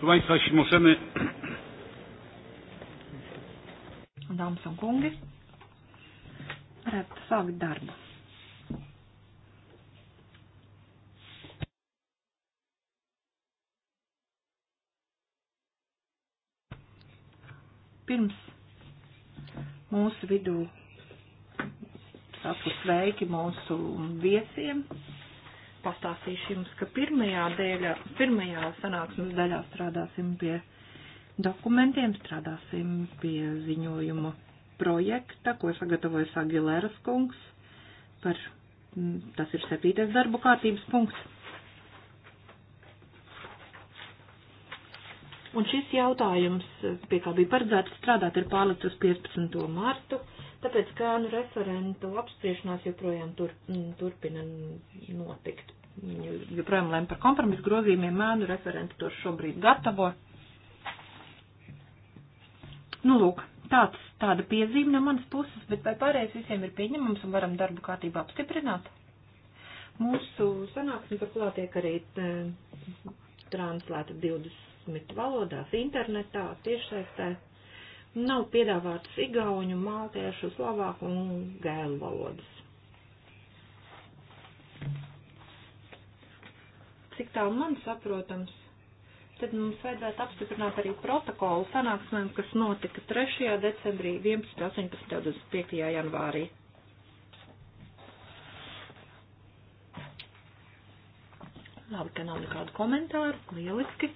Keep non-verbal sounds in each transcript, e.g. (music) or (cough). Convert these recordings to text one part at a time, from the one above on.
Proszę Państwa, jeśli możemy. Dāmas un kungi, varētu sākt darbu. Pirms mūsu vidū saku sveiki mūsu viesiem, pastāstīšu jums, ka pirmajā, dēļa, pirmajā sanāksmes daļā strādāsim pie dokumentiem, strādāsim pie ziņojuma projekta, ko sagatavojas Agilēras kungs. Par, mm, tas ir septītais darbu kārtības punkts. Un šis jautājums, pie kā bija paredzēts strādāt, ir pārlikt uz 15. martu, tāpēc kā nu referentu apspriešanās joprojām tur, mm, turpina notikt joprojām lēma par kompromisu grozījumiem, mēnu referenti to šobrīd gatavo. Nu, lūk, tāds, tāda piezīme no manas puses, bet vai pārējais visiem ir pieņemams un varam darbu kārtību apstiprināt? Mūsu sanāksme turklāt tiek arī e, translēta 20 valodās internetā, tiešsaistē. Nav piedāvātas igauņu, maltiešu, slovāku un gēlu valodas cik tā man saprotams, tad mums vajadzētu apstiprināt arī protokolu sanāksmēm, kas notika 3. decembrī, 11. 18. 25. janvārī. Labi, ka nav nekādu komentāru. Lieliski.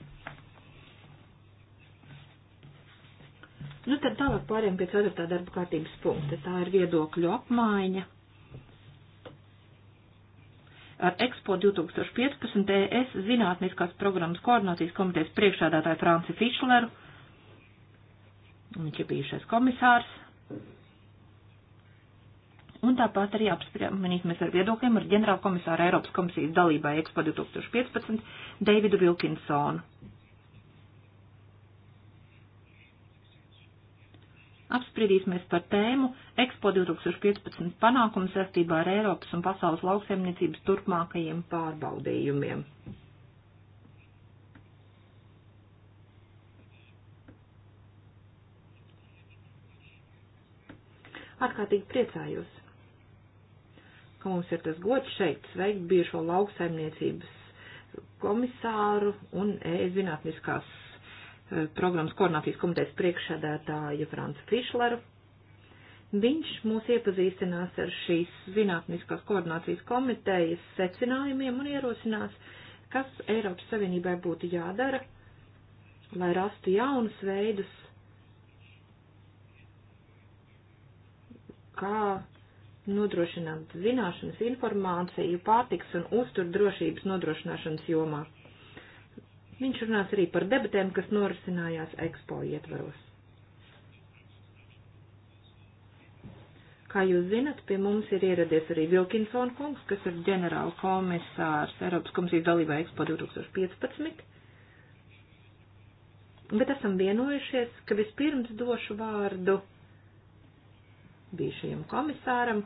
Nu, tad tālāk pāriem pie 4. darba kārtības punkta. Tā ir viedokļu apmaiņa ar Expo 2015 ES zinātniskās programmas koordinācijas komitejas priekšādātāju Franci Fišleru. Viņš ir bijušais komisārs. Un tāpat arī apspriedīsimies ar viedokļiem ar ģenerālkomisāru Eiropas komisijas dalībā Expo 2015 Davidu Vilkinsonu. apspriedīsimies par tēmu Expo 2015 panākumu saistībā ar Eiropas un pasaules lauksaimniecības turpmākajiem pārbaudījumiem. Ārkārtīgi priecājos, ka mums ir tas gods šeit sveikt bijušo lauksaimniecības komisāru un e-zinātniskās programmas koordinācijas komitejas priekšsēdētāju Francu Fišleru. Viņš mūs iepazīstinās ar šīs zinātniskās koordinācijas komitejas secinājumiem un ierosinās, kas Eiropas Savienībai būtu jādara, lai rastu jaunus veidus, kā nodrošināt zināšanas, informāciju, pārtiks un uzturdrošības nodrošināšanas jomā. Viņš runās arī par debatēm, kas norisinājās ekspo ietvaros. Kā jūs zinat, pie mums ir ieradies arī Vilkinsona kungs, kas ir ģenerāla komisārs Eiropas komisijas dalībā ekspo 2015. Bet esam vienojušies, ka vispirms došu vārdu bijušajam komisāram.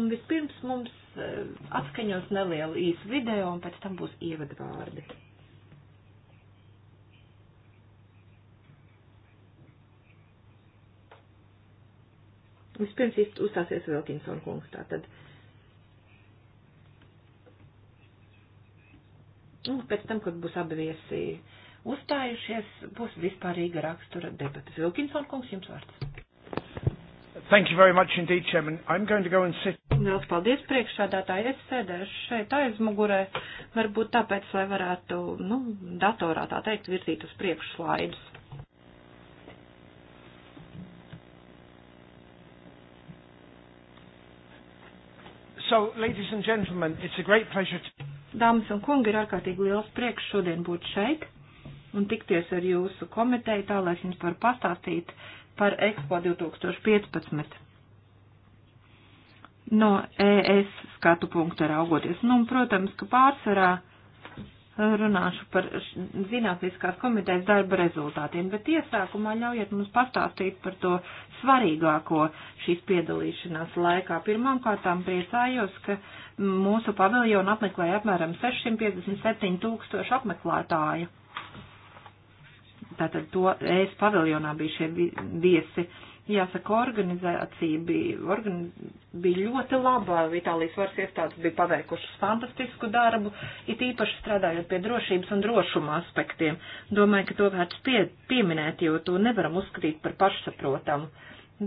Un vispirms mums Eh, atskaņos nelielu īsu video un pēc tam būs ievadvārdi. Vispirms uzstāsies Vilkinsona kungs tātad. Un pēc tam, kad būs abi viesi uzstājušies, būs vispārīga rakstura debatas. Vilkinsona kungs, jums vārds. Thank you very much indeed, Chairman. I'm going to go and sit. Liels paldies priekšsādātāji, es sēdēšu šeit aizmugurē, varbūt tāpēc, lai varētu, nu, datorā tā teikt, virzīt uz priekšu slaidus. So, ladies and gentlemen, it's a great pleasure to... Dāmas un kungi, ir ārkārtīgi liels prieks šodien būt šeit un tikties ar jūsu komiteju, tā lai es jums varu pastāstīt par Expo 2015 no ES skatu punktu raugoties. Nu, un, protams, ka pārsvarā runāšu par zinātniskās komitejas darba rezultātiem, bet iesākumā ļaujiet mums pastāstīt par to svarīgāko šīs piedalīšanās laikā. Pirmkārtām priecājos, ka mūsu paviljonu apmeklēja apmēram 657 tūkstoši apmeklētāju. Tātad to es paviljonā bija šie viesi. Vi Jāsaka, organizācija bija, organiz, bija ļoti laba. Itālijas varas iestādes bija paveikušas fantastisku darbu, it īpaši strādājot pie drošības un drošuma aspektiem. Domāju, ka to vērts pie, pieminēt, jo to nevaram uzskatīt par pašsaprotamu.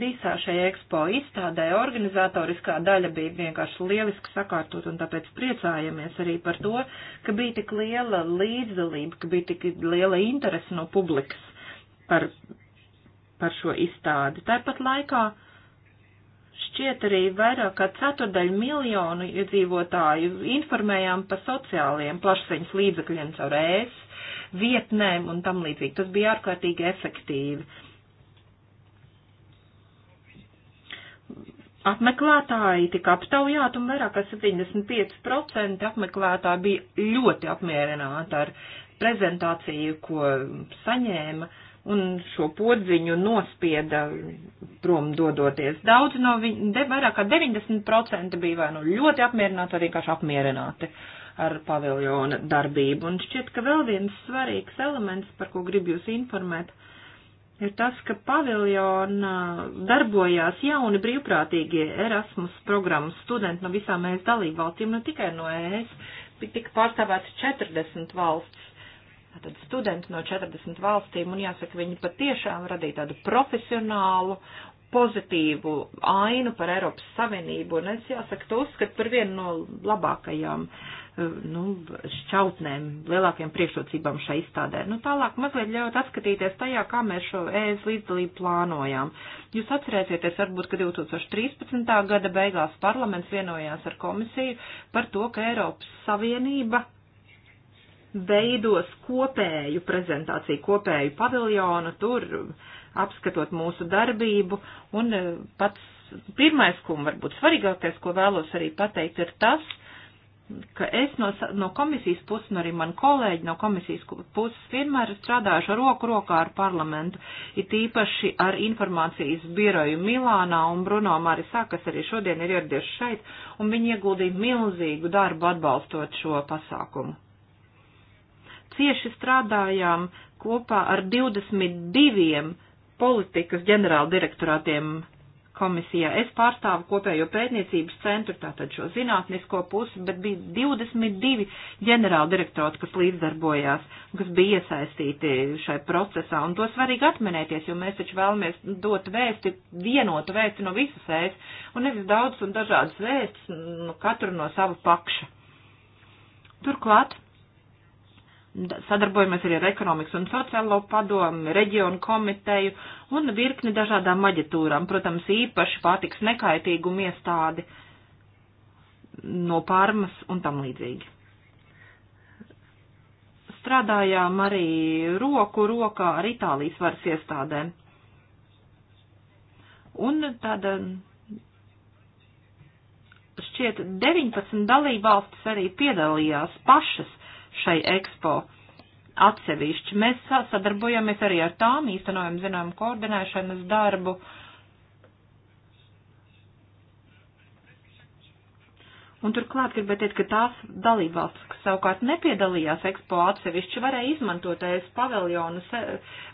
Visā šajā ekspo izstādē organizatoriskā daļa bija vienkārši lieliski sakārtot, un tāpēc priecājamies arī par to, ka bija tik liela līdzdalība, ka bija tik liela interese no publikas par par šo izstādi. Tāpat laikā šķiet arī vairāk kā ceturdaļu miljonu iedzīvotāju informējām par sociālajiem plašsaņas līdzakļiem caur ēs, vietnēm un tam līdzīgi. Tas bija ārkārtīgi efektīvi. Apmeklētāji tika aptaujāti un vairāk kā 75% apmeklētāji bija ļoti apmierināti ar prezentāciju, ko saņēma. Uh, un šo podziņu nospieda prom dodoties. Daudz no viņiem, vairāk kā 90% bija vai nu ļoti apmierināti, vai vienkārši apmierināti ar paviljona darbību. Un šķiet, ka vēl viens svarīgs elements, par ko gribu jūs informēt, ir tas, ka paviljona darbojās jauni brīvprātīgie Erasmus programmas studenti no visām ES dalībvalstīm, ne tikai no ES, bet tika pārstāvēts 40 valsts Tad studenti no 40 valstīm, un jāsaka, viņi patiešām radīja tādu profesionālu, pozitīvu ainu par Eiropas Savienību, un es jāsaka, to uzskatu par vienu no labākajām eh, nu, šķautnēm, lielākajām priekšrocībām šai izstādē. Nu, tālāk mazliet ļaut atskatīties tajā, kā mēs šo ES līdzdalību plānojām. Jūs atcerēsieties, varbūt, ka 2013. gada beigās parlaments vienojās ar komisiju par to, ka Eiropas Savienība veidos kopēju prezentāciju, kopēju paviljonu, tur apskatot mūsu darbību. Un e, pats pirmais, ko varbūt svarīgākais, ko vēlos arī pateikt, ir tas, ka es no, no komisijas puses, un arī man kolēģi no komisijas puses vienmēr strādājuši roku rokā ar parlamentu, it īpaši ar informācijas biroju Milānā un Bruno Marisā, kas arī šodien ir ieradies šeit, un viņi ieguldīja milzīgu darbu atbalstot šo pasākumu cieši strādājām kopā ar 22 politikas ģenerāldirektorātiem komisijā. Es pārstāvu kopējo pētniecības centru, tātad šo zinātnisko pusi, bet bija 22 ģenerāla direktorāti, kas līdzdarbojās, kas bija iesaistīti šai procesā. Un to svarīgi atminēties, jo mēs taču vēlamies dot vēsti, vienotu vēsti no visas ēst, un nevis daudz un dažādas vēstis, nu, katru no sava pakša. Turklāt sadarbojamies arī ar ekonomikas un sociālo padomu, reģionu komiteju un virkni dažādām aģentūrām, protams, īpaši pārtiks nekaitīgumu iestādi no pārmas un tam līdzīgi. Strādājām arī roku rokā ar Itālijas varas iestādēm. Un tāda šķiet 19 dalībvalstis arī piedalījās pašas šai ekspo atsevišķi. Mēs sadarbojamies arī ar tām, īstenojam zinām koordinēšanas darbu. Un turklāt gribētu teikt, ka tās dalībvalstis, kas savukārt nepiedalījās ekspo atsevišķi, varēja izmantot ES paviljonu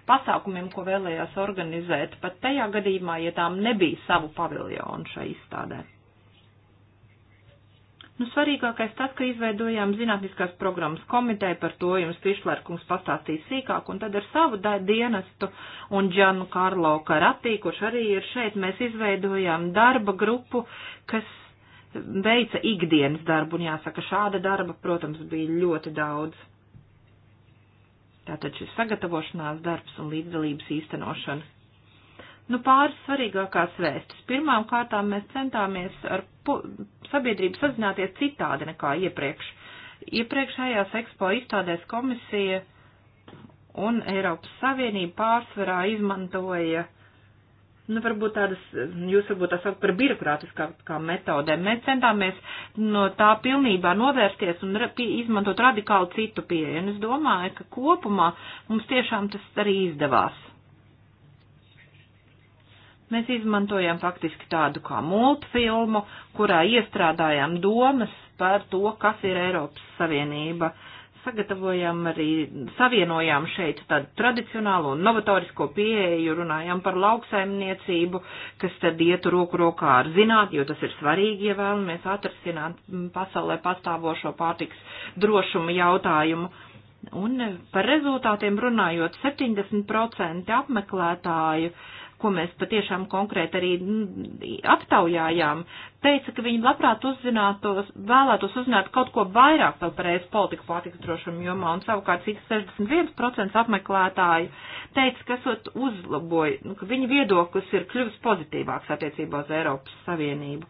pasākumiem, ko vēlējās organizēt, pat tajā gadījumā, ja tām nebija savu paviljonu šai izstādē. Nu, svarīgākais tas, ka izveidojām zinātniskās programmas komiteju, par to jums Fišlērkungs pastāstīs sīkāk, un tad ar savu dienestu un Džanu Karlo Karatī, kurš arī ir šeit, mēs izveidojām darba grupu, kas veica ikdienas darbu, un jāsaka, šāda darba, protams, bija ļoti daudz. Tātad šis sagatavošanās darbs un līdzdalības īstenošana. Nu, pāris svarīgākās vēstis. Pirmām kārtām mēs centāmies ar sabiedrību sazināties citādi nekā iepriekš. Iepriekšējās ekspo izstādēs komisija un Eiropas Savienība pārsvarā izmantoja uh, nu, varbūt tādas, jūs varbūt tās sauc par birokrātiskām metodēm. Mēs centāmies no tā pilnībā novērsties un izmantot radikāli citu pieeju. Un es domāju, ka kopumā mums tiešām tas arī izdevās. Mēs izmantojām faktiski tādu kā multfilmu, kurā iestrādājām domas par to, kas ir Eiropas Savienība. Sagatavojām arī, savienojām šeit tādu tradicionālu un novatorisko pieeju, runājām par lauksaimniecību, kas tad ietu roku rokā ar zināt, jo tas ir svarīgi, ja vēlamies atrasināt pasaulē pastāvošo pārtiks drošumu jautājumu. Un par rezultātiem runājot, 70% apmeklētāju uh, ko mēs patiešām konkrēti arī mm, aptaujājām, teica, ka viņi labprāt uzzinātos, vēlētos uzzināt kaut ko vairāk vēl par ēst politiku pārtiks drošumu jomā, un savukārt cik 61% apmeklētāju teica, ka esot uzlaboju, nu, ka viņa viedoklis ir kļuvis pozitīvāks attiecībā uz Eiropas Savienību.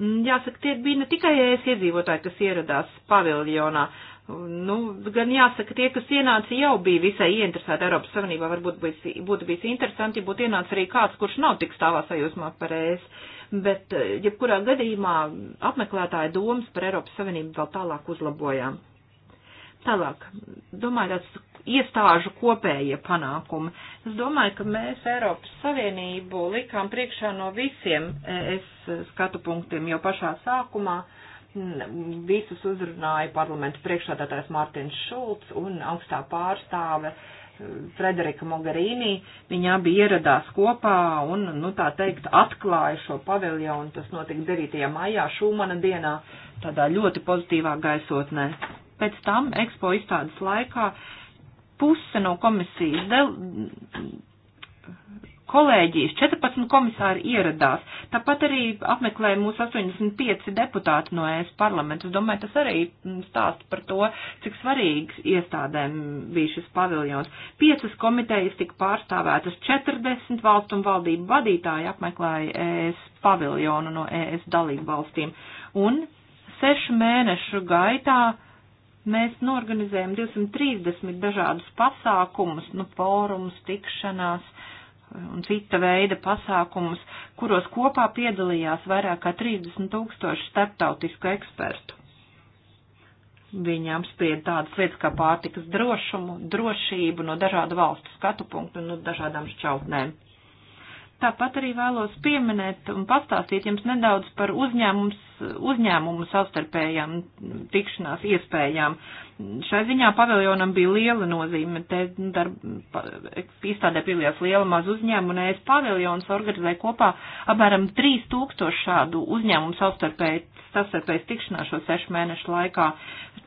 Mm, jāsaka, tie bija ne tikai ēst iedzīvotāji, kas ieradās paviljonā, Nu, gan jāsaka, tie, kas ienāca, jau bija visai ieinteresēti Eiropas Savienībā. Varbūt būs, būtu bijis interesanti, ja būtu ienācis arī kāds, kurš nav tik stāvā sajūsmā par ES. Bet, eh, jebkurā gadījumā, apmeklētāja domas par Eiropas Savienību vēl tālāk uzlabojām. Tālāk, domāju, tāds iestāžu kopējie panākumi. Es domāju, ka mēs Eiropas Savienību likām priekšā no visiem eh, ES skatu punktiem jau pašā sākumā. Uh, Visus uzrunāja parlamenta priekšādātājs Mārtiņš Šulcs un augstā pārstāve eh, Frederika Mogherīnī. Viņi abi ieradās kopā un, nu tā teikt, atklāja šo paviljonu. Tas notika 9. maijā Šūmana dienā tādā ļoti pozitīvā gaisotnē. Pēc tam ekspo izstādes laikā puse no komisijas del kolēģijas 14 komisāri ieradās. Tāpat arī apmeklēja mūsu 85 deputāti no ES parlamentu. Es domāju, tas arī mm, stāsta par to, cik svarīgs iestādēm bija šis paviljons. Piecas komitejas tika pārstāvētas, 40 valstu un valdību vadītāji apmeklēja ES paviljonu no ES dalību valstīm. Un sešu mēnešu gaitā mēs norganizējam 230 dažādus pasākumus, nu, fórums, tikšanās, un cita veida pasākumus, kuros kopā piedalījās vairāk kā 30 tūkstoši starptautisku ekspertu. Viņām sprieda tādas lietas kā pārtikas drošumu, drošību no dažādu valstu skatu punktu un no dažādām šķautnēm. Tāpat arī vēlos pieminēt un pastāstīt jums nedaudz par uzņēmums, uzņēmumu savstarpējām tikšanās iespējām. Šai ziņā paviljonam bija liela nozīme. Te darb, izstādē piedalījās liela maz uzņēmuma un ES paviljons organizēja kopā apmēram 3000 šādu uzņēmumu savstarpējas tikšanās šo sešu mēnešu laikā.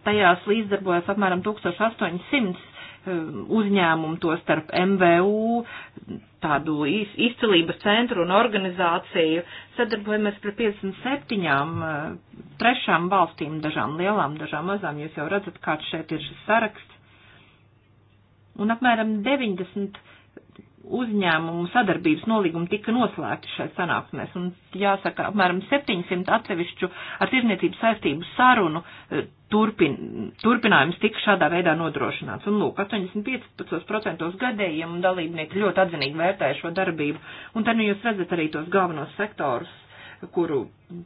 Tajās līdzdarbojas apmēram 1800 um, uzņēmumu, to starp MVU, tādu izcilības centru un organizāciju. Sadarbojamies par 57 eh, trešām valstīm, dažām lielām, dažām mazām. Jūs jau redzat, kāds šeit ir šis saraksts. Un apmēram 90 uzņēmumu sadarbības nolīgumi tika noslēgti šai sanāksmēs. Un jāsaka, apmēram 700 atsevišķu ar tirzniecību saistību sarunu eh, turpin, turpinājums tika šādā veidā nodrošināts. Un lūk, 85% gadējiem dalībnieki ļoti atzinīgi vērtēja šo darbību. Un tad nu jūs redzat arī tos galvenos sektorus, kuru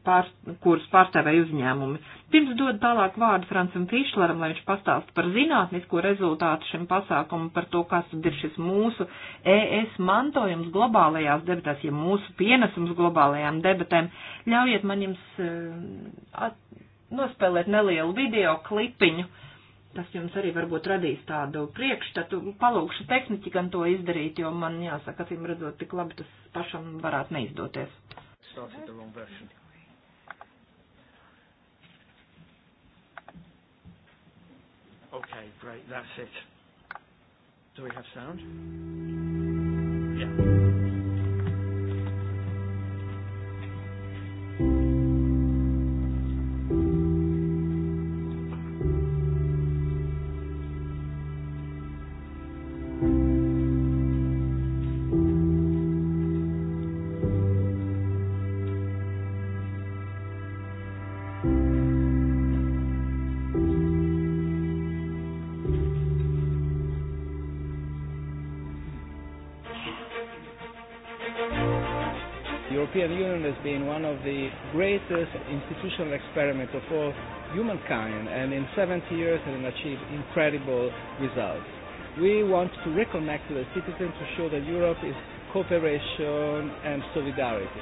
pār, kurus pārstāvēja uzņēmumi. Pirms dod tālāk vārdu Francam Fišleram, lai viņš pastāst par zinātnisko rezultātu šim pasākumam, par to, kas ir šis mūsu ES mantojums globālajās debatēs, ja mūsu pienesums globālajām debatēm. Ļaujiet man jums eh, at, nospēlēt nelielu video klipiņu. Tas jums arī varbūt radīs tādu priekšstatu. Palūkšu tehniķi gan to izdarīt, jo man jāsaka, acīm redzot, tik labi tas pašam varētu neizdoties started the wrong version. Okay, great, that's it. Do we have sound? been one of the greatest institutional experiments of all humankind, and in 70 years it has achieved incredible results. We want to reconnect to the citizens to show that Europe is cooperation and solidarity.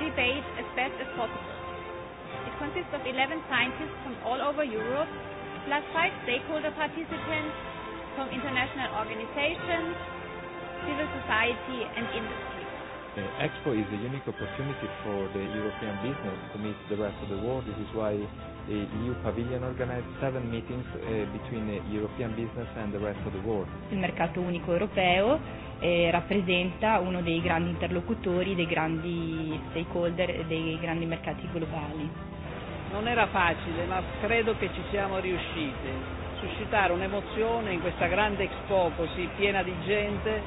debate as fast as possible. It consists of 11 scientists from all over Europe, plus five stakeholder participants from international organizations, civil society, and industry. The Expo is a unique opportunity for the European business to meet the rest of the world. This is why the EU Pavilion organized seven meetings uh, between the uh, European business and the rest of the world. Il mercato unico europeo eh, rappresenta uno dei grandi interlocutori, dei grandi stakeholder, e dei grandi mercati globali. Non era facile, ma credo che ci siamo riusciti. Suscitare un'emozione in questa grande Expo così piena di gente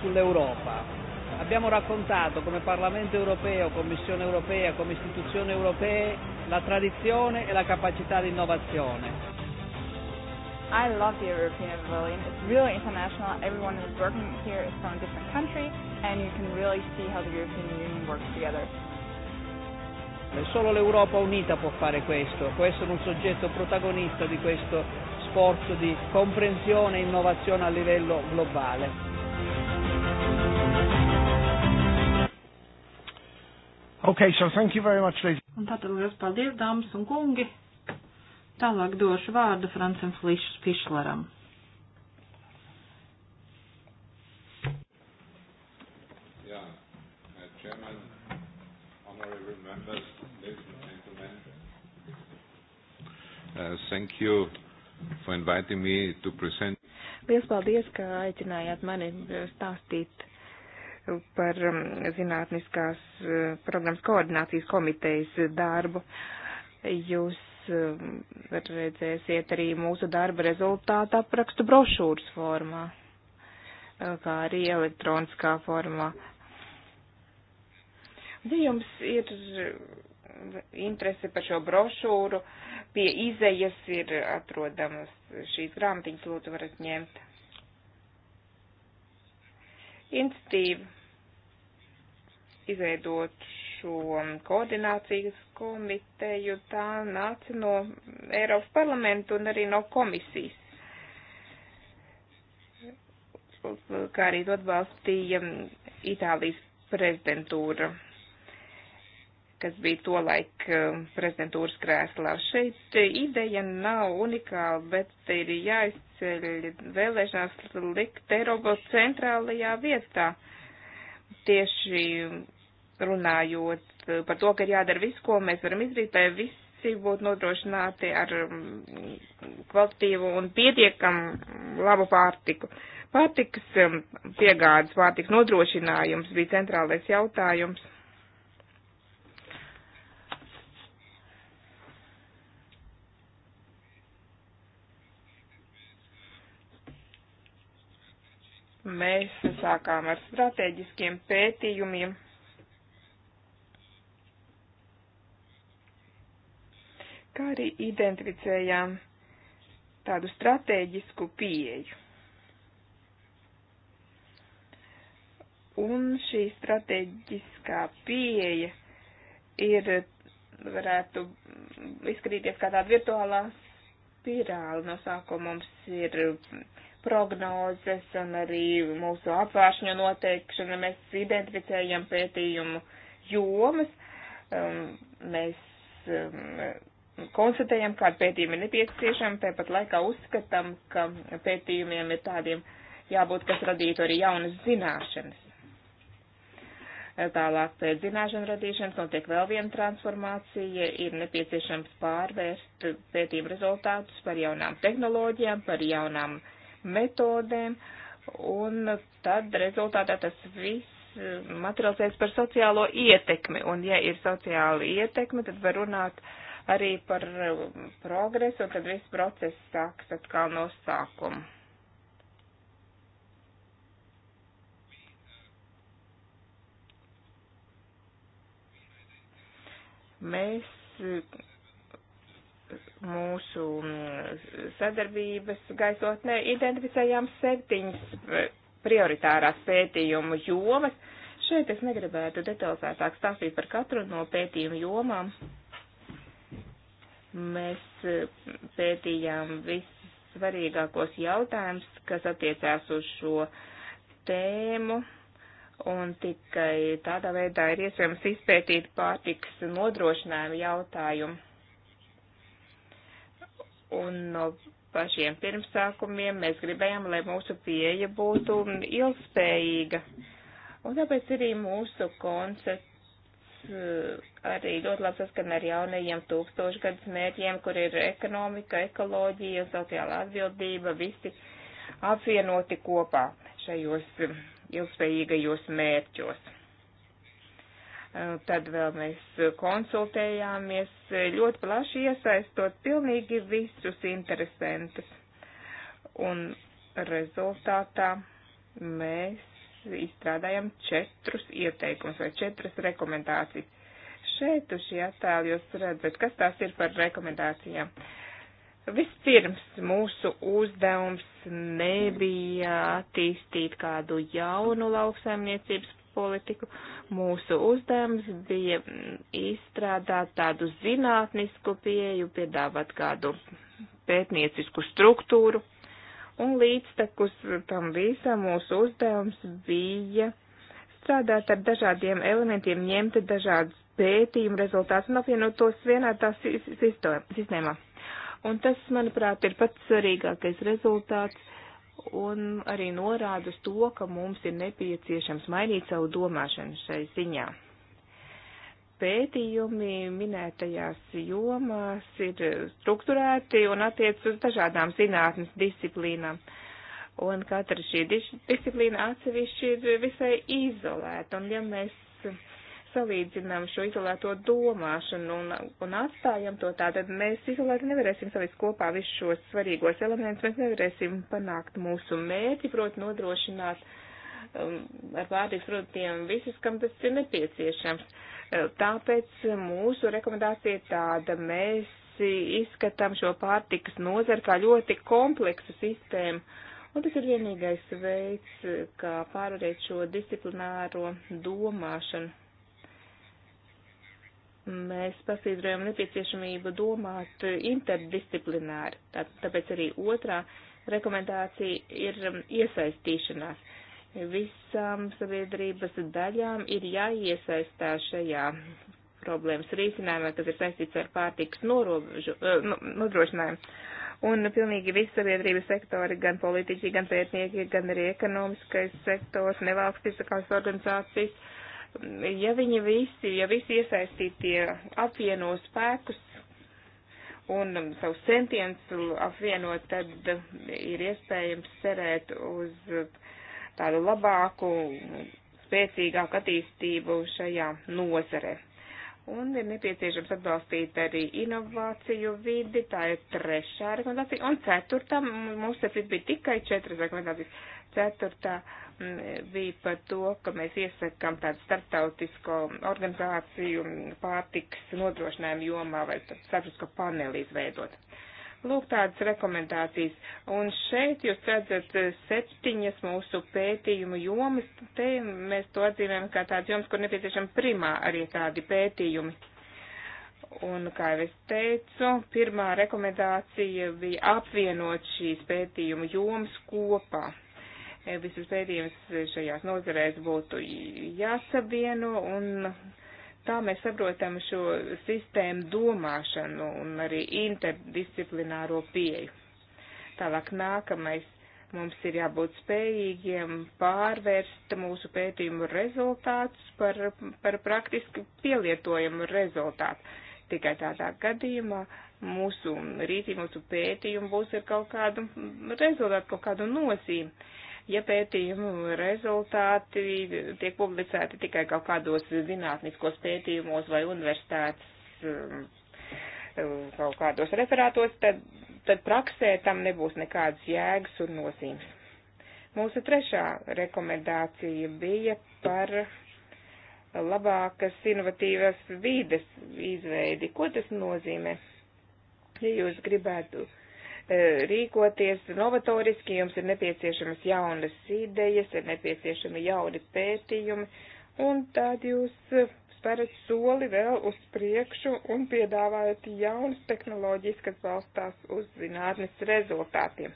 sull'Europa. Abbiamo raccontato come Parlamento europeo, Commissione europea, come istituzioni europee la tradizione e la capacità di innovazione I love the European Pavilion. It's really international. Everyone who's working here is from a different country, and you can really see how the European Union works together. Solo l'Europa unita può fare questo, può essere un soggetto protagonista di questo sforzo di comprensione e innovazione a livello globale. Okay, so thank you very much, ladies. Un tātad liels paldies, dāmas un kungi. Tālāk došu vārdu Francam Fišleram. Jā, uh, Chairman, honorable members, ladies and gentlemen. Uh, thank you for inviting me to present. Liels paldies, ka aicinājāt mani uh, stāstīt par um, zinātniskās uh, programmas koordinācijas komitejas darbu. Jūs redzēsiet arī mūsu darba rezultātu aprakstu brošūras formā, kā arī elektroniskā formā. Ja jums ir interese par šo brošūru, pie izejas ir atrodamas šīs grāmatiņas, lūdzu, varat ņemt. Institīva izveidot šo koordinācijas komiteju, tā nāca no Eiropas parlamentu un arī no komisijas. Kā arī to atbalstīja Itālijas prezidentūra, kas bija tolaik eh, prezidentūras krēslā. Šeit eh, ideja nav unikāla, bet ir jāizceļ vēlēšanās likt Eiropas centrālajā vietā. Tieši runājot eh, par to, ka ir jādara viss, ko mēs varam izdarīt, lai visi būtu nodrošināti ar mm, kvalitatīvu un pietiekamu labu pārtiku. Pārtikas mm, piegādes, pārtikas nodrošinājums bija centrālais jautājums. Mēs sākām ar strateģiskiem pētījumiem kā arī identificējām tādu strateģisku pieeju. Un šī strateģiskā pieeja ir, varētu izskatīties kā tāda virtuālā spirāli. No sākuma mums ir prognozes un arī mūsu apvāršņu noteikšana. Mēs identificējam pētījumu jomas, um, mēs um, konstatējam, kāda pētījuma ir nepieciešama, tāpat laikā uzskatām, ka pētījumiem ir tādiem jābūt, kas radītu arī jaunas zināšanas. Tālāk pēc zināšanu radīšanas notiek vēl viena transformācija, ir nepieciešams pārvērst pētījumu rezultātus par jaunām tehnoloģijām, par jaunām metodēm, un tad rezultātā tas viss materializēs par sociālo ietekmi, un ja ir sociāla ietekme, tad var runāt uh, arī par eh, progresu, un tad viss process sāks atkal no sākuma. Mēs mūsu mm, sadarbības gaisotnē identificējām septiņas eh, prioritārās pētījumu jomas. Šeit es negribētu detalizētāk stāstīt par katru no pētījumu jomām. Mēs eh, pētījām vissvarīgākos jautājumus, kas attiecās uz šo tēmu, un tikai tādā veidā ir iespējams izpētīt pārtiks nodrošinājumu jautājumu. Un no pašiem pirmsākumiem mēs gribējām, lai mūsu pieeja būtu ilgspējīga. Un tāpēc arī mūsu koncept Eh, arī ļoti labi saskana ar jaunajiem tūkstošgadus mērķiem, kur ir ekonomika, ekoloģija, sociālā atbildība, visi apvienoti kopā šajos ilgspējīgajos mērķos. Eh, tad vēl mēs konsultējāmies ļoti plaši iesaistot pilnīgi visus interesantus. Un rezultātā mēs izstrādājam četrus ieteikumus vai četras rekomendācijas. Šeit uz šī attēla jūs redzat, kas tās ir par rekomendācijām. Vispirms mūsu uzdevums nebija attīstīt kādu jaunu lauksaimniecības politiku. Mūsu uzdevums bija izstrādāt tādu zinātnisku pieju, piedāvāt kādu pētniecisku struktūru, Un līdztekus tam visam mūsu uzdevums bija strādāt ar dažādiem elementiem, ņemt dažādas pētījuma rezultātus un apvienot tos vienā tā sistēmā. Un tas, manuprāt, ir pats svarīgākais rezultāts un arī norāda uz to, ka mums ir nepieciešams mainīt savu domāšanu šai ziņā pētījumi minētajās jomās ir strukturēti un attiec uz dažādām zinātnes disciplīnām. Un katra šī disciplīna atsevišķi ir visai izolēta. Un ja mēs salīdzinām šo izolēto domāšanu un, un atstājam to tā, tad mēs izolēti nevarēsim savist kopā visus šos svarīgos elementus, mēs nevarēsim panākt mūsu mērķi, proti nodrošināt um, ar pārtiks produktiem visus, kam tas ir nepieciešams. Uh, Tāpēc mūsu rekomendācija ir tāda, mēs izskatām šo pārtikas nozaru kā ļoti kompleksu sistēmu, un tas ir vienīgais veids, kā pārvarēt šo disciplināro domāšanu. Mēs pasīdrojam nepieciešamību domāt interdisciplināri, tāpēc arī otrā rekomendācija ir um, iesaistīšanās. Visām sabiedrības daļām ir jāiesaistās šajā problēmas risinājumā, kas ir saistīts ar pārtikas norobežu, eh, nu, nodrošinājumu. Un pilnīgi visi sabiedrības sektori, gan politiķi, gan pētnieki, gan arī ekonomiskais sektors, nevalstiskās organizācijas, ja viņi visi, ja visi iesaistītie apvieno spēkus un savus centienus apvienot, tad ir iespējams cerēt uz uh, tādu labāku, spēcīgāku attīstību šajā nozare. Un ir nepieciešams atbalstīt arī inovāciju vidi, tā ir trešā rekomendācija, un ceturtā, mums tas bija tikai četras rekomendācijas, ceturtā bija par to, ka mēs iesakām tādu starptautisko organizāciju pārtiks nodrošinājumu jomā vai starptautisko paneli izveidot. Lūk, tādas rekomendācijas. Un šeit jūs redzat eh, septiņas mūsu pētījumu jomas. Te mēs to atzīmējam kā tāds joms, kur nepieciešama primā arī tādi pētījumi. Un, kā jau es teicu, pirmā rekomendācija bija apvienot šīs pētījumu jomas kopā eh, visas pētījumas šajās nozarēs būtu jāsavieno un Tā mēs saprotam šo sistēmu domāšanu un arī interdisciplināro pieju. Tālāk nākamais. Mums ir jābūt spējīgiem pārvērst mūsu pētījumu rezultātus par, par praktiski pielietojumu rezultātu. Tikai tādā gadījumā mūsu rīcība, mūsu pētījumi būs ar kaut kādu rezultātu, kaut kādu nozīmi ja pētījumu rezultāti tiek publicēti tikai kaut kādos zinātniskos pētījumos vai universitātes um, um, kaut kādos referātos, tad, tad praksē tam nebūs nekādas jēgas un nozīmes. Mūsu trešā rekomendācija bija par labākas inovatīvas vīdes izveidi. Ko tas nozīmē? Ja jūs gribētu uh, E, rīkoties novatoriski, jums ir nepieciešamas jaunas idejas, ir nepieciešami jauni pētījumi, un tad jūs spērat soli vēl uz priekšu un piedāvājat jaunas tehnoloģijas, kas balstās uz zinātnes rezultātiem.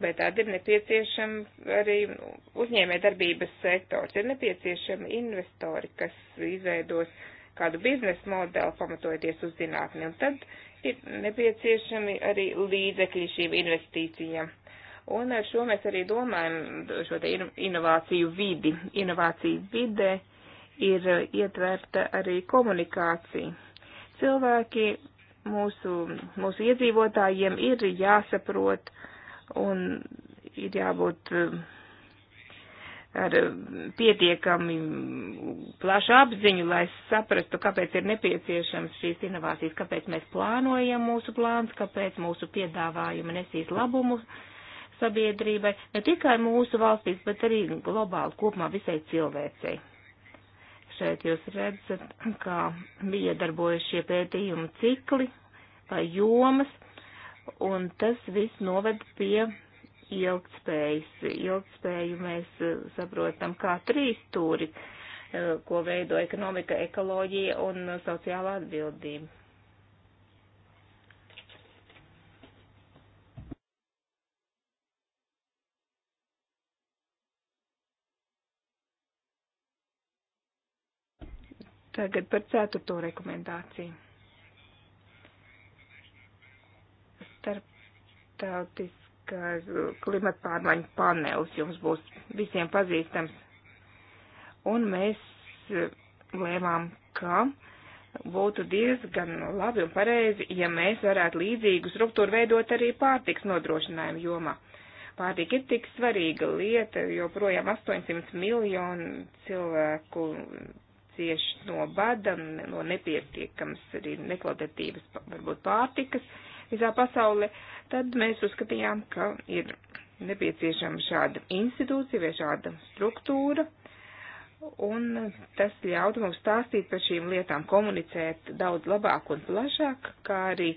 Bet tad ir nepieciešama arī nu, uzņēmē darbības sektors, ir nepieciešami investori, kas izveidos kādu biznesa modeli, pamatojoties uz zinātni. Un tad uh, ir nepieciešami arī līdzekļi šīm investīcijām. Un ar šo mēs arī domājam šo te inovāciju vidi. Inovāciju vidē ir ietverta arī komunikācija. Cilvēki mūsu, mūsu iedzīvotājiem ir jāsaprot un ir jābūt ar eh, pietiekami plašu apziņu, lai saprastu, kāpēc ir nepieciešams šīs inovācijas, kāpēc mēs plānojam mūsu plāns, kāpēc mūsu piedāvājumi nesīs labumu sabiedrībai, ne tikai mūsu valstīs, bet arī globāli kopumā visai cilvēcei. Šeit jūs redzat, kā bija darbojas šie pētījumu cikli vai jomas, un tas viss noved pie ilgtspējas. Ilgtspēju mēs eh, saprotam kā trīs stūri, eh, ko veido ekonomika, ekoloģija un sociālā atbildība. Tagad par ceturto rekomendāciju. Starptautis ka uh, klimata pārmaiņu panelis jums būs visiem pazīstams. Un mēs uh, lēmām, ka būtu diezgan labi un pareizi, ja mēs varētu līdzīgu struktūru veidot arī pārtiks nodrošinājumu jomā. Pārtika ir tik svarīga lieta, jo projām 800 miljonu cilvēku cieši no bada, no nepietiekams arī nekvalitatīvas varbūt pārtikas. Uh, visā pasaulē, tad mēs uzskatījām, ka ir nepieciešama šāda institūcija vai šāda struktūra, un tas ļautu mums stāstīt par šīm lietām, komunicēt daudz labāk un plašāk, kā arī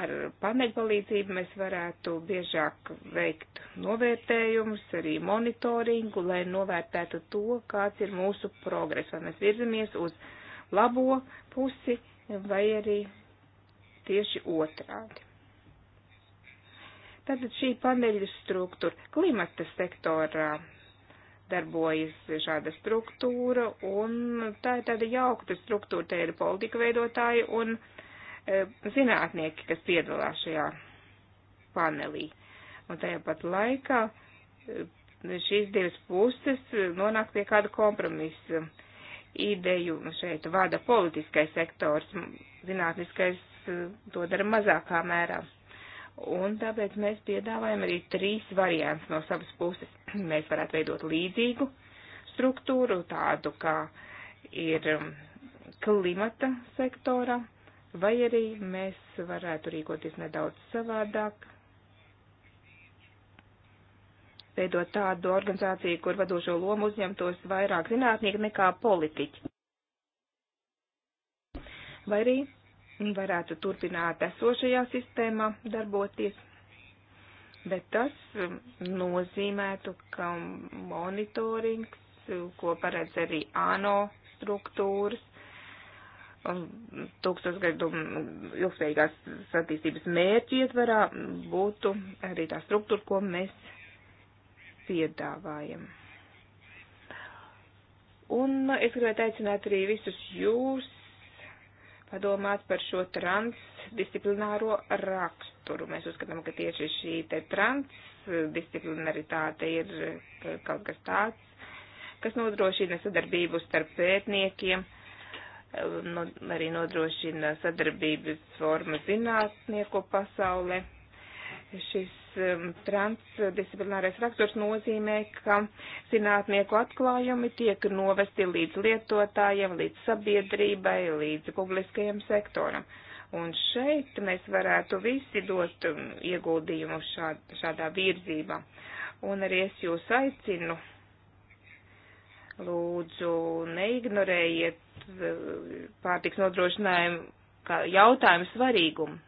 ar paneļu palīdzību mēs varētu biežāk veikt novērtējumus, arī monitoringu, lai novērtētu to, kāds ir mūsu progress, vai mēs virzamies uz labo pusi, vai arī tieši otrādi. Tātad šī paneļa struktūra klimata sektorā darbojas šāda struktūra, un tā ir tāda jaukta struktūra, te ir politika veidotāji un e, zinātnieki, kas piedalās šajā panelī. Un tajā pat laikā e, šīs divas puses nonāk pie kāda kompromisa. Ideju šeit vada politiskais sektors, zinātniskais Eh, to dara mazākā mērā. Un tāpēc mēs piedāvājam arī trīs variants no savas puses. (clears throat) Mēs varētu veidot līdzīgu struktūru, tādu kā ir um, klimata sektora, vai arī mēs varētu rīkoties nedaudz savādāk, veidot tādu organizāciju, kur vadošo lomu uzņemtos vairāk zinātnieki nekā politiķi. Vai arī varētu turpināt esošajā sistēmā darboties, bet tas um, nozīmētu, ka monitorings, um, ko paredz arī ANO struktūras, um, tūkstošgadu ilgspējīgās attīstības mērķi ietvarā būtu arī tā struktūra, ko mēs piedāvājam. Un es gribētu aicināt arī visus jūs padomāt par šo transdisciplināro raksturu. Mēs uzskatām, ka tieši šī te transdisciplinaritāte ir kaut kas tāds, kas nodrošina sadarbību starp pētniekiem, no, arī nodrošina sadarbības formu zinātnieku pasaulē. Šis Um, transdisciplinārais raksturs nozīmē, ka zinātnieku atklājumi tiek novesti līdz lietotājiem, līdz sabiedrībai, līdz publiskajam sektoram. Un šeit mēs varētu visi dot um, ieguldījumu šā, šādā virzībā. Un arī es jūs aicinu, lūdzu, neignorējiet uh, pārtiks nodrošinājumu kā jautājumu svarīgumu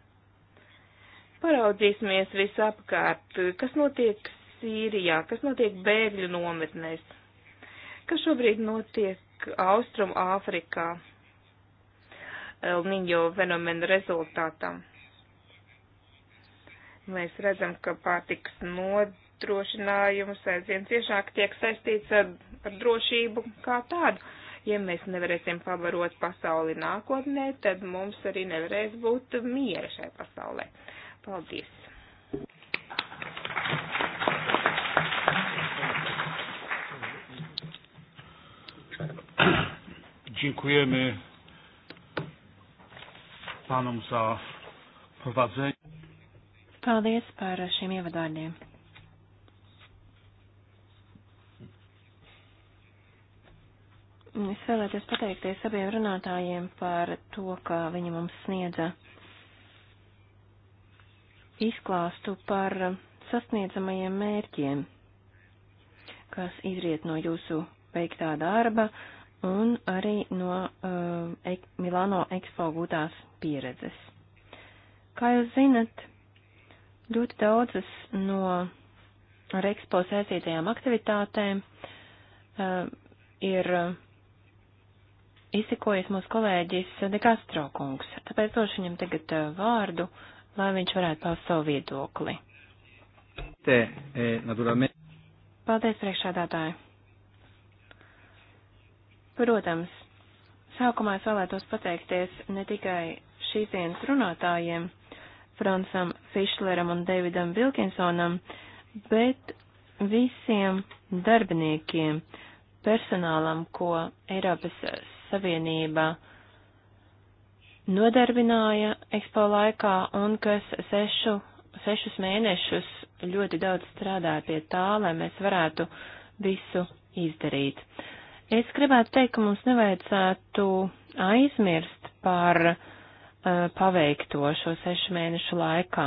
Paraudzīsimies visapkārt, kas notiek Sīrijā, kas notiek bēgļu nometnēs, kas šobrīd notiek Austrum Āfrikā Elniņo fenomena rezultātā. Mēs redzam, ka pārtiks nodrošinājums aizvien ciešāk tiek saistīts ar, ar drošību kā tādu ja mēs nevarēsim pavarot pasauli nākotnē, tad mums arī nevarēs būt miera šai pasaulē. Paldies! Dziękujemy panom za prowadzenie. Paldies par šiem ievadvārdiem. Es vēlētos pateikties abiem runātājiem par to, ka viņi mums sniedza izklāstu par sasniedzamajiem mērķiem, kas izriet no jūsu veiktā darba un arī no uh, ek Milāno ekspo gūtās pieredzes. Kā jūs zinat, ļoti daudzas no ar ekspo saistītajām aktivitātēm uh, ir uh, izsekojis mūsu kolēģis De Castro kungs. Tāpēc došu viņam tagad uh, vārdu, lai viņš varētu paust savu viedokli. Te, e, naturalmente. Paldies, priekšādātāji. Protams, sākumā es vēlētos pateikties ne tikai šīs dienas runātājiem, Fransam Fišleram un Davidam Vilkinsonam, bet visiem darbiniekiem, personālam, ko Eiropas Savienība uh, nodarbināja ekspo laikā un kas sešu, sešus mēnešus ļoti daudz strādāja pie tā, lai mēs varētu visu izdarīt. Es gribētu teikt, ka mums nevajadzētu aizmirst par uh, paveikto šo sešu mēnešu laikā.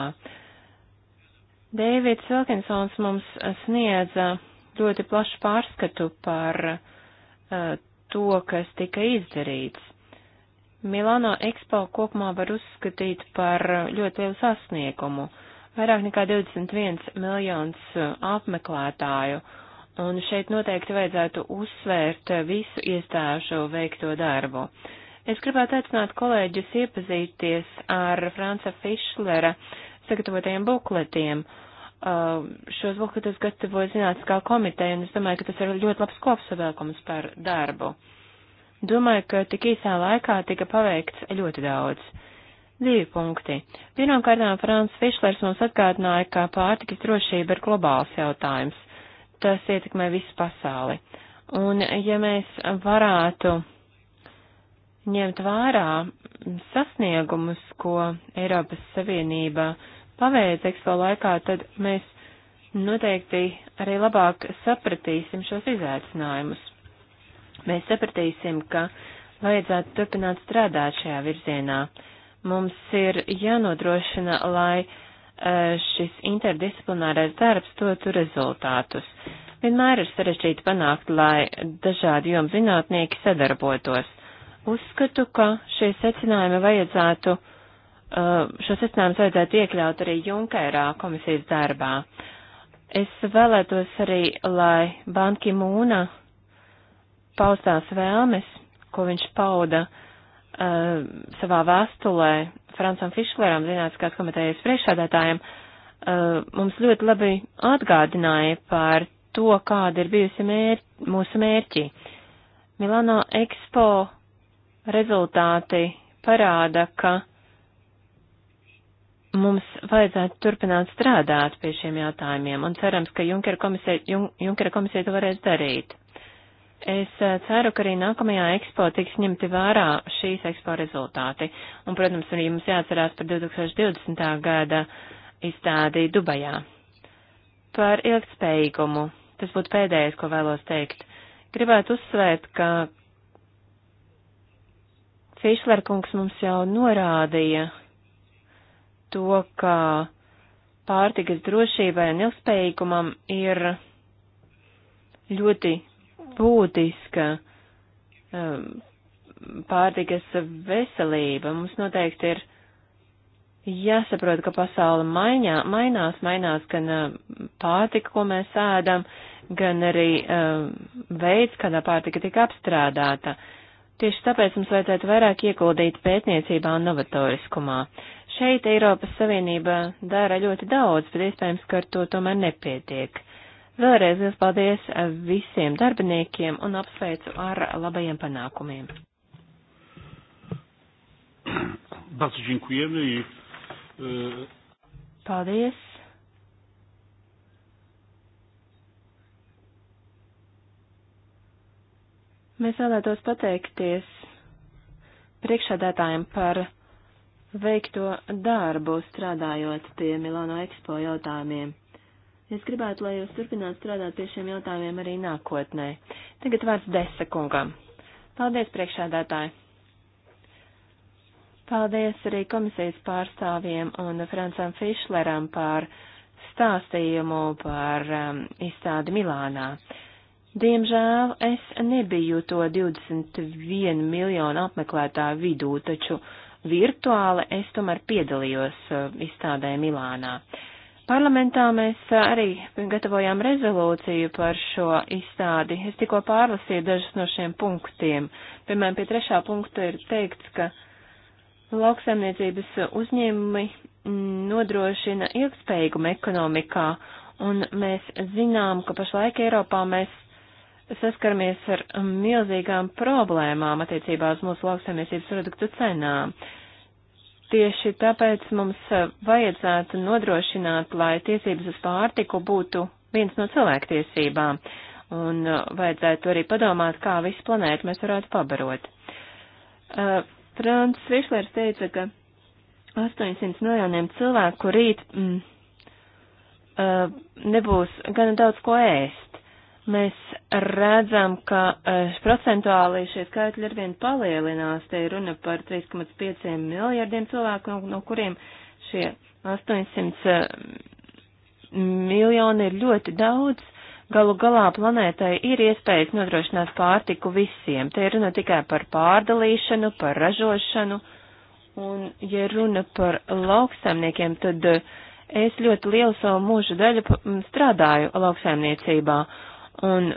Dēvids Vilkinsons mums sniedza ļoti plašu pārskatu par uh, to, kas tika izdarīts. Milāno Expo kopumā var uzskatīt par ļoti lielu sasniegumu. Vairāk nekā 21 miljons uh, apmeklētāju, un šeit noteikti vajadzētu uzsvērt uh, visu iestāžu veikto darbu. Es gribētu aicināt kolēģus iepazīties ar Franca Fišlera sagatavotajiem bukletiem. Uh, šos bukletus gatavoja zinātniskā komiteja, un es domāju, ka tas ir ļoti labs kopsavilkums par darbu. Domāju, ka tik īsā laikā tika paveikts ļoti daudz. Divi punkti. Pirmkārt, Frāns Fišlers mums atgādināja, ka pārtikas drošība ir globāls jautājums. Tas ietekmē visu pasauli. Un ja mēs varētu ņemt vērā sasniegumus, ko Eiropas Savienība paveic ekspo laikā, tad mēs noteikti arī labāk sapratīsim šos izaicinājumus mēs sapratīsim, ka vajadzētu turpināt strādāt šajā virzienā. Mums ir jānodrošina, lai e, šis interdisciplinārais darbs dotu rezultātus. Vienmēr ir sarežģīti panākt, lai dažādi jom zinātnieki sadarbotos. Uzskatu, ka šie secinājumi vajadzētu, e, šo secinājumus vajadzētu iekļaut arī Junkerā komisijas darbā. Es vēlētos arī, lai Banki Mūna paustās vēlmes, ko viņš pauda uh, savā vēstulē Francam Fišleram, zinātniskās komitejas priekšsādātājiem, uh, eh, mums ļoti labi atgādināja par to, kāda ir bijusi mēr mūsu mērķi. Milano Expo rezultāti parāda, ka mums vajadzētu turpināt strādāt pie šiem jautājumiem, un cerams, ka Junkera komisija, Jun, Junkera komisija to varēs darīt. Es eh, ceru, ka arī nākamajā ekspo tiks ņemti vērā šīs ekspo rezultāti. Un, protams, arī mums jāatcerās par 2020. gada izstādi Dubajā. Par ilgspējīgumu. Tas būtu pēdējais, ko vēlos teikt. Gribētu uzsvērt, ka Fišlerkungs mums jau norādīja to, ka pārtikas drošībai un ilgspējīgumam ir ļoti būtiska um, pārtikas veselība. Mums noteikti ir jāsaprot, ka pasaule maiņā, mainās, mainās gan uh, pārtika, ko mēs ēdam, gan arī uh, veids, kādā pārtika tika apstrādāta. Tieši tāpēc mums vajadzētu vairāk ieguldīt pētniecībā un novatoriskumā. Šeit Eiropas Savienība dara ļoti daudz, bet iespējams, ka ar to tomēr nepietiek. Uh, Vēlreiz liels paldies visiem darbiniekiem un apsveicu ar labajiem panākumiem. Bardzo dziękujemy i... E, paldies. Mēs vēlētos pateikties priekšādātājiem par veikto darbu strādājot pie Milāno ekspo jautājumiem. Es gribētu, lai jūs turpinātu strādāt pie šiem jautājumiem arī nākotnē. Tagad vārds Desa kungam. Paldies, priekšādātāji! Paldies arī komisijas pārstāvjiem un Francam Fišleram par stāstījumu par um, izstādi Milānā. Diemžēl es nebiju to 21 miljonu apmeklētāju vidū, taču virtuāli es tomēr piedalījos uh, izstādē Milānā. Uh, Parlamentā mēs arī gatavojām rezolūciju par šo izstādi. Es tikko pārlasīju dažus no šiem punktiem. Piemēram, pie trešā punkta ir teikts, ka lauksaimniecības uzņēmumi mm, nodrošina ilgspējīgumu ekonomikā, un mēs zinām, ka pašlaik Eiropā mēs saskaramies ar milzīgām problēmām attiecībā uz mūsu lauksaimniecības produktu cenām. Uh, Tieši tāpēc mums eh, vajadzētu nodrošināt, lai tiesības uz pārtiku būtu viens no cilvēktiesībām, un eh, vajadzētu arī padomāt, kā visu planētu mēs varētu pabarot. Uh, Frants Fišlers teica, ka 800 miljoniem cilvēku rīt mm, uh, nebūs gana daudz ko ēst. Mēs redzam, ka eh, procentuāli šie skaitļi arvien palielinās. Te ir runa par 3,5 miljardiem cilvēku, no, no kuriem šie 800 eh, miljoni ir ļoti daudz. Galu galā planētai ir iespējas nodrošināt pārtiku visiem. Te ir runa tikai par pārdalīšanu, par ražošanu. Un, ja runa par lauksaimniekiem, tad eh, es ļoti lielu savu mūžu daļu mm, strādāju lauksaimniecībā Un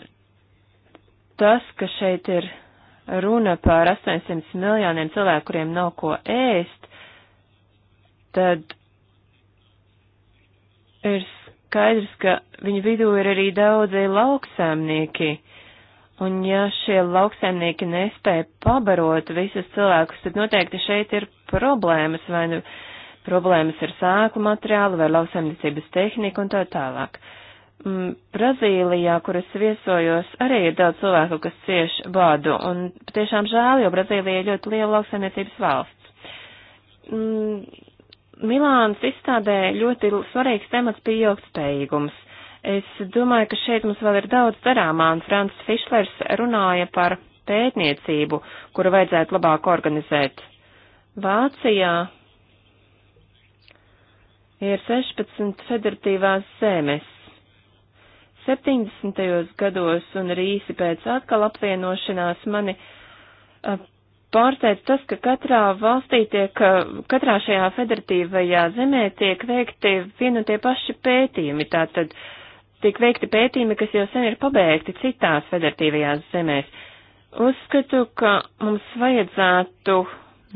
tas, ka šeit ir runa par 800 miljoniem cilvēku, kuriem nav ko ēst, tad ir skaidrs, ka viņu vidū ir arī daudzi lauksēmnieki. Un ja šie lauksēmnieki nespēja pabarot visus cilvēkus, tad noteikti šeit ir problēmas, vai nu problēmas ar sēklu materiālu, vai lauksaimniecības tehniku un tā tālāk. Uh, Mm, Brazīlijā, kur es viesojos, arī ir daudz cilvēku, kas cieš bādu, un patiešām žēl, jo Brazīlija ir ļoti liela lauksaimniecības valsts. Mm, Milāns izstādē ļoti svarīgs temats bija ilgspējīgums. Es domāju, ka šeit mums vēl ir daudz darāmā, un Frants Fišlers runāja par pētniecību, kuru vajadzētu labāk organizēt. Vācijā ir 16 federatīvās zemes 70. gados un arī īsi pēc atkal apvienošanās mani pārsteidz tas, ka katrā valstī tiek, katrā šajā federatīvajā zemē tiek veikti vien un tie paši pētījumi. Tātad tiek veikti pētījumi, kas jau sen ir pabeigti citās federatīvajās zemēs. Uzskatu, ka mums vajadzētu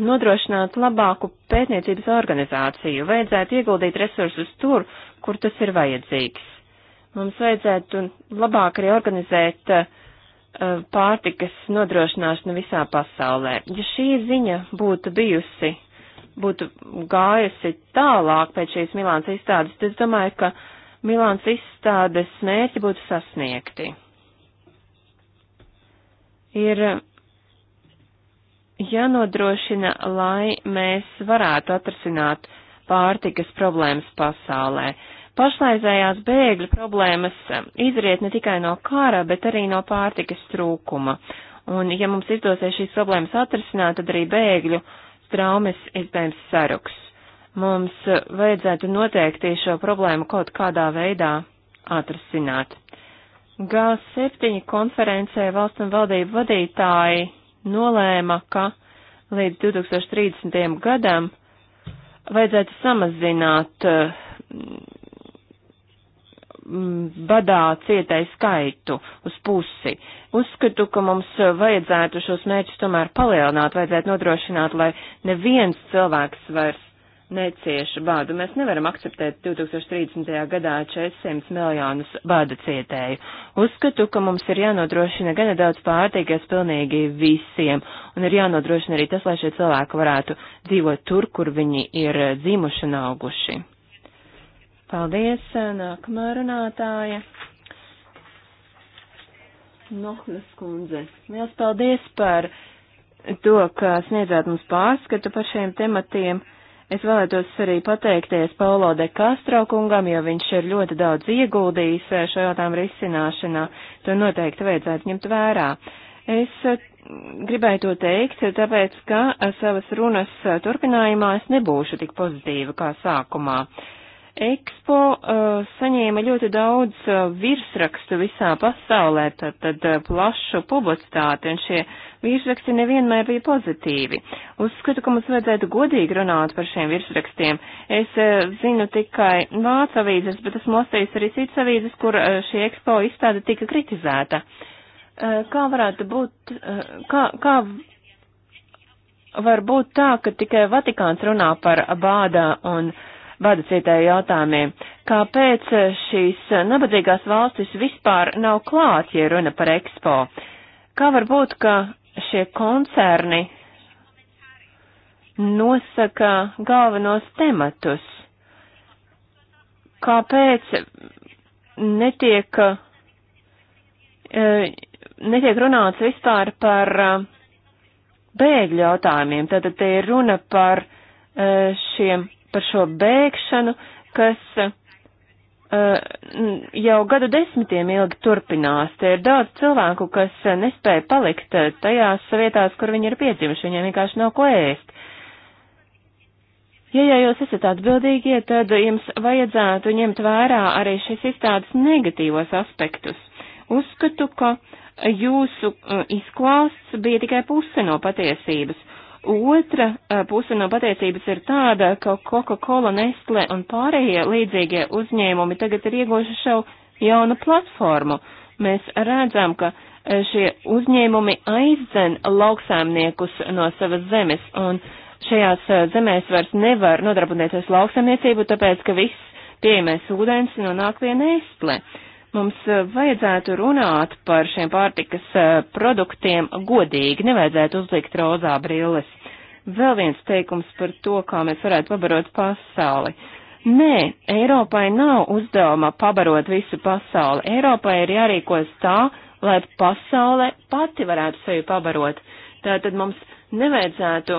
nodrošināt labāku pētniecības organizāciju, vajadzētu ieguldīt resursus tur, kur tas ir vajadzīgs. Mums vajadzētu labāk arī organizēt uh, pārtikas nodrošināšanu visā pasaulē. Ja šī ziņa būtu bijusi, būtu gājusi tālāk pēc šīs Milāns izstādes, tad es domāju, ka Milāns izstādes mērķi būtu sasniegti. Ir jānodrošina, lai mēs varētu atrasināt pārtikas problēmas pasaulē. Uh, Pašlaizējās bēgļu problēmas um, izriet ne tikai no kara, bet arī no pārtikas trūkuma. Un ja mums izdosies šīs problēmas atrisināt, tad arī bēgļu traumas iespējams saruks. Mums uh, vajadzētu noteikti šo problēmu kaut kādā veidā atrisināt. G7 konferencē valsts un valdību vadītāji nolēma, ka līdz 2030. gadam vajadzētu samazināt uh, Mm, badā cietai skaitu uz pusi. Uzskatu, ka mums vajadzētu šos mērķus tomēr palielināt, vajadzētu nodrošināt, lai neviens cilvēks vairs necieši bādu. Mēs nevaram akceptēt 2030. gadā 400 miljonus bādu cietēju. Uzskatu, ka mums ir jānodrošina gan nedaudz pārtīkais pilnīgi visiem, un ir jānodrošina arī tas, lai šie cilvēki varētu dzīvot tur, kur viņi ir dzimuši un auguši. Paldies, nākamā runātāja. Nohnas kundze, liels paldies par to, ka sniedzāt mums pārskatu par šiem tematiem. Es vēlētos arī pateikties Paulo de Castro kungam, jo viņš ir ļoti daudz ieguldījis eh, šo jautājumu risināšanā. To noteikti vajadzētu ņemt vērā. Es eh, gribēju to teikt, tāpēc, ka eh, savas runas turpinājumā es nebūšu tik pozitīva kā sākumā. Uh, Expo uh, saņēma ļoti daudz uh, virsrakstu visā pasaulē, tad, tad uh, plašu publicitāti, un šie virsraksti nevienmēr bija pozitīvi. Uzskatu, ka mums vajadzētu godīgi runāt par šiem virsrakstiem. Es uh, zinu tikai vācu avīzes, bet esmu lasījis arī citas avīzes, kur uh, šī Expo izstāde tika kritizēta. Uh, kā varētu būt, uh, kā, kā var būt tā, ka tikai Vatikāns runā par bādā un uh, bada cietēju jautājumiem. Kāpēc šīs nabadzīgās valstis vispār nav klāt, ja runa par ekspo? Kā var būt, ka šie koncerni nosaka galvenos tematus? Kāpēc netiek, e, netiek runāts vispār par e, bēgļu jautājumiem? Tātad te ir runa par e, šiem par šo bēgšanu, kas eh, jau gadu desmitiem ilgi turpinās. Te ir daudz cilvēku, kas nespēja palikt eh, tajās vietās, kur viņi ir piedzimuši, viņiem vienkārši nav ko ēst. Ja jau jūs esat atbildīgie, tad jums vajadzētu ņemt vērā arī šīs izstādes negatīvos aspektus. Uzskatu, ka jūsu eh, izklāsts bija tikai puse no patiesības. Otra puse no pateicības ir tāda, ka Coca-Cola, Nestle un pārējie līdzīgie uzņēmumi tagad ir ieguvuši šo jaunu platformu. Mēs redzam, ka šie uzņēmumi aizdzen lauksēmniekus no savas zemes, un šajās zemēs vairs nevar nodarbināties lauksēmniecību, tāpēc, ka viss pieejamais ūdens nonāk pie Nestle. Uh, Mums eh, vajadzētu runāt par šiem pārtikas eh, produktiem godīgi, nevajadzētu uzlikt rozā brilles. Vēl viens teikums par to, kā mēs varētu pabarot pasauli. Nē, Eiropai nav uzdevuma pabarot visu pasauli. Eiropai ir jārīkojas tā, lai pasaule pati varētu sevi pabarot. Tātad mums nevajadzētu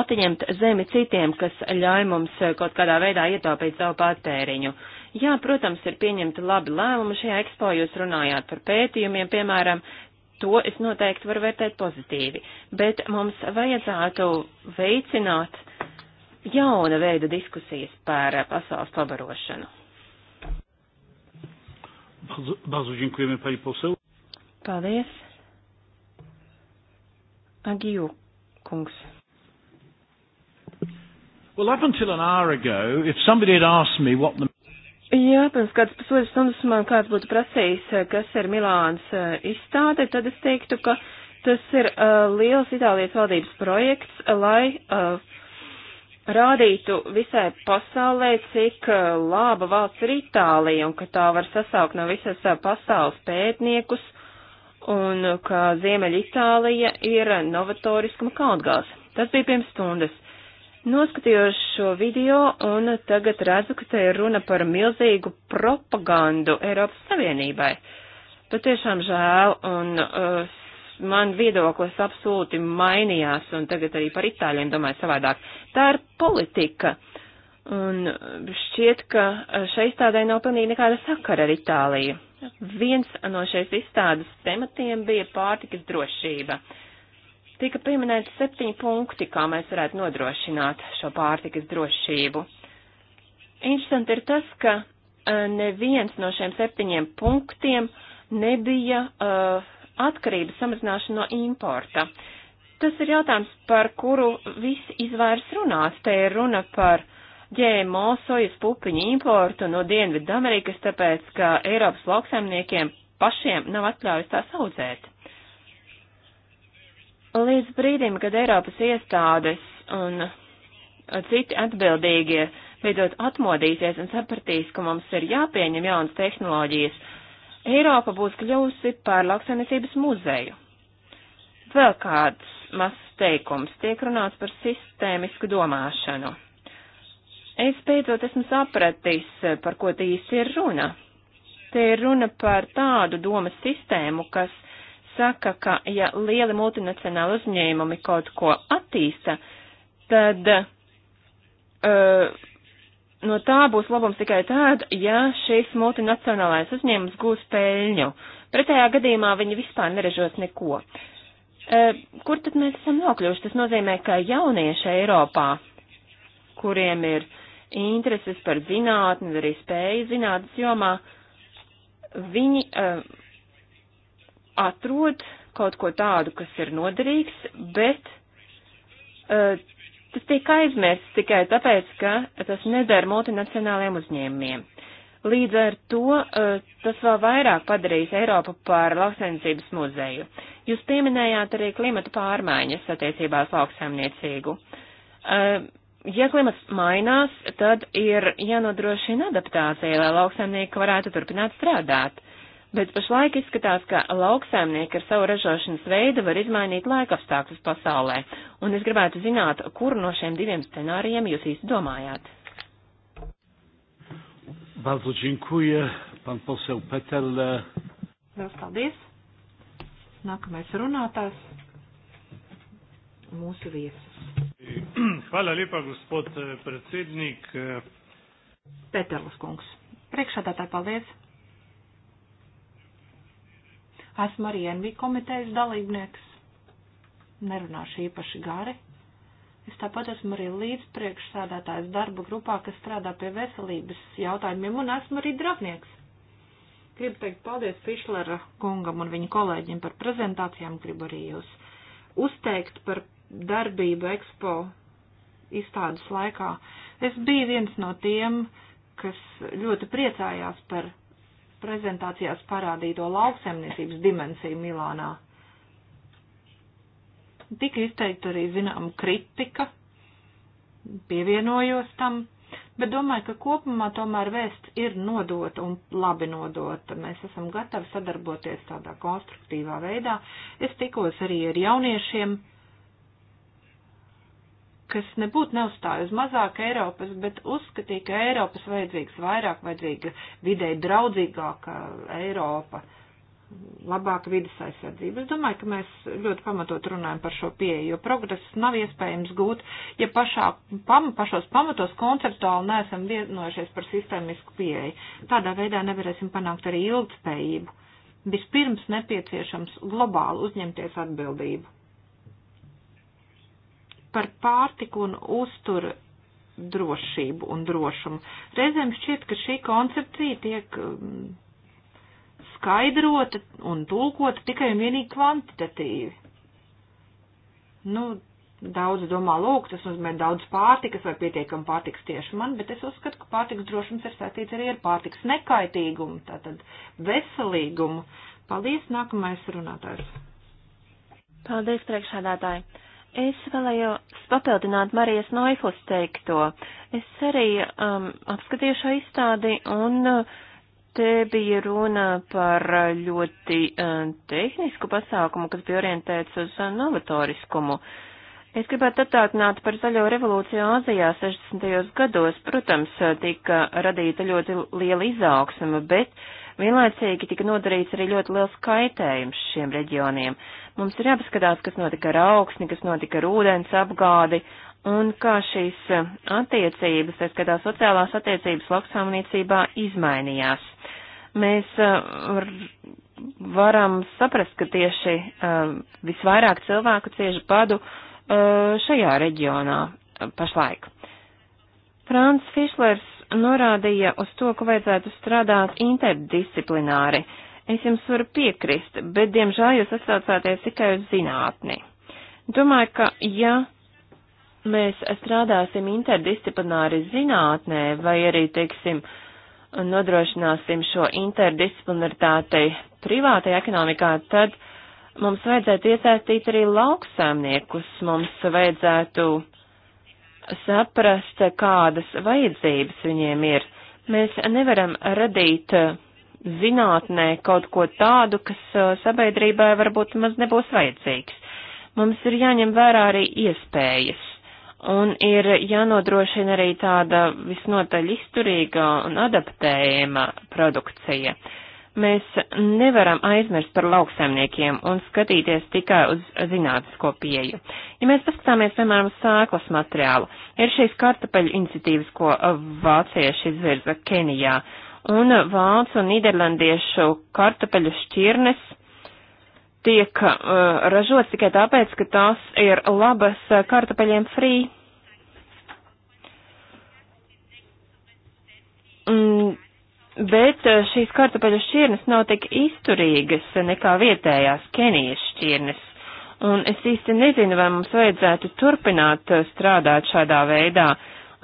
atņemt zemi citiem, kas ļauj mums eh, kaut kādā veidā ietaupīt savu patēriņu. Jā, protams, ir pieņemti labi lēmumi. Šajā ekspo jūs runājāt par pētījumiem, piemēram, to es noteikti varu vērtēt pozitīvi, bet mums vajadzētu veicināt jauna veida diskusijas par pasaules pabarošanu. Bardzo dziękujemy pani poseł. Paldies. Agiju kungs. Well, up until an hour ago, if somebody had asked me what the Jā, pirms kādas pusotras stundas man kāds būtu prasījis, eh, kas ir Milāns eh, izstāde, tad es teiktu, ka tas ir uh, liels Itālijas valdības projekts, lai uh, rādītu visai pasaulē, cik uh, laba valsts ir Itālija un ka tā var sasaukt no visas uh, pasaules pētniekus un uh, ka Ziemeļa Itālija ir novatoriskuma kaltgāls. Tas bija pirms stundas. Noskatījos šo video un tagad redzu, ka te ir runa par milzīgu propagandu Eiropas Savienībai. Patiešām žēl, un uh, man viedoklis absolūti mainījās, un tagad arī par itāļiem domāju savādāk. Tā ir politika, un šķiet, ka šai izstādē nav pilnīgi nekāda sakara ar Itāliju. Viens no šais izstādes tematiem bija pārtikas drošība. Uh, Tika pieminēti septiņi punkti, kā mēs varētu nodrošināt šo pārtikas drošību. Interesanti ir tas, ka e, neviens no šiem septiņiem punktiem nebija uh, atkarības samazināšana no importa. Tas ir jautājums, par kuru visi izvairs runās. Te ir runa par ģēmo sojas pupiņu importu no Dienvidu Amerikas, tāpēc, ka Eiropas lauksaimniekiem pašiem nav atļaujas tās audzēt. Līdz brīdim, kad Eiropas iestādes un citi atbildīgie beidzot atmodīsies un sapratīs, ka mums ir jāpieņem jaunas tehnoloģijas, Eiropa būs kļūsi par lauksaimniecības muzeju. Vēl kāds mazs teikums tiek runāts par sistēmisku domāšanu. Es beidzot esmu sapratis, par ko te īsti ir runa. Te ir runa par tādu domas sistēmu, kas saka, ka ja lieli multinacionāli uzņēmumi kaut ko attīsta, tad uh, no tā būs labums tikai tāda, ja šis multinacionālais uzņēmums gūs peļņu. Pretējā gadījumā viņi vispār neražos neko. Uh, kur tad mēs esam nokļuvuši? Tas nozīmē, ka jaunieši Eiropā, kuriem ir intereses par zinātni, arī spēju zinātnes jomā, viņi uh, atrod kaut ko tādu, kas ir noderīgs, bet uh, tas tiek aizmirsts tikai tāpēc, ka tas nedara multinacionāliem uzņēmumiem. Līdz ar to uh, tas vēl vairāk padarīs Eiropu par lauksainicības muzeju. Jūs pieminējāt arī klimata pārmaiņas attiecībās lauksaimniecīgu. Uh, ja klimats mainās, tad ir jānodrošina adaptācija, lai lauksaimnieki varētu turpināt strādāt bet pašlaik izskatās, ka lauksaimnieki ar savu ražošanas veidu var izmainīt laikapstākļus pasaulē, un es gribētu zināt, kuru no šiem diviem scenārijiem jūs īsti domājāt. Bardzo dziękuję. Pan poseł Petel. E, Lielas paldies. Nākamais runātājs. Mūsu viesis. Hvala lepa, gospod e, predsednik. E. Peterlis kungs. Priekšādātāji, paldies. Esmu arī NV komitejas dalībnieks. Nerunāšu īpaši gari. Es tāpat esmu arī līdzpriekšsādātājs darba grupā, kas strādā pie veselības jautājumiem, un esmu arī dravnieks. Gribu teikt paldies Fišlera kungam un viņa kolēģiem par prezentācijām, gribu arī jūs uzteikt par darbību Expo izstādes laikā. Es biju viens no tiem, kas ļoti priecājās par prezentācijās parādīto lauksemniecības dimensiju Milānā. Tika izteikta arī, zinām, kritika, pievienojos tam, bet domāju, ka kopumā tomēr vēsts ir nodota un labi nodota. Mēs esam gatavi sadarboties tādā konstruktīvā veidā. Es tikos arī ar jauniešiem, uh, kas nebūtu neuzstāja uz mazāk Eiropas, bet uzskatīja, ka Eiropas vajadzīgs vairāk, vajadzīga videi draudzīgāka Eiropa, labāka vidas aizsardzība. Es domāju, ka mēs ļoti pamatot runājam par šo pieeju, jo progress nav iespējams gūt, ja pašā, pam, pašos pamatos konceptuāli neesam vienojušies par sistēmisku pieeju. Tādā veidā nevarēsim panākt arī ilgtspējību. Vispirms nepieciešams globāli uzņemties atbildību par pārtiku un uzturu drošību un drošumu. Reizēm šķiet, ka šī koncepcija tiek um, skaidrota un tulkota tikai un vienīgi kvantitatīvi. Nu, daudz domā, lūk, tas nozīmē daudz pārtikas vai pietiekam pārtikas tieši man, bet es uzskatu, ka pārtikas drošums ir saistīts arī ar pārtikas nekaitīgumu, tātad veselīgumu. Paldies, nākamais runātājs. Paldies, priekšādātāji. Es vēlēju papildināt Marijas Noifus teikto. Es arī um, apskatīju šo izstādi un uh, te bija runa par ļoti um, tehnisku pasākumu, kas bija orientēts uz um, novatoriskumu. Es gribētu attākināt par zaļo revolūciju Āzijā 60. gados. Protams, tika radīta ļoti liela izaugsma, bet uh, Vienlaicīgi tika nodarīts arī ļoti liels kaitējums šiem reģioniem. Mums ir jāpaskatās, kas notika ar augsni, kas notika ar ūdens apgādi un kā šīs eh, attiecības, tā skatā sociālās attiecības lauksaimniecībā izmainījās. Mēs eh, varam saprast, ka tieši eh, visvairāk cilvēku cieši padu šajā reģionā pašlaik. Frāns Fišlers norādīja uz to, ka vajadzētu strādāt interdisciplināri. Es jums varu piekrist, bet, diemžēl, jūs atsaucāties tikai uz zinātni. Domāju, ka, ja mēs strādāsim interdisciplināri zinātnē, vai arī, teiksim, nodrošināsim šo interdisciplinaritāti privātajā ekonomikā, tad mums vajadzētu iesaistīt arī lauksaimniekus, mums vajadzētu saprast, kādas vajadzības viņiem ir. Mēs nevaram radīt eh, zinātnē kaut ko tādu, kas eh, sabiedrībai varbūt maz nebūs vajadzīgs. Mums ir jāņem vērā arī iespējas, un ir jānodrošina arī tāda visnotaļ izturīga un adaptējama produkcija. Uh, Mēs nevaram aizmirst par lauksaimniekiem un skatīties tikai uz zinātnisko pieju. Ja mēs paskatāmies, piemēram, uz sēklas materiālu, ir šīs kartupeļu iniciatīvas, ko vācieši izvirza Kenijā, un vācu un nīderlandiešu kartupeļu šķirnes tiek uh, ražots tikai tāpēc, ka tās ir labas kartupeļiem frī Bet eh, šīs kartupeļu šķirnes nav tik izturīgas nekā vietējās Kenijas šķirnes. Un es īsti nezinu, vai mums vajadzētu turpināt eh, strādāt šādā veidā,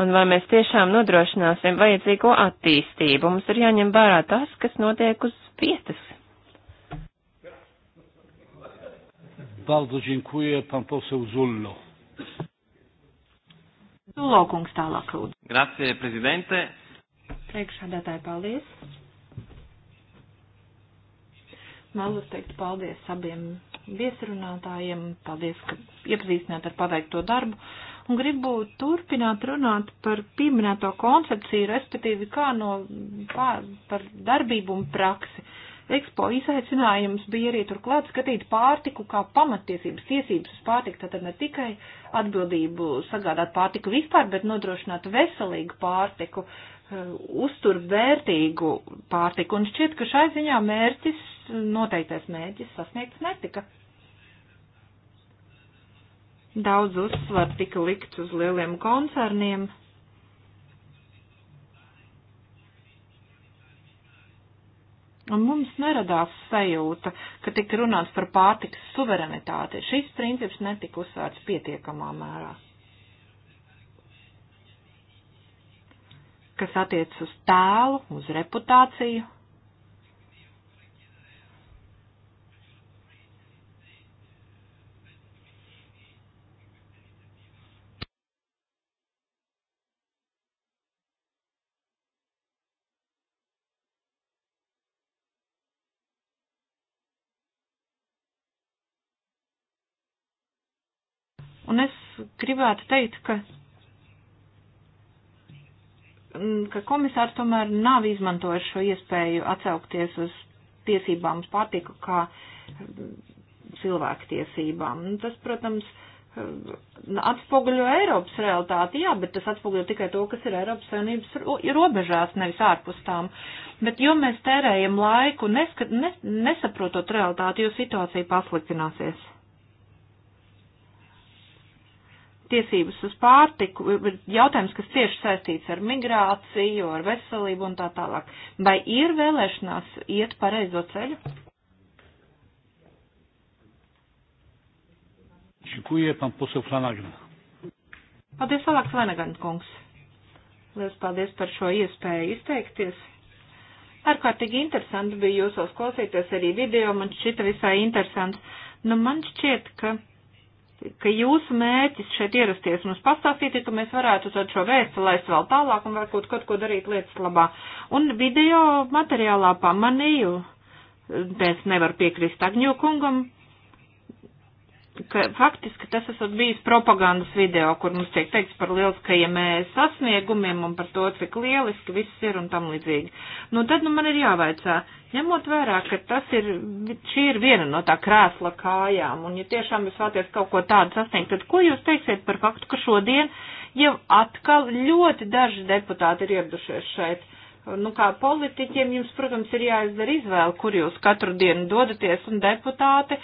un vai mēs tiešām nodrošināsim vajadzīgo attīstību. Mums ir jāņem vērā tas, kas notiek uz vietas. Bardzo dziękuję, pan poseł Zullo. Zullo kungs tālāk lūdzu. Grazie, prezidente. Priekšādātāji, paldies! Vēlos teikt paldies abiem viesrunātājiem, paldies, ka iepazīstināt ar paveikto darbu un gribu turpināt runāt par pieminēto koncepciju, respektīvi kā no pār, par darbību un praksi. Uh, Ekspo izaicinājums bija arī turklāt skatīt pārtiku kā pamatiesības, tiesības uz pārtiku, tātad ne tikai atbildību sagādāt pārtiku vispār, bet nodrošināt veselīgu pārtiku, eh, uzturvērtīgu pārtiku. Un šķiet, ka šai ziņā mērķis, noteiktais mērķis sasniegts netika daudz uzsvar tika likts uz lieliem koncerniem, Un mums neradās sajūta, ka tika runāts par pārtikas suverenitāti. Šis princips netika uzsvērts pietiekamā mērā. Kas attiec uz tēlu, uz reputāciju, gribētu teikt, ka, mm, ka komisārs tomēr nav izmantojis šo iespēju atsaukties uz tiesībām uz pārtiku kā mm, cilvēktiesībām. Tas, protams, mm, atspoguļo Eiropas realitāti, jā, bet tas atspoguļo tikai to, kas ir Eiropas savienības robežās, nevis ārpus tām. Bet jo mēs tērējam laiku, neskat, nes, nesaprotot realitāti, jo situācija pasliktināsies. tiesības uz pārtiku ir jautājums, kas tieši saistīts ar migrāciju, ar veselību un tā tālāk. Vai ir vēlēšanās iet pareizo ceļu? Čikuja, pan pusu Flanagan. Paldies, Alāk Flanagan, kungs. Lielas paldies par šo iespēju izteikties. Ārkārtīgi interesanti bija jūsos klausīties arī video, man šķita visai interesants. Nu, man šķiet, ka ka jūsu mērķis šeit ierasties mums pastāstīt, ka mēs varētu tad šo vēstu laist vēl tālāk un varbūt kaut ko darīt lietas labā. Un video materiālā pamanīju, mēs nevar piekrist Agņokungam, ka faktiski tas esat bijis propagandas video, kur mums tiek teikts par lieliskajiem e sasniegumiem un par to, cik lieliski viss ir un tam līdzīgi. Nu, tad nu, man ir jāvaicā, ņemot vērā, ka tas ir, šī ir viena no tā krēsla kājām, un ja tiešām jūs vēlaties kaut ko tādu sasniegt, tad ko jūs teiksiet par faktu, ka šodien jau atkal ļoti daži deputāti ir ieradušies šeit? nu, kā politiķiem jums, protams, ir jāizdara izvēle, kur jūs katru dienu dodaties un deputāti,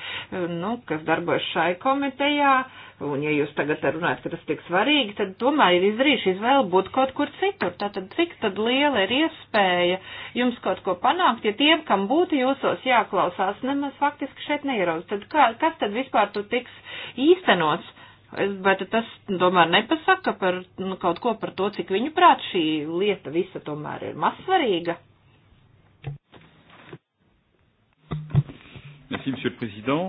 nu, kas darbojas šai komitejā, un ja jūs tagad runājat, ka tas tik svarīgi, tad tomēr ir izdarījuši izvēle būt kaut kur citur. Tātad, cik tad liela ir iespēja jums kaut ko panākt, ja tiem, kam būtu jūsos jāklausās, nemaz faktiski šeit neierodas, tad kā, kas tad vispār tu tiks īstenots? Vai tas tomēr nepasaka par nu, kaut ko par to, cik viņu prāt šī lieta visa tomēr ir mazsvarīga? Merci, monsieur le président.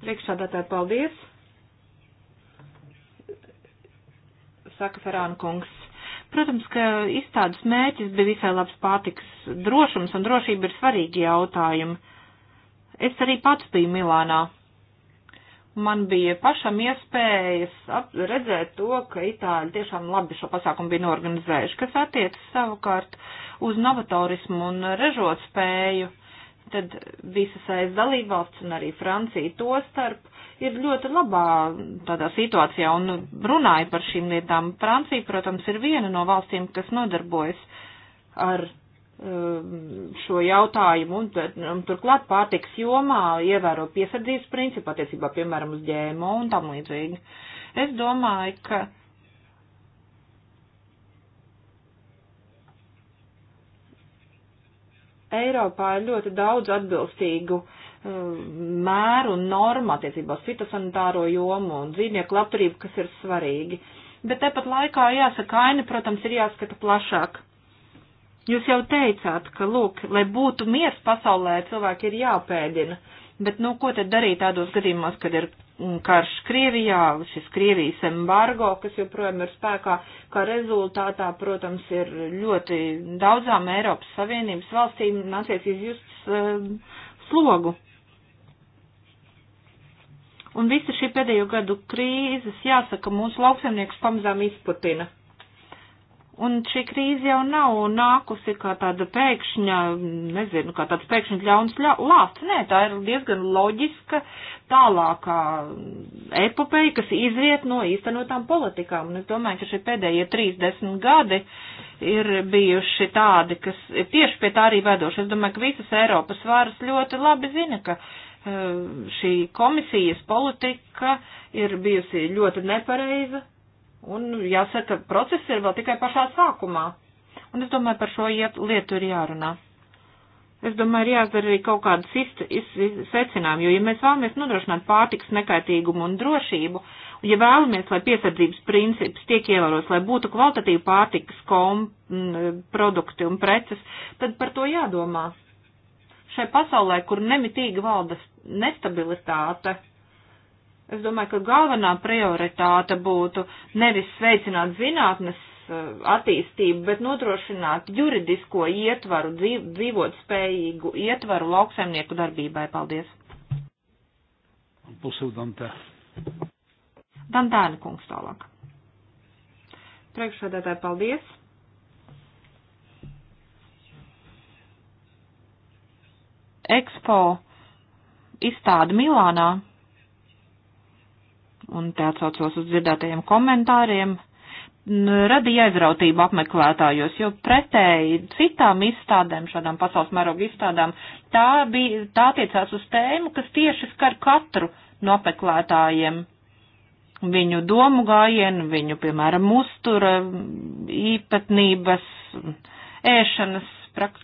Priekšsādātāji, paldies. Saka Ferāna kungs. Protams, ka izstādes mērķis bija visai labs pārtiks drošums, un drošība ir svarīgi jautājumi. Es arī pats biju Milānā man bija pašam iespējas redzēt to, ka itāļi tiešām labi šo pasākumu bija norganizējuši, kas attiecas savukārt uz novatorismu un režot spēju. Tad visas aiz dalībvalsts un arī Francija to starp ir ļoti labā tādā situācijā un runāja par šīm lietām. Francija, protams, ir viena no valstīm, kas nodarbojas ar Um, šo jautājumu, un, un turklāt pārtiks jomā ievēro piesardzības principu attiecībā, piemēram, uz ģēmo un tam līdzīgi. Es domāju, ka Eiropā ir ļoti daudz atbilstīgu uh, mēru un normu attiecībā uz fitosanitāro jomu un dzīvnieku labturību, kas ir svarīgi. Bet tepat laikā, jāsaka, aina, protams, ir jāskata plašāk Jūs jau teicāt, ka, lūk, lai būtu miers pasaulē, cilvēki ir jāpēdina. Bet, nu, ko tad darīt tādos gadījumos, kad ir mm, karš Krievijā, šis Krievijas embargo, kas joprojām ir spēkā, kā rezultātā, protams, ir ļoti daudzām Eiropas Savienības valstīm nācies izjust um, slogu. Un visa šī pēdējo gadu krīzes, jāsaka, mūsu lauksaimnieks pamazām izputina. Un šī krīze jau nav nākusi kā tāda pēkšņa, nezinu, kā tāds pēkšņi ļauns lāsts. Nē, tā ir diezgan loģiska tālākā epopeja, kas izriet no īstenotām politikām. Un es domāju, ka šie pēdējie 30 gadi ir bijuši tādi, kas ir tieši pie tā arī vedoši. Es domāju, ka visas Eiropas varas ļoti labi zina, ka eh, šī komisijas politika ir bijusi ļoti nepareiza Un jāsaka, process ir vēl tikai pašā sākumā. Un es domāju, par šo iet, lietu ir jārunā. Es domāju, ir jāizdara arī kaut kādas secinājumi, jo, ja mēs vēlamies nodrošināt pārtiks nekaitīgumu un drošību, un ja vēlamies, lai piesardzības princips tiek ievērots, lai būtu kvalitatīvi pārtiks kom, m, produkti un preces, tad par to jādomā. Šai pasaulē, kur nemitīgi valdas nestabilitāte, Es domāju, ka galvenā prioritāte būtu nevis veicināt zinātnes eh, attīstību, bet nodrošināt juridisko ietvaru, dzīvot spējīgu ietvaru lauksaimnieku darbībai. Paldies! Pusu Dantē. Dantēna kungs tālāk. Priekšsēdētāji, paldies! Expo izstāde Milānā un te atsaucos uz dzirdētajiem komentāriem, radīja aizrautību apmeklētājos, jo pretēji citām izstādēm, šādām pasaules mēroga izstādām, tā, bija, tā tiecās uz tēmu, kas tieši skar katru no apmeklētājiem. Viņu domu gājienu, viņu, piemēram, uztura, īpatnības, ēšanas praks,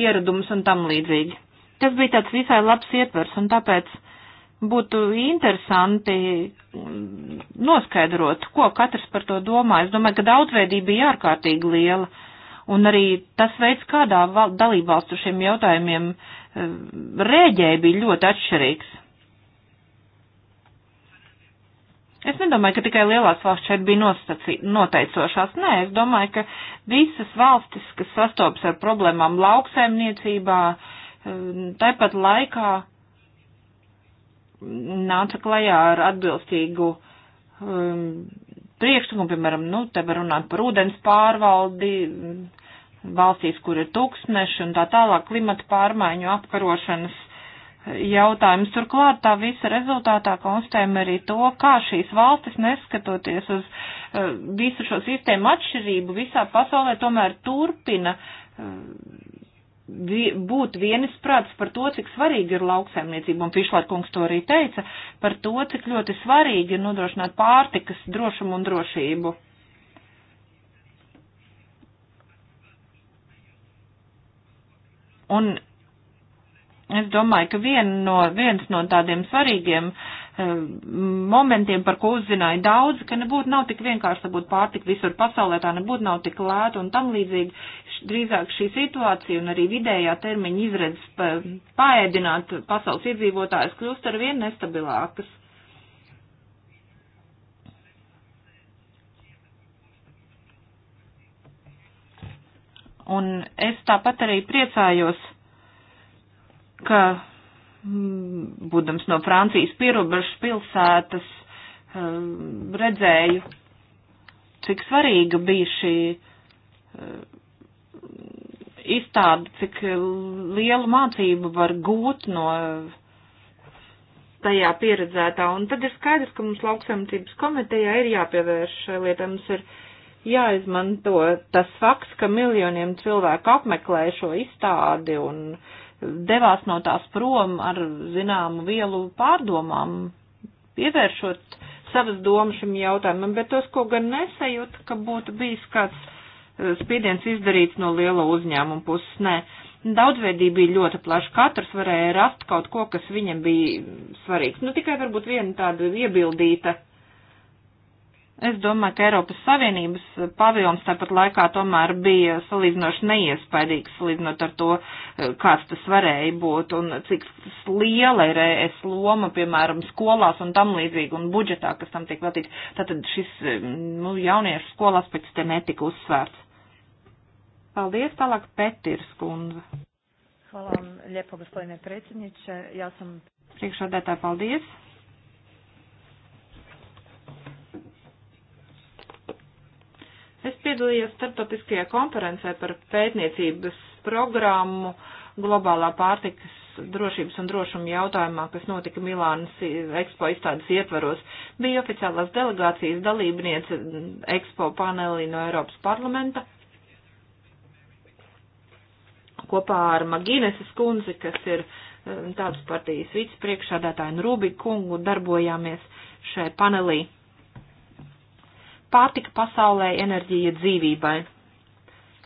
ieradums un tam līdzīgi. Tas bija tāds visai labs ietvers, un tāpēc būtu interesanti noskaidrot, ko katrs par to domā. Es domāju, ka daudzveidība bija ārkārtīgi liela. Un arī tas veids, kādā dalībvalstu šiem jautājumiem eh, rēģēja, bija ļoti atšķirīgs. Es nedomāju, ka tikai lielās valsts šeit bija noteicošās. Nē, es domāju, ka visas valstis, kas sastopas ar problēmām lauksaimniecībā, eh, tāpat laikā nāca klajā ar atbilstīgu um, priekšlikumu, piemēram, nu, te var runāt par ūdens pārvaldi valstīs, kur ir tūkstneši un tā tālāk klimata pārmaiņu apkarošanas eh, jautājums. Turklāt tā visa rezultātā konstatējam arī to, kā šīs valstis, neskatoties uz uh, visu šo sistēmu atšķirību, visā pasaulē tomēr turpina uh, vi, būt vienisprāts par to, cik svarīgi ir lauksaimniecība, un Fišlēr kungs to arī teica, par to, cik ļoti svarīgi ir nodrošināt pārtikas drošumu un drošību. Un es domāju, ka vien no, viens no tādiem svarīgiem uh, momentiem, par ko uzzināja daudz, ka nebūtu nav tik vienkārši būt pārtika visur pasaulē, tā nebūtu nav tik lēta un tam līdzīgi drīzāk šī situācija un arī vidējā termiņa izredzes paēdināt pasaules iedzīvotājus kļūst ar vien nestabilākas. Un es tāpat arī priecājos, ka, mm, būdams no Francijas pierobežas pilsētas, mm, redzēju, cik svarīga bija šī mm, izstādi, cik lielu mācību var gūt no tajā pieredzētā. Un tad ir skaidrs, ka mums lauksaimniecības komitejā ir jāpievērš šai lietai. Mums ir jāizmanto tas fakts, ka miljoniem cilvēku apmeklē šo izstādi un devās no tās prom ar zināmu vielu pārdomām, pievēršot savas domas šim jautājumam, bet tos, ko gan nesajūtu, ka būtu bijis kāds Eh, spiediens izdarīts no liela uzņēmuma puses. Nē, daudzveidība bija ļoti plaša. Katrs varēja rast kaut ko, kas viņam bija svarīgs. Nu, tikai varbūt viena tāda iebildīta. Es domāju, ka Eiropas Savienības paviljons tāpat laikā tomēr bija salīdzinoši neiespaidīgs, salīdzinot ar to, eh, kāds tas varēja būt un cik liela ir es loma, piemēram, skolās un tam līdzīgi un budžetā, kas tam tiek veltīts. Tātad šis, eh, nu, jauniešu skolās pēc te netika uzsvērts. Paldies, tālāk Petirs kundze. Hvala vam lijepo, gospodine predsjedniče. Ja sam... Priekšādētā, paldies. Es piedalījos starptautiskajā konferencē par pētniecības programmu globālā pārtikas drošības un drošuma jautājumā, kas notika Milānas ekspo izstādes ietvaros. Bija oficiālās delegācijas dalībniece ekspo panelī no Eiropas parlamenta kopā ar Magīneses kundzi, kas ir um, tādas partijas vicepriekšādātāju un Rūbīgu kungu, darbojāmies šai panelī. Pārtika pasaulē enerģija dzīvībai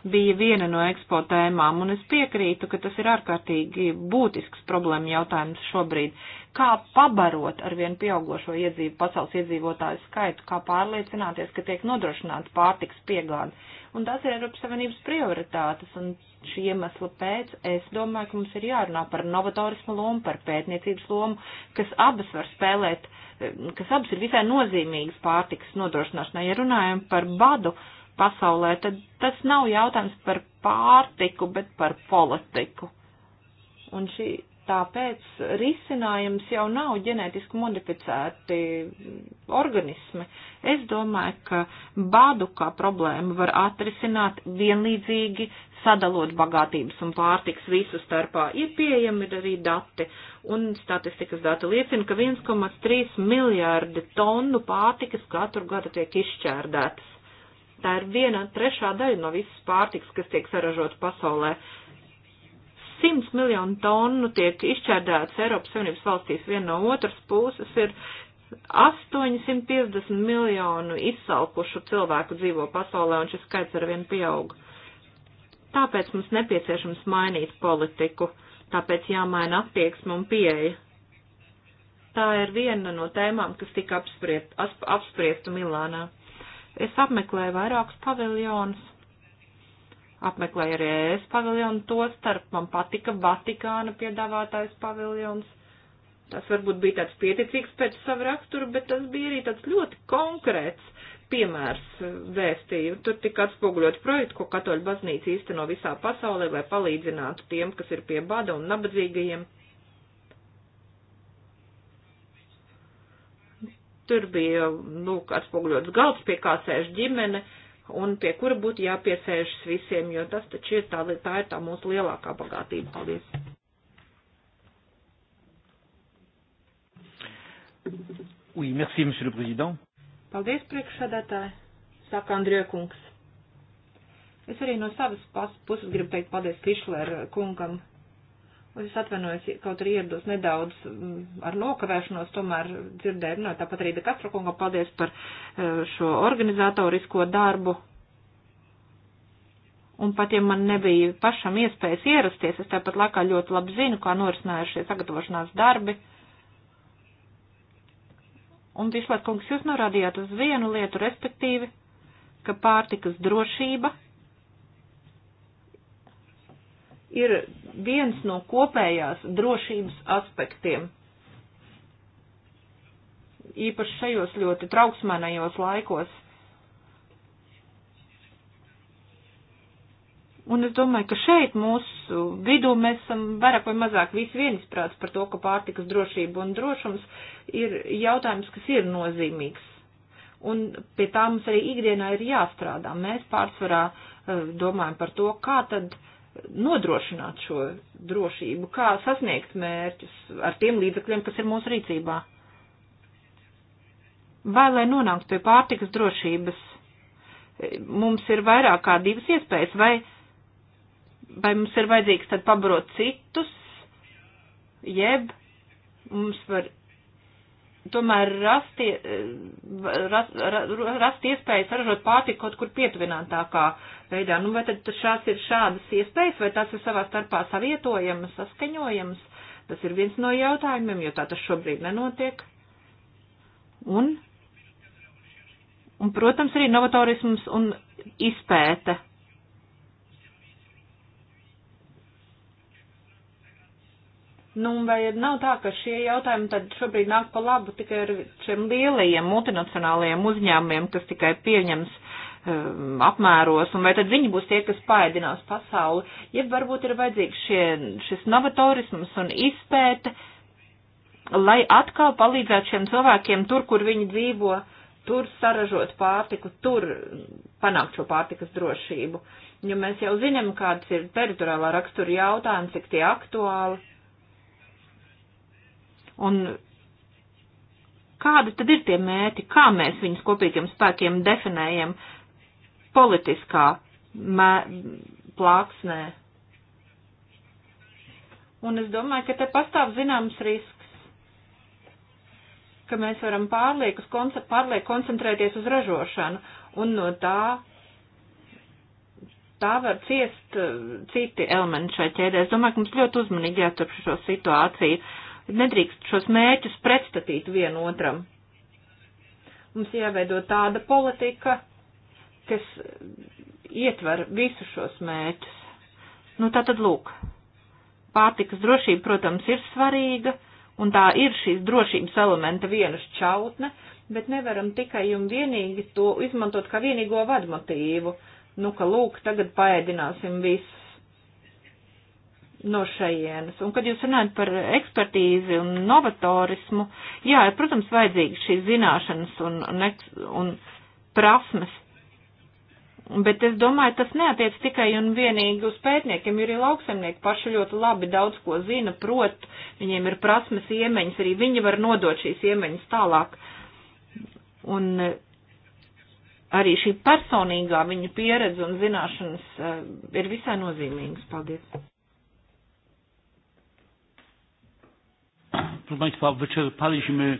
bija viena no ekspo tēmām, un es piekrītu, ka tas ir ārkārtīgi būtisks problēma jautājums šobrīd. Kā pabarot ar vien pieaugošo iedzīvu, pasaules iedzīvotāju skaitu, kā pārliecināties, ka tiek nodrošināta pārtiks piegāde. Un tas ir Eiropas Savienības prioritātes, un šī iemesla pēc es domāju, ka mums ir jārunā par novatorismu lomu, par pētniecības lomu, kas abas var spēlēt, eh, kas abas ir visai nozīmīgas pārtiks nodrošināšanai. Ja runājam par badu, uh, pasaulē, tad tas nav jautājums par pārtiku, bet par politiku. Un šī, tāpēc risinājums jau nav ģenētiski modificēti organismi. Es domāju, ka badu kā problēmu var atrisināt vienlīdzīgi sadalot bagātības un pārtiks visu starpā. Ir pieejami arī dati, un statistikas dati liecina, ka 1,3 miljārdi tonu pārtikas katru gadu tiek izšķērdētas Tā ir viena trešā daļa no visas pārtiks, kas tiek saražot pasaulē. 100 miljonu tonu tiek izšķērdēts Eiropas Savienības valstīs viena no otras puses ir 850 miljonu izsalkušu cilvēku dzīvo pasaulē, un šis skaits arvien pieaug. Tāpēc mums nepieciešams mainīt politiku, tāpēc jāmaina attieksme un pieeja. Tā ir viena no tēmām, kas tika apspriest, apspriesta Milānā. Es apmeklēju vairākus paviljonus, apmeklēju arī ES paviljonu, to starp man patika Vatikāna piedāvātājs paviljons. Tas varbūt bija tāds pieticīgs pēc sava rakstura, bet tas bija arī tāds ļoti konkrēts piemērs eh, vēstīju. Tur tika atspoguļot projektu, ko katoļu baznīca īsteno visā pasaulē, lai palīdzinātu tiem, kas ir pie bada un nabadzīgajiem. Tur bija, nu, atspogļots galds, pie kā sēž ģimene un pie kura būtu jāpiesēžas visiem, jo tas taču ir tā, tā ir tā mūsu lielākā bagātība. Paldies! Oui, merci, monsieur le président. Paldies, priekšsēdētāji, saka Andrija kungs. Es arī no savas puses gribu teikt paldies Fišler kungam Es atvainojos, kaut arī ierados nedaudz mm, ar nokavēšanos, tomēr dzirdēju, no tāpat arī Dekastro kunga paldies par e, šo organizatorisko darbu. Un pat ja man nebija pašam iespējas ierasties, es tāpat laikā ļoti labi zinu, kā norisinājušie sagatavošanās darbi. Un Višlēt kungs, jūs norādījāt uz vienu lietu, respektīvi, ka pārtikas drošība ir viens no kopējās drošības aspektiem. Īpaši šajos ļoti trauksmēnajos laikos. Un es domāju, ka šeit mūsu vidū mēs esam vairāk vai mazāk visi viensprāts par to, ka pārtikas drošība un drošums ir jautājums, kas ir nozīmīgs. Un pie tā mums arī ikdienā ir jāstrādā. Mēs pārsvarā eh, domājam par to, kā tad uh, nodrošināt šo drošību, kā sasniegt mērķus ar tiem līdzekļiem, kas ir mūsu rīcībā. Vai, lai nonāktu pie pārtikas drošības, mums ir vairāk kā divas iespējas, vai, vai mums ir vajadzīgs tad pabarot citus, jeb mums var tomēr rasti, eh, rast, rast iespēju saražot pārtiku kaut kur pietuvinātākā veidā. Nu, vai tad šās ir šādas iespējas, vai tās ir savā starpā savietojamas, saskaņojamas? Tas ir viens no jautājumiem, jo tā tas šobrīd nenotiek. Un, un protams, arī novatorisms un izpēte Nu, vai nav tā, ka šie jautājumi tad šobrīd nāk pa labu tikai ar šiem lielajiem multinacionālajiem uzņēmumiem, kas tikai pieņems um, apmēros, un vai tad viņi būs tie, kas paēdinās pasauli, ja varbūt ir vajadzīgs šie, šis novatorisms un izpēte, lai atkal palīdzētu šiem cilvēkiem tur, kur viņi dzīvo, tur saražot pārtiku, tur panākt šo pārtikas drošību. Jo mēs jau zinām, kāds ir teritoriālā rakstura jautājums, cik tie aktuāli. Un kādi tad ir tie mēti, kā mēs viņus kopīgiem spēkiem definējam politiskā mē, plāksnē? Un es domāju, ka te pastāv zināms risks ka mēs varam pārlieku pārliek koncentrēties uz ražošanu, un no tā, tā var ciest uh, citi elementi šai ķēdē. Es domāju, ka mums ļoti uzmanīgi jāturp šo situāciju nedrīkst šos mērķus pretstatīt vienotram. Mums jāveido tāda politika, kas ietver visus šos mērķus. Nu, tā tad lūk. Pārtikas drošība, protams, ir svarīga, un tā ir šīs drošības elementa viena šķautne, bet nevaram tikai un vienīgi to izmantot kā vienīgo vadmotīvu. Nu, ka lūk, tagad paēdināsim visus no šajienas. Un, kad jūs runājat par ekspertīzi un novatorismu, jā, ir, protams, vajadzīgas šīs zināšanas un, un, un prasmes. Bet es domāju, tas neatiec tikai un vienīgi uz pētniekiem, jo arī lauksemnieki paši ļoti labi daudz ko zina, prot, viņiem ir prasmes iemaņas, arī viņi var nodot šīs iemaņas tālāk. Un eh, arī šī personīgā viņa pieredze un zināšanas eh, ir visai nozīmīgas. Paldies! proszę Państwa, wyczerpaliśmy.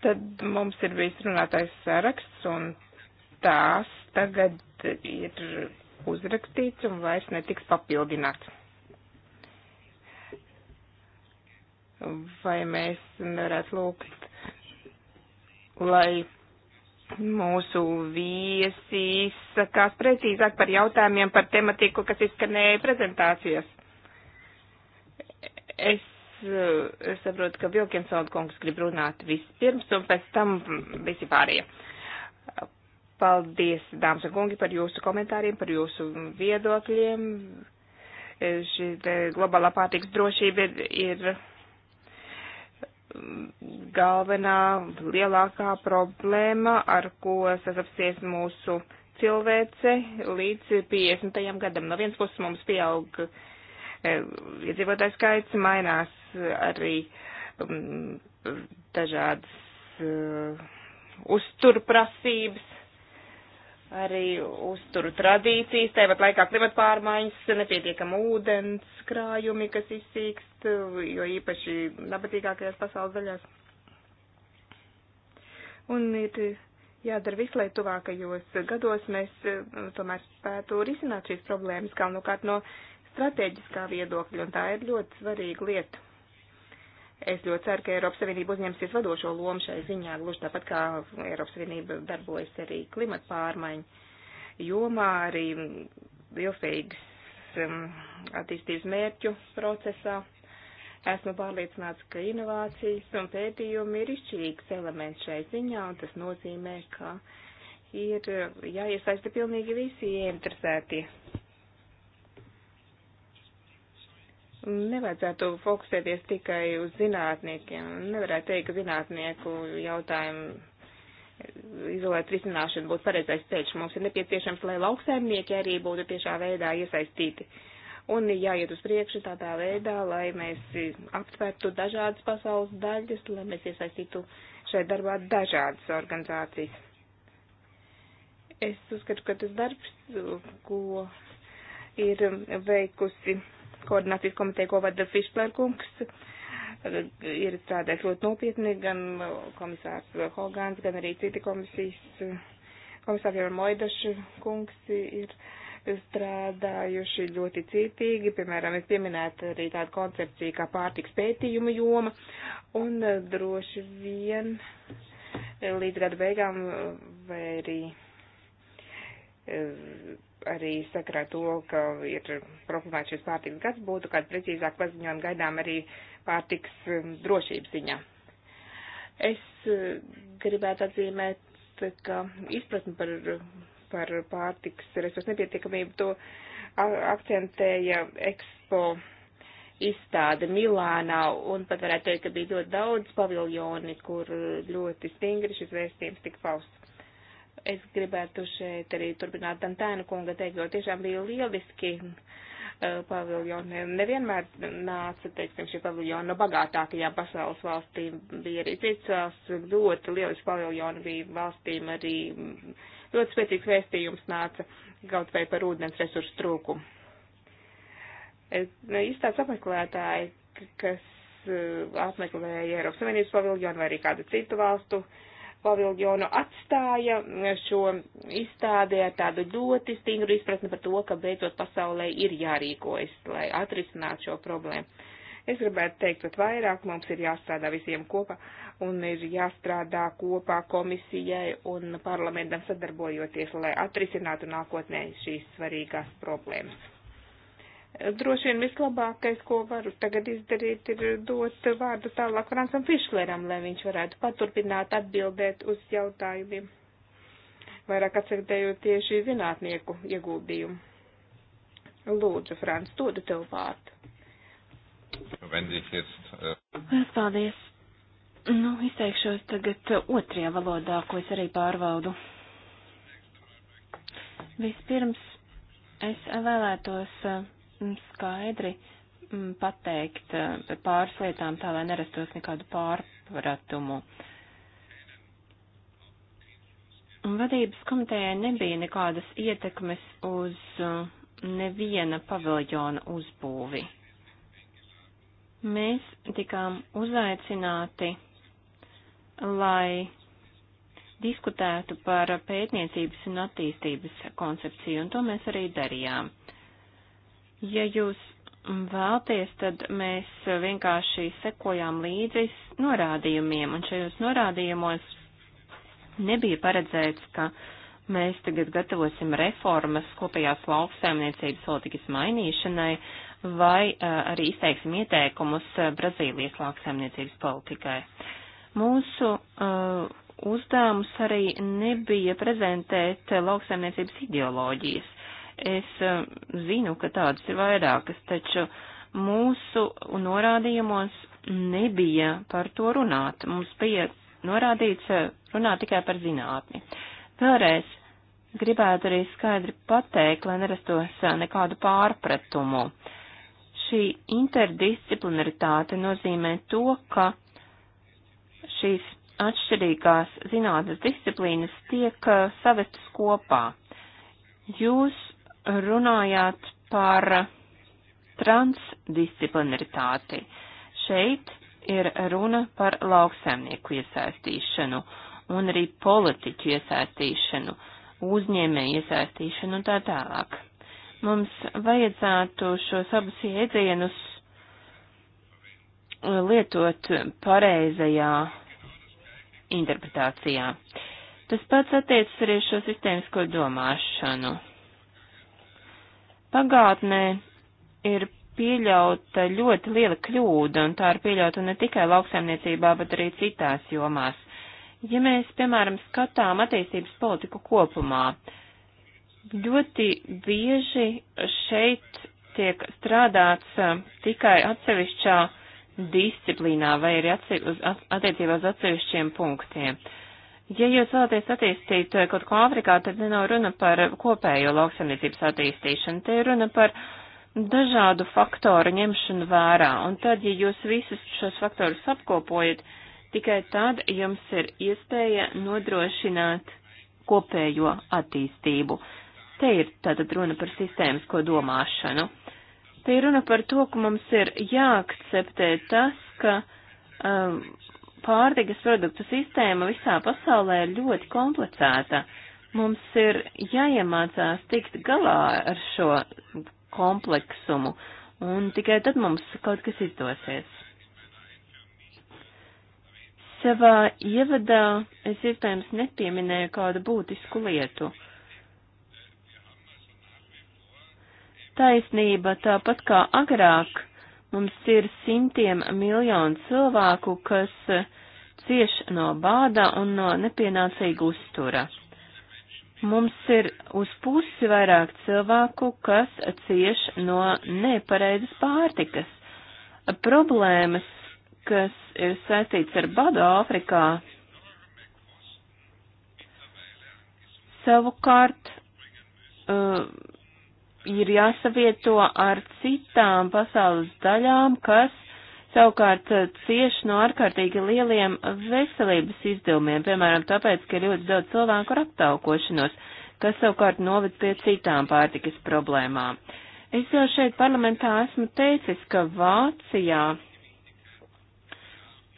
Tad mums ir bijis runātais saraksts, un tās tagad ir uzrakstīts un vairs netiks papildināts. Vai mēs nevarētu lūgt, lai mūsu viesi izsakās precīzāk par jautājumiem par tematiku, kas izskanēja prezentācijas. Es, eh, es saprotu, ka Vilkinsona kungs grib runāt vispirms un pēc tam visi pārējie. Paldies, dāmas un kungi, par jūsu komentāriem, par jūsu viedokļiem. Eh, šī globālā pārtiks drošība ir, ir mm, galvenā lielākā problēma, ar ko sasapsies mūsu cilvēce līdz 50. gadam. No vienas puses mums pieaug uh, Eh, Iedzīvotājs skaits mainās eh, arī um, dažādas uh, eh, uzturprasības, arī uzturu tradīcijas, tāpat laikā klimata pārmaiņas, nepietiekama ūdens krājumi, kas izsīkst, jo īpaši nabadzīgākajās pasaules daļās. Un ir jādara viss, lai tuvākajos gados mēs tomēr spētu risināt šīs problēmas, galvenokārt no strateģiskā viedokļa, un tā ir ļoti svarīga lieta. Es ļoti ceru, ka Eiropas Savienība uzņemsies vadošo lomu šai ziņā, gluži tāpat kā Eiropas Savienība darbojas arī klimata pārmaiņu jomā, arī ilgspējīgas um, attīstības mērķu procesā. Esmu pārliecināts, ka inovācijas un pētījumi ir izšķirīgs elements šai ziņā, un tas nozīmē, ka ir uh, jāiesaista pilnīgi visi ieinteresētie. Nevajadzētu fokusēties tikai uz zinātniekiem. Nevarētu teikt, ka zinātnieku jautājumu izolēt risināšanu būtu pareizais ceļš. Mums ir nepieciešams, lai lauksaimnieki arī būtu tiešā veidā iesaistīti. Un jāiet uz priekšu tādā veidā, lai mēs aptvērtu dažādas pasaules daļas, lai mēs iesaistītu šai darbā dažādas organizācijas. Es uzskatu, ka tas darbs, ko ir veikusi koordinācijas komiteja, ko vada Fišplērkungs, uh, ir strādājis ļoti nopietni, gan uh, komisārs Hogans, gan arī citi komisijas, uh, komisāri Moidaši kungs ir strādājuši ļoti cītīgi, piemēram, ir pieminēta arī tāda koncepcija kā pārtiks pētījuma joma, un droši vien līdz gada beigām vai arī arī sakarā to, ka ir problemāts šis pārtiks gads, būtu kāds precīzāk paziņojumi gaidām arī pārtiks um, drošības ziņā. Es uh, gribētu atzīmēt, ka izpratni par, par pārtiks resursu nepietiekamību to akcentēja Expo izstāde Milānā, un pat varētu teikt, ka bija ļoti daudz paviljoni, kur ļoti stingri šis vēstījums tika pausts. Es gribētu šeit arī turpināt Dantēnu kunga teikt, jo tiešām bija lieliski uh, paviljoni. Nevienmēr nāca, teiksim, šie paviljoni no bagātākajām pasaules valstīm. Bija arī cits ļoti lieliski paviljoni, bija valstīm arī ļoti spēcīgs vēstījums nāca kaut vai par ūdens resursu trūkumu. Es nu, izstāsts apmeklētāji, kas uh, apmeklēja Eiropas Savienības paviljonu vai arī kādu citu valstu uh, paviljonu atstāja šo izstādē ar tādu ļoti stingru izpratni par to, ka beidzot pasaulē ir jārīkojas, lai atrisinātu šo problēmu. Es gribētu teikt, pat vairāk mums ir jāstrādā visiem kopā un ir jāstrādā kopā komisijai un parlamentam sadarbojoties, lai atrisinātu nākotnē šīs svarīgās problēmas. Droši vien vislabākais, ko varu tagad izdarīt, ir dot vārdu tālāk Francam Fišleram, lai viņš varētu paturpināt atbildēt uz jautājumiem, vairāk atsaktējot tieši zinātnieku ieguldījumu. Lūdzu, Franc, dodu tev vārdu. Äh, Lielas paldies. Nu, izteikšos tagad otrajā valodā, ko es arī pārvaldu. Vispirms es vēlētos Mm, skaidri mm, pateikt eh, pāris lietām tā, lai nerastos nekādu pārpratumu. Vadības komitejai nebija nekādas ietekmes uz eh, neviena paviljona uzbūvi. Mēs tikām uzaicināti, lai diskutētu par pētniecības un attīstības koncepciju, un to mēs arī darījām. Ja jūs vēlties, tad mēs vienkārši sekojām līdzi norādījumiem, un šajos norādījumos nebija paredzēts, ka mēs tagad gatavosim reformas kopējās lauksaimniecības politikas mainīšanai vai arī izteiksim ieteikumus Brazīlijas lauksaimniecības politikai. Mūsu uh, uzdevums arī nebija prezentēt lauksaimniecības ideoloģijas. Es eh, zinu, ka tādas ir vairākas, taču mūsu norādījumos nebija par to runāt. Mums bija norādīts eh, runāt tikai par zinātni. Vēlreiz gribētu arī skaidri pateikt, lai nerastos eh, nekādu pārpratumu. Šī interdisciplinaritāte nozīmē to, ka šīs atšķirīgās zinātnes disciplīnas tiek savestas kopā. Jūs runājāt par transdisciplinaritāti. Šeit ir runa par lauksaimnieku iesaistīšanu un arī politiķu iesaistīšanu, uzņēmēju iesaistīšanu un tā tālāk. Mums vajadzētu šos abus jēdzienus lietot pareizajā interpretācijā. Tas pats attiecas arī šo sistēmisko domāšanu. Pagātnē ir pieļauta ļoti liela kļūda, un tā ir pieļauta ne tikai lauksaimniecībā, bet arī citās jomās. Ja mēs, piemēram, skatām attīstības politiku kopumā, ļoti bieži šeit tiek strādāts tikai atsevišķā disciplīnā vai arī attiecībā uz atsevišķiem punktiem. Uh, Ja jūs vēlaties attīstīt eh, kaut ko Āfrikā, tad nav runa par kopējo lauksaimniecības attīstīšanu, te ir runa par dažādu faktoru ņemšanu vērā, un tad, ja jūs visus šos faktorus apkopojat, tikai tad jums ir iespēja nodrošināt kopējo attīstību. Te ir tātad runa par sistēmisko domāšanu. Te ir runa par to, ka mums ir jāakceptē tas, ka um, pārtikas produktu sistēma visā pasaulē ir ļoti komplicēta. Mums ir jāiemācās tikt galā ar šo kompleksumu, un tikai tad mums kaut kas izdosies. Savā ievadā es iespējams nepieminēju kādu būtisku lietu. Taisnība tāpat kā agrāk Mums ir simtiem miljonu cilvēku, kas cieš no bāda un no nepienācīga uztura. Mums ir uz pusi vairāk cilvēku, kas cieš no nepareizas pārtikas. Problēmas, kas ir saistīts ar badu Āfrikā, savukārt uh, ir jāsavieto ar citām pasaules daļām, kas savukārt eh, cieš no ārkārtīgi lieliem veselības izdevumiem, piemēram, tāpēc, ka ir ļoti daudz cilvēku ar aptaukošanos, kas savukārt noved pie citām pārtikas problēmām. Es jau šeit parlamentā esmu teicis, ka Vācijā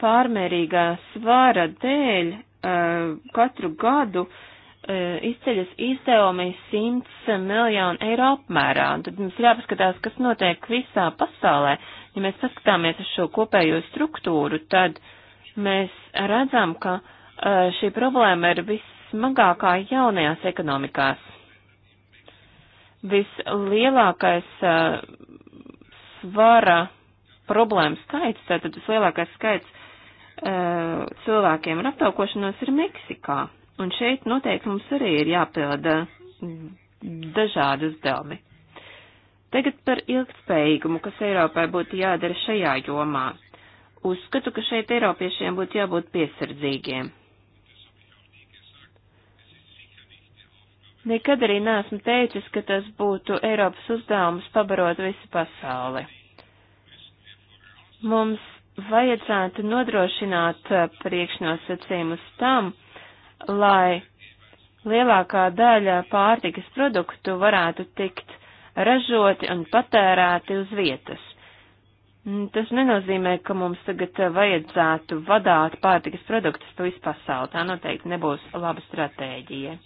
pārmērīgā svara dēļ uh, katru gadu uh, E, izceļas izdevumi 100 miljonu eiro apmērā. Un tad mums ir jāpaskatās, kas notiek visā pasaulē. Ja mēs paskatāmies uz šo kopējo struktūru, tad mēs redzam, ka e, šī problēma ir vissmagākā jaunajās ekonomikās. Vislielākais e, svara problēma skaits, tātad vislielākais skaits cilvēkiem ar aptaukošanos ir Meksikā. Un šeit noteikti mums arī ir jāpilda dažādi uzdevumi. Tagad par ilgspējīgumu, kas Eiropai būtu jādara šajā jomā. Uzskatu, ka šeit Eiropiešiem būtu jābūt piesardzīgiem. Nekad arī neesmu teicis, ka tas būtu Eiropas uzdevums pabarot visu pasauli. Mums vajadzētu nodrošināt priekšnosacījumus tam, lai lielākā daļa pārtikas produktu varētu tikt ražoti un patērēti uz vietas. Mm, tas nenozīmē, ka mums tagad vajadzētu vadāt pārtikas produktus pa visu pasauli. Tā noteikti nebūs laba stratēģija.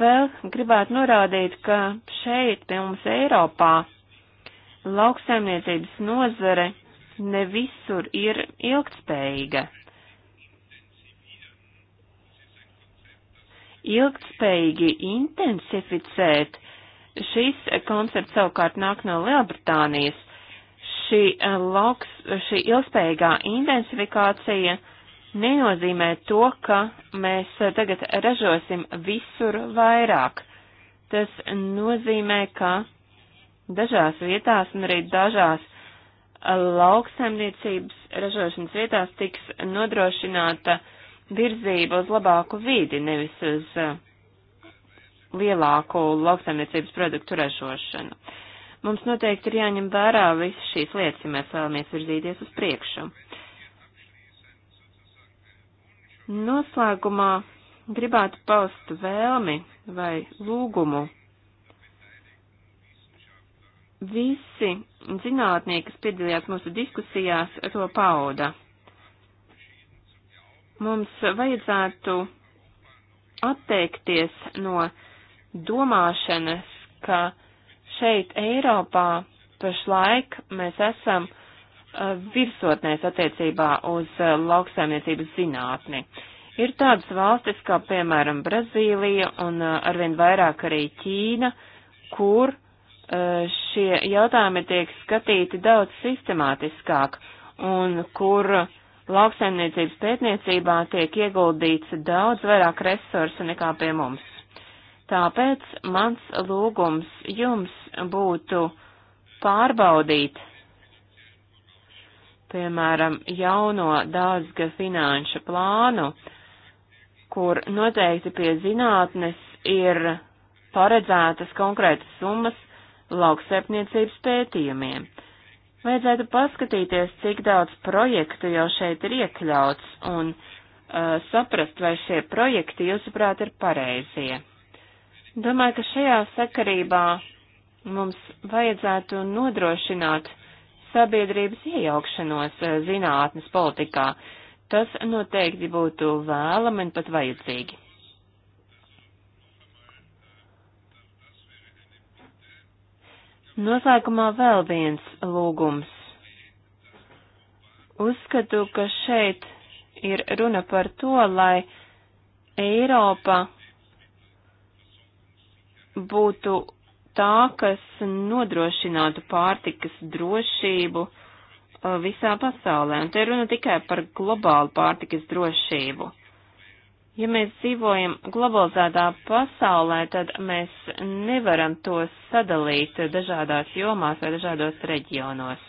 Vēl gribētu norādīt, ka šeit pie mums Eiropā lauksaimniecības nozare ne visur ir ilgtspējīga. Ilgtspējīgi intensificēt šis koncepts savukārt nāk no Lielbritānijas. Šī, eh, lauks, šī ilgspējīgā intensifikācija nenozīmē to, ka mēs eh, tagad ražosim visur vairāk. Tas nozīmē, ka dažās vietās un arī dažās lauksaimniecības ražošanas vietās tiks nodrošināta virzība uz labāku vidi, nevis uz uh, lielāku lauksaimniecības produktu ražošanu. Mums noteikti ir jāņem vērā visas šīs lietas, ja mēs vēlamies virzīties uz priekšu. Noslēgumā gribētu paust vēlmi vai lūgumu Visi zinātnieki, kas piedalījās mūsu diskusijās, to pauda. Mums vajadzētu atteikties no domāšanas, ka šeit Eiropā pašlaik mēs esam eh, virsotnēs attiecībā uz eh, lauksaimniecības zinātni. Ir tādas valstis kā piemēram Brazīlija un eh, arvien vairāk arī Ķīna, kur Eh, šie jautājumi tiek skatīti daudz sistemātiskāk un kur lauksaimniecības pētniecībā tiek ieguldīts daudz vairāk resursu nekā pie mums. Tāpēc mans lūgums jums būtu pārbaudīt, piemēram, jauno daudzga finanšu plānu, kur noteikti pie zinātnes ir paredzētas konkrētas summas, lauksaimniecības pētījumiem. Vajadzētu paskatīties, cik daudz projektu jau šeit ir iekļauts un uh, saprast, vai šie projekti, jūsuprāt, ir pareizie. Domāju, ka šajā sakarībā mums vajadzētu nodrošināt sabiedrības iejaukšanos uh, zinātnes politikā. Tas noteikti būtu vēlam un pat vajadzīgi. Noslēgumā vēl viens lūgums. Uzskatu, ka šeit ir runa par to, lai Eiropa būtu tā, kas nodrošinātu pārtikas drošību uh, visā pasaulē. Un te runa tikai par globālu pārtikas drošību. Ja mēs dzīvojam globalizētā pasaulē, tad mēs nevaram tos sadalīt dažādās jomās vai dažādos reģionos.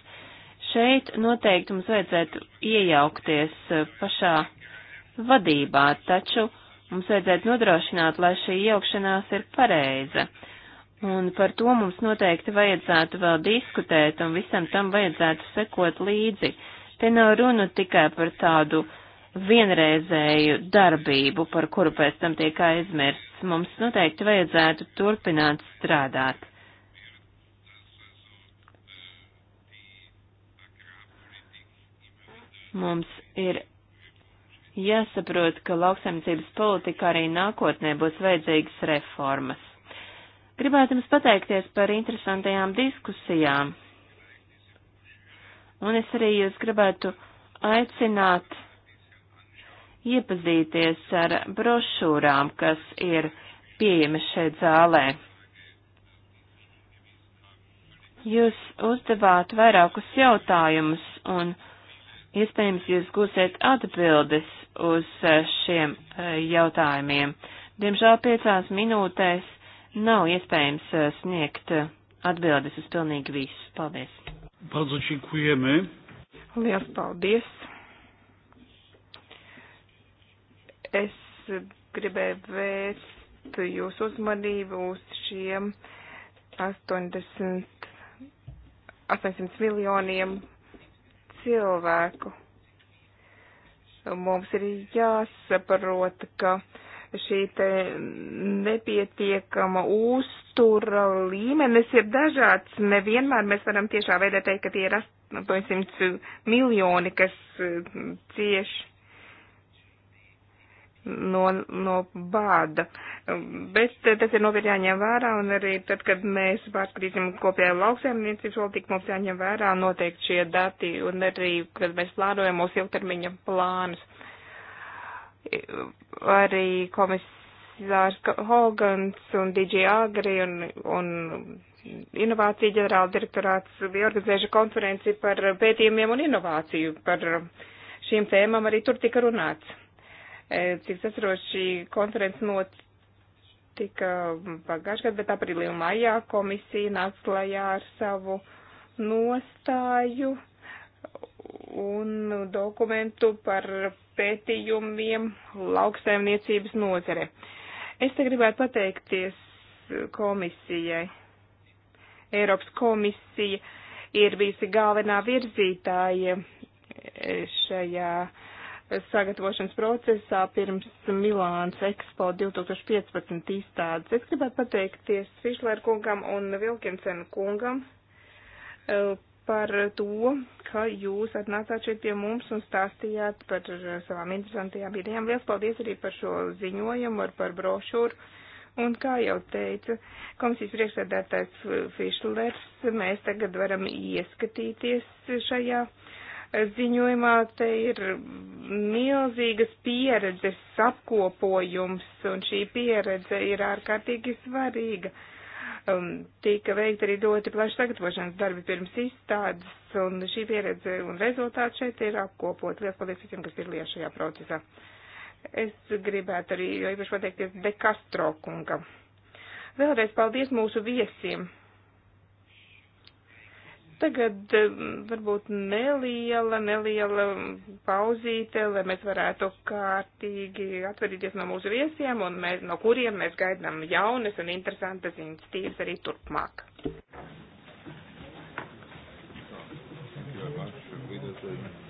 Šeit noteikti mums vajadzētu iejaukties pašā vadībā, taču mums vajadzētu nodrošināt, lai šī iejaukšanās ir pareiza. Un par to mums noteikti vajadzētu vēl diskutēt, un visam tam vajadzētu sekot līdzi. Te nav runa tikai par tādu uh, vienreizēju darbību, par kuru pēc tam tiek aizmirsts. Mums noteikti vajadzētu turpināt strādāt. Mums ir jāsaprot, ka lauksaimniecības politika arī nākotnē būs vajadzīgas reformas. Gribētu jums pateikties par interesantajām diskusijām. Un es arī jūs gribētu aicināt iepazīties ar brošūrām, kas ir pieejamas šeit zālē. Jūs uzdevāt vairākus jautājumus un iespējams jūs gūsiet atbildes uz šiem eh, jautājumiem. Diemžēl piecās minūtēs nav iespējams eh, sniegt atbildes uz pilnīgi visus. Paldies! Bardzo dziękujemy. Lielas paldies! Es gribēju vērst jūsu uzmanību uz šiem 80, 800 miljoniem cilvēku. Mums ir jāsaprot, ka šī te nepietiekama uztura līmenis ir dažāds. Nevienmēr mēs varam tiešā veidā teikt, ka tie ir 800 miljoni, kas cieši no, no bāda. Bet tas ir nopietni jāņem vērā, un arī tad, kad mēs pārskatīsim kopējo lauksēmniecības politiku, mums jāņem vērā noteikti šie dati, un arī, kad mēs plānojam mūsu ilgtermiņa plānus. Arī komisārs Hogans un DJ Agri un, un inovācija ģenerāla direktorāts bija organizējuši konferenci par pētījumiem un inovāciju. Par šīm tēmām arī tur tika runāts E, cik es atceros, šī konferences notika pagājušajā gadā, bet aprīlī un maijā komisija nāca klajā ar savu nostāju un dokumentu par pētījumiem lauksaimniecības nozare. Es te gribētu pateikties komisijai. Eiropas komisija ir bijusi galvenā virzītāja šajā uh, sagatavošanas procesā pirms Milāns Expo 2015 izstādes. Es gribētu pateikties Fišlēr kungam un Vilkinsen kungam eh, par to, ka jūs atnācāt šeit pie mums un stāstījāt par savām interesantajām idejām. Liels paldies arī par šo ziņojumu, ar par brošūru. Un kā jau teica komisijas priekšsēdētājs Fišlers, mēs tagad varam ieskatīties šajā uh, ziņojumā te ir milzīgas pieredzes apkopojums, un šī pieredze ir ārkārtīgi svarīga. Um, tika veikta arī ļoti plaša sagatavošanas darbi pirms izstādes, un šī pieredze un rezultāti šeit ir apkopot. Lielas paldies visiem, kas ir lieši šajā procesā. Es gribētu arī īpaši pateikties De Castro kungam. Vēlreiz paldies mūsu viesiem. Tagad eh, varbūt neliela, neliela pauzīte, lai mēs varētu kārtīgi atverīties no mūsu viesiem un mēs, no kuriem mēs gaidām jaunas un interesantas iniciatīvas arī turpmāk. Thank you.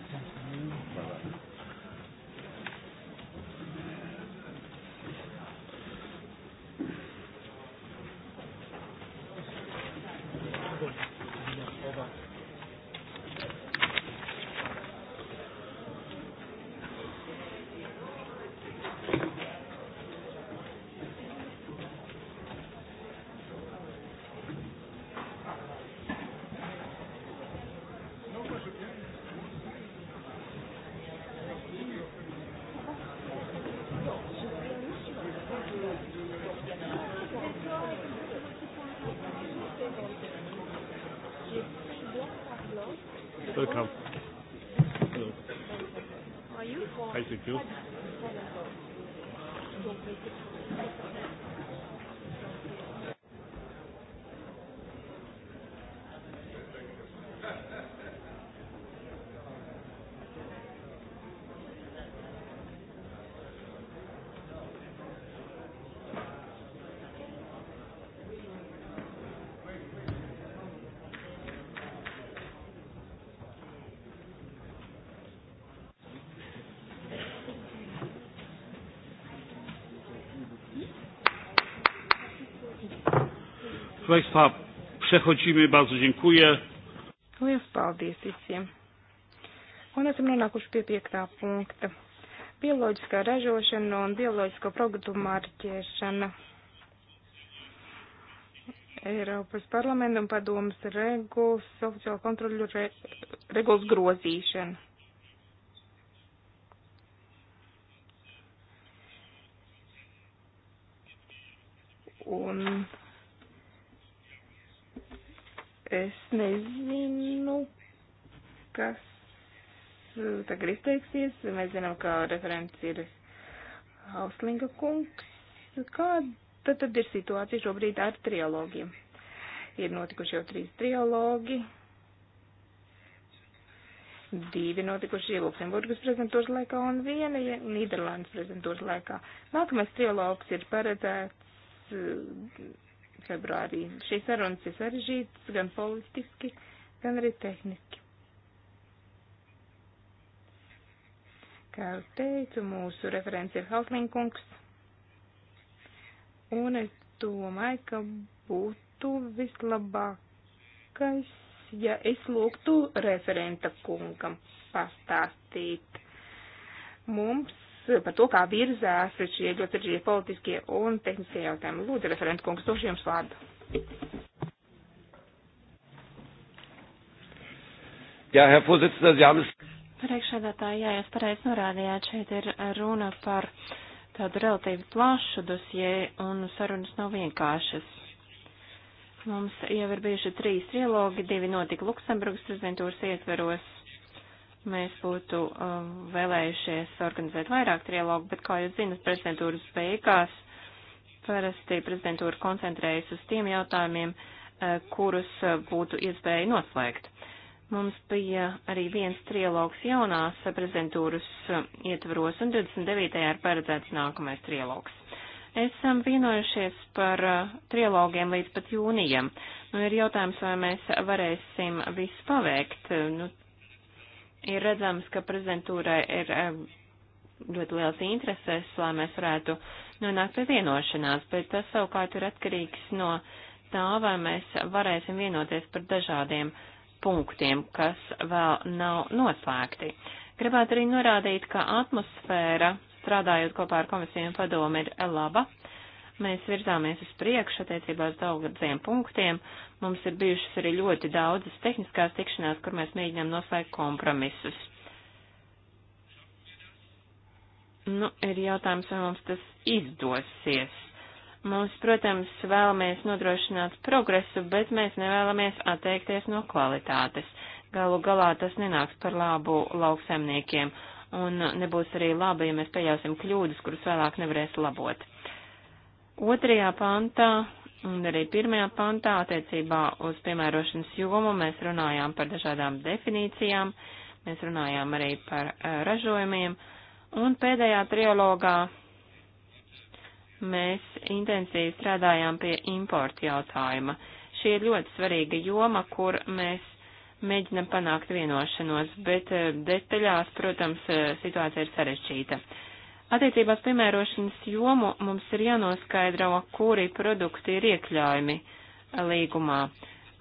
Państwa, przechodzimy. Bardzo dziękuję. Lielas paldies visiem. Un esam nonākuši pie piektā punkta. Bioloģiskā ražošana un bioloģisko produktu marķēšana. Eiropas parlamenta un padomas regulas, oficiāla kontroļu re, regulas grozīšana. Un Es nezinu, kas tagad izteiksies. Mēs zinām, ka referents ir Hauslinga kungs. Kāda tad ir situācija šobrīd ar trialogiem? Ir notikuši jau trīs trialogi. Divi notikuši Luksemburgas prezidentūras laikā un viena ja Nīderlandes prezidentūras laikā. Nākamais trialogs ir paredzēts februārī. Šīs sarunas ir sarežģītas gan politiski, gan arī tehniski. Kā jau teicu, mūsu referents ir Hauslinkungs, un es domāju, ka būtu vislabākais, ja es lūgtu referenta kungam pastāstīt mums par to, kā virzās šie ļoti saržģītie politiskie un tehniskie jautājumi. Lūdzu, referent kungs, došu jums vārdu. Jā, Herr Vorsitzender, Sie haben es. Priekšsēdētāji, jā, jūs pareizi norādījāt, šeit ir runa par tādu relatīvi plašu dosie un sarunas nav vienkāršas. Mums jau ir bijuši trīs trilogi, divi notika Luksemburgas prezidentūras ietveros Mēs būtu um, vēlējušies organizēt vairāk trialogu, bet, kā jūs zinat, prezidentūras beigās parasti prezidentūra koncentrējas uz tiem jautājumiem, uh, kurus uh, būtu iespēja noslēgt. Mums bija arī viens trialogs jaunās prezidentūras uh, ietvaros, un 29. ir paredzēts nākamais trialogs. Esam vienojušies par uh, trialogiem līdz pat jūnijam. Nu, ir jautājums, vai mēs varēsim visu paveikt. Uh, nu, ir redzams, ka prezidentūrai ir eh, ļoti liels intereses, lai mēs varētu nonākt pie vienošanās, bet tas savukārt ir atkarīgs no tā, vai mēs varēsim vienoties par dažādiem punktiem, kas vēl nav noslēgti. Gribētu arī norādīt, ka atmosfēra, strādājot kopā ar komisiju un padomu, ir laba. Uh, Mēs virzāmies uz priekšu attiecībā uz daudziem punktiem. Mums ir bijušas arī ļoti daudzas tehniskās tikšanās, kur mēs mēģinām noslēgt kompromisus. Nu, ir jautājums, vai mums tas izdosies. Mums, protams, vēlamies nodrošināt progresu, bet mēs nevēlamies atteikties no kvalitātes. Galu galā tas nenāks par labu lauksaimniekiem, un nebūs arī labi, ja mēs pieļausim kļūdas, kuras vēlāk nevarēs labot. Otrajā pantā un arī pirmajā pantā attiecībā uz piemērošanas jomu mēs runājām par dažādām definīcijām, mēs runājām arī par eh, ražojumiem, un pēdējā triologā mēs intensīvi strādājām pie importu jautājuma. Šī ir ļoti svarīga joma, kur mēs mēģinam panākt vienošanos, bet eh, detaļās, protams, eh, situācija ir sarežģīta. Attiecībās piemērošanas jomu mums ir jānoskaidro, kuri produkti ir iekļaujami līgumā.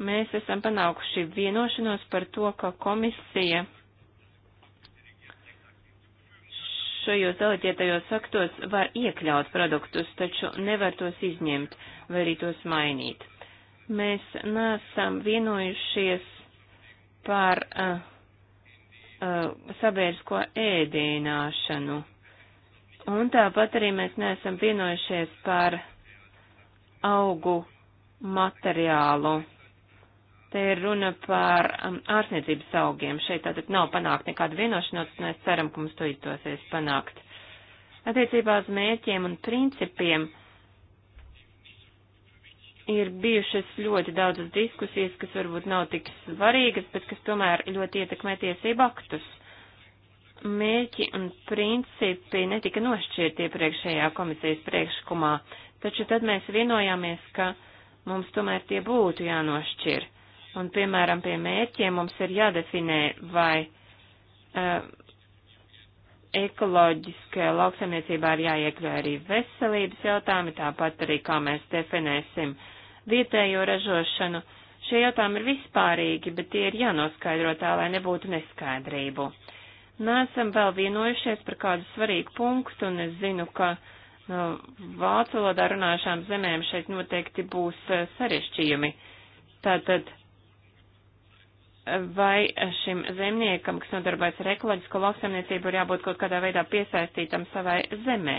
Mēs esam panākuši vienošanos par to, ka komisija šajos deleģētajos aktos var iekļaut produktus, taču nevar tos izņemt vai arī tos mainīt. Mēs nesam vienojušies par uh, uh, sabiedrisko ēdināšanu. Un tāpat arī mēs neesam vienojušies par augu materiālu. Te ir runa par um, ārsniecības augiem. Šeit tātad nav panākt nekāda vienošanās, un mēs ceram, ka mums to izdosies panākt. Attiecībā uz mērķiem un principiem ir bijušas ļoti daudzas diskusijas, kas varbūt nav tik svarīgas, bet kas tomēr ļoti ietekmē tiesību aktus mērķi un principi netika nošķirti iepriekšējā komisijas priekšlikumā, taču tad mēs vienojāmies, ka mums tomēr tie būtu jānošķir. Un, piemēram, pie mērķiem mums ir jādefinē, vai uh, eh, ekoloģiskajā lauksaimniecībā ir jāiekļauj arī veselības jautājumi, tāpat arī kā mēs definēsim vietējo ražošanu. Šie jautājumi ir vispārīgi, bet tie ir jānoskaidro tā, lai nebūtu neskaidrību. Nesam vēl vienojušies par kādu svarīgu punktu, un es zinu, ka no nu, vācu valodā runājušām zemēm šeit noteikti būs eh, sarešķījumi. Tātad, vai šim zemniekam, kas nodarbojas ar ekoloģisko lauksaimniecību, ir jābūt kaut kādā veidā piesaistītam savai zemē?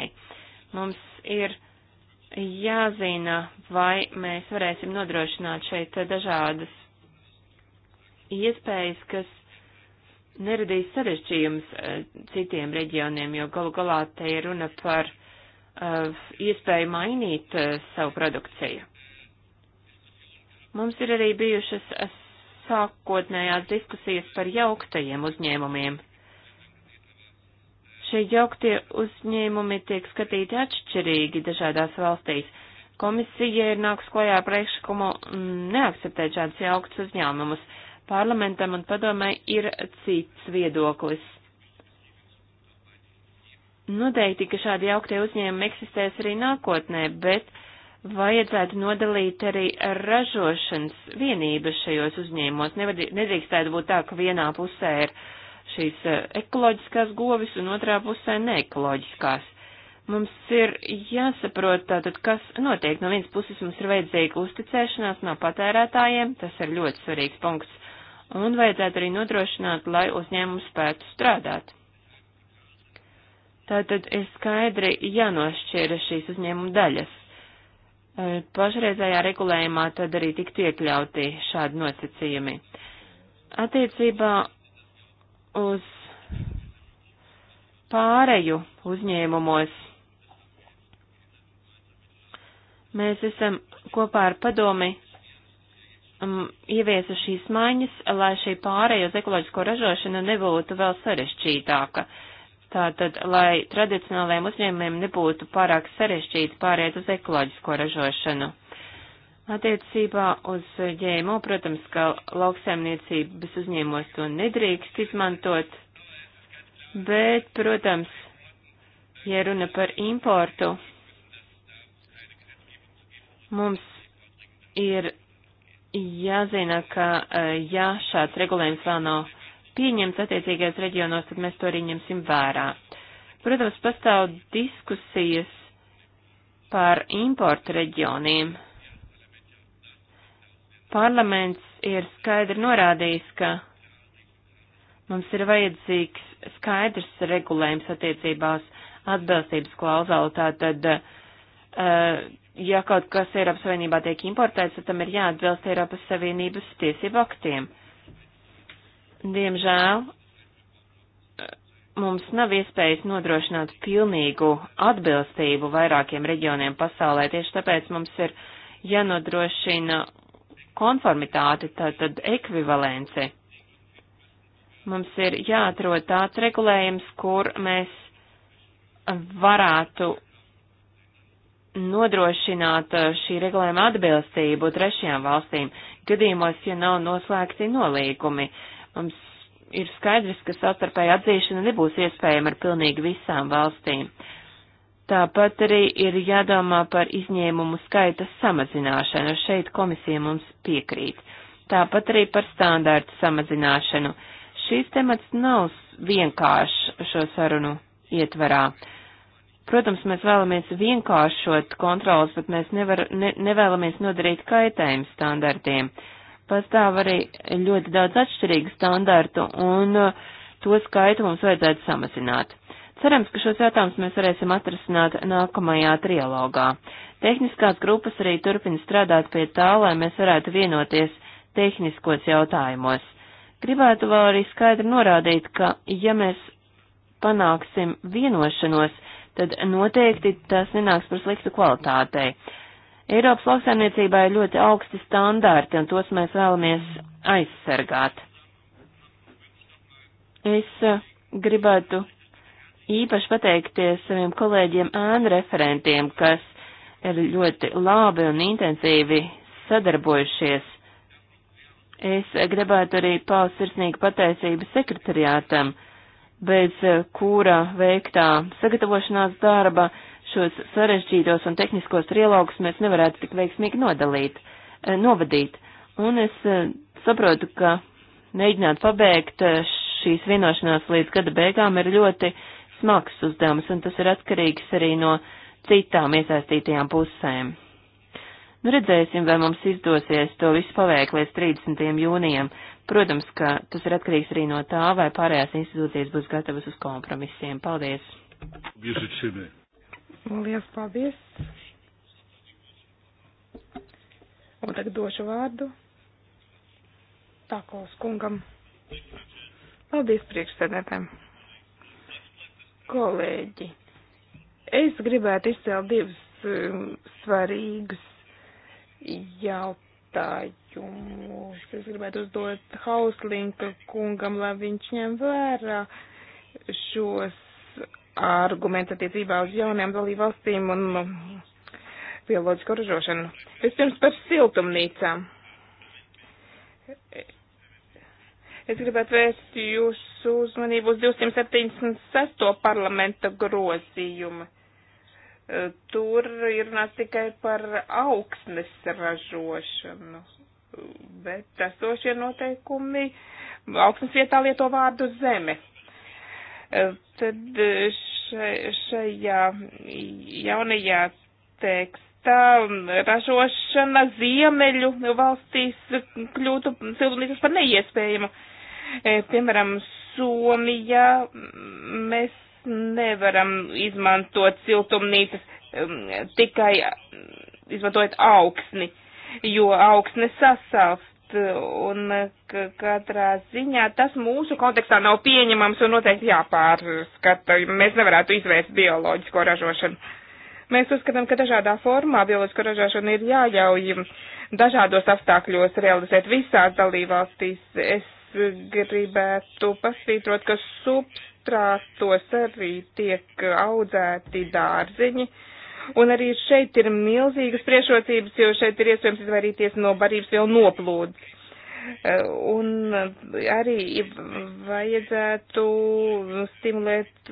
Mums ir jāzina, vai mēs varēsim nodrošināt šeit dažādas iespējas, kas neradīs sarežģījums eh, citiem reģioniem, jo galu galā te ir runa par eh, iespēju mainīt eh, savu produkciju. Mums ir arī bijušas sākotnējās diskusijas par jauktajiem uzņēmumiem. Šie jauktie uzņēmumi tiek skatīti atšķirīgi dažādās valstīs. Komisija ir nākus klajā priekšlikumu mm, neakceptēt šādus jauktus uzņēmumus parlamentam un padomai ir cits viedoklis. Noteikti, ka šādi augtie uzņēmumi eksistēs arī nākotnē, bet vajadzētu nodalīt arī ražošanas vienības šajos uzņēmumos. Nedrīkstētu būt tā, ka vienā pusē ir šīs eh, ekoloģiskās govis un otrā pusē neekoloģiskās mums ir jāsaprot tātad, kas notiek. No vienas puses mums ir vajadzīga uzticēšanās no patērētājiem, tas ir ļoti svarīgs punkts un vajadzētu arī nodrošināt, lai uzņēmums spētu strādāt. Tātad ir skaidri jānošķira šīs uzņēmuma daļas. E, pašreizējā regulējumā tad arī tiktu iekļauti šādi nosacījumi. Attiecībā uz pāreju uzņēmumos mēs esam kopā ar padomi Um, ieviesa šīs maiņas, lai šī pārēja uz ekoloģisko ražošanu nebūtu vēl sarešķītāka. Tātad, lai tradicionālajiem uzņēmumiem nebūtu pārāk sarešķīti pāriet uz ekoloģisko ražošanu. Attiecībā uz ģēmo, protams, ka lauksaimniecības uzņēmos to nedrīkst izmantot, bet, protams, ja runa par importu, mums ir jāzina, ka eh, ja šāds regulējums vēl nav pieņemts attiecīgajos reģionos, tad mēs to arī ņemsim vērā. Protams, pastāv diskusijas par importu reģioniem. Parlaments ir skaidri norādījis, ka mums ir vajadzīgs skaidrs regulējums attiecībās atbilstības klauzulu, tātad uh, ja kaut kas Eiropas Savienībā tiek importēts, tad tam ir jāatbilst Eiropas Savienības tiesību aktiem. Diemžēl mums nav iespējas nodrošināt pilnīgu atbilstību vairākiem reģioniem pasaulē, tieši tāpēc mums ir jānodrošina konformitāti, tātad ekvivalence. Mums ir jāatrod tāds regulējums, kur mēs varētu nodrošināt eh, šī regulējuma atbilstību trešajām valstīm, gadījumos, ja nav noslēgti nolīgumi. Mums ir skaidrs, ka savstarpēja atzīšana nebūs iespējama ar pilnīgi visām valstīm. Tāpat arī ir jādomā par izņēmumu skaita samazināšanu. Šeit komisija mums piekrīt. Tāpat arī par standārtu samazināšanu. Šīs temats nav vienkāršs šo sarunu ietverā. Uh, Protams, mēs vēlamies vienkāršot kontrolas, bet mēs nevar, ne, nevēlamies nodarīt kaitējumu standartiem. Pastāv arī ļoti daudz atšķirīgu standartu, un uh, to skaitu mums vajadzētu samazināt. Cerams, ka šos jautājumus mēs varēsim atrasināt nākamajā trialogā. Tehniskās grupas arī turpina strādāt pie tā, lai mēs varētu vienoties tehniskos jautājumos. Gribētu vēl arī skaidri norādīt, ka ja mēs panāksim vienošanos, tad noteikti tas nenāks par sliktu kvalitātei. Eiropas lauksaimniecībā ir ļoti augsti standārti, un tos mēs vēlamies aizsargāt. Es eh, gribētu īpaši pateikties saviem kolēģiem ēnu referentiem, kas ir ļoti labi un intensīvi sadarbojušies. Es gribētu arī paust sirsnīgu pateicību sekretariātam, uh, bez eh, kura veiktā sagatavošanās darba šos sarežģītos un tehniskos trilogus mēs nevarētu tik veiksmīgi nodalīt, eh, novadīt. Un es eh, saprotu, ka mēģināt pabeigt šīs vienošanās līdz gada beigām ir ļoti smags uzdevums, un tas ir atkarīgs arī no citām iesaistītajām pusēm. Nu, redzēsim, vai mums izdosies to visu paveikt līdz 30. jūnijam. Protams, ka tas ir atkarīgs arī no tā, vai pārējās institūcijas būs gatavas uz kompromisiem. Paldies! Lielas paldies! Un tagad došu vārdu Takos kungam. Paldies priekšsēdētājiem. Kolēģi, es gribētu izcelt divus um, svarīgus jautājumus jautājumus. Es gribētu uzdot Hauslinka kungam, lai viņš ņem vērā šos argumentus attiecībā uz jaunajām dalībvalstīm un um, bioloģisko ražošanu. Vispirms par siltumnīcām. Es gribētu vērst jūsu uzmanību uz 276. parlamenta grozījumu tur ir runāts tikai par augsnes ražošanu, bet esošie noteikumi augsnes vietā lieto vārdu zeme. Tad šajā jaunajā tekstā ražošana ziemeļu valstīs kļūtu siltumnīcas par neiespējamu. E, piemēram, Somijā mēs nevaram izmantot siltumnīcas um, tikai um, izmantojot augsni, jo augsne sasalst. Un uh, katrā ziņā tas mūsu kontekstā nav pieņemams un noteikti jāpārskata. Mēs nevarētu izvērst bioloģisko ražošanu. Mēs uzskatām, ka dažādā formā bioloģisko ražošanu ir jāļauj dažādos apstākļos realizēt visās dalībvalstīs. Es gribētu pasvītrot, ka subs substrātos arī tiek audzēti dārziņi. Un arī šeit ir milzīgas priešrocības, jo šeit ir iespējams izvairīties no barības vēl noplūdes. Un arī vajadzētu stimulēt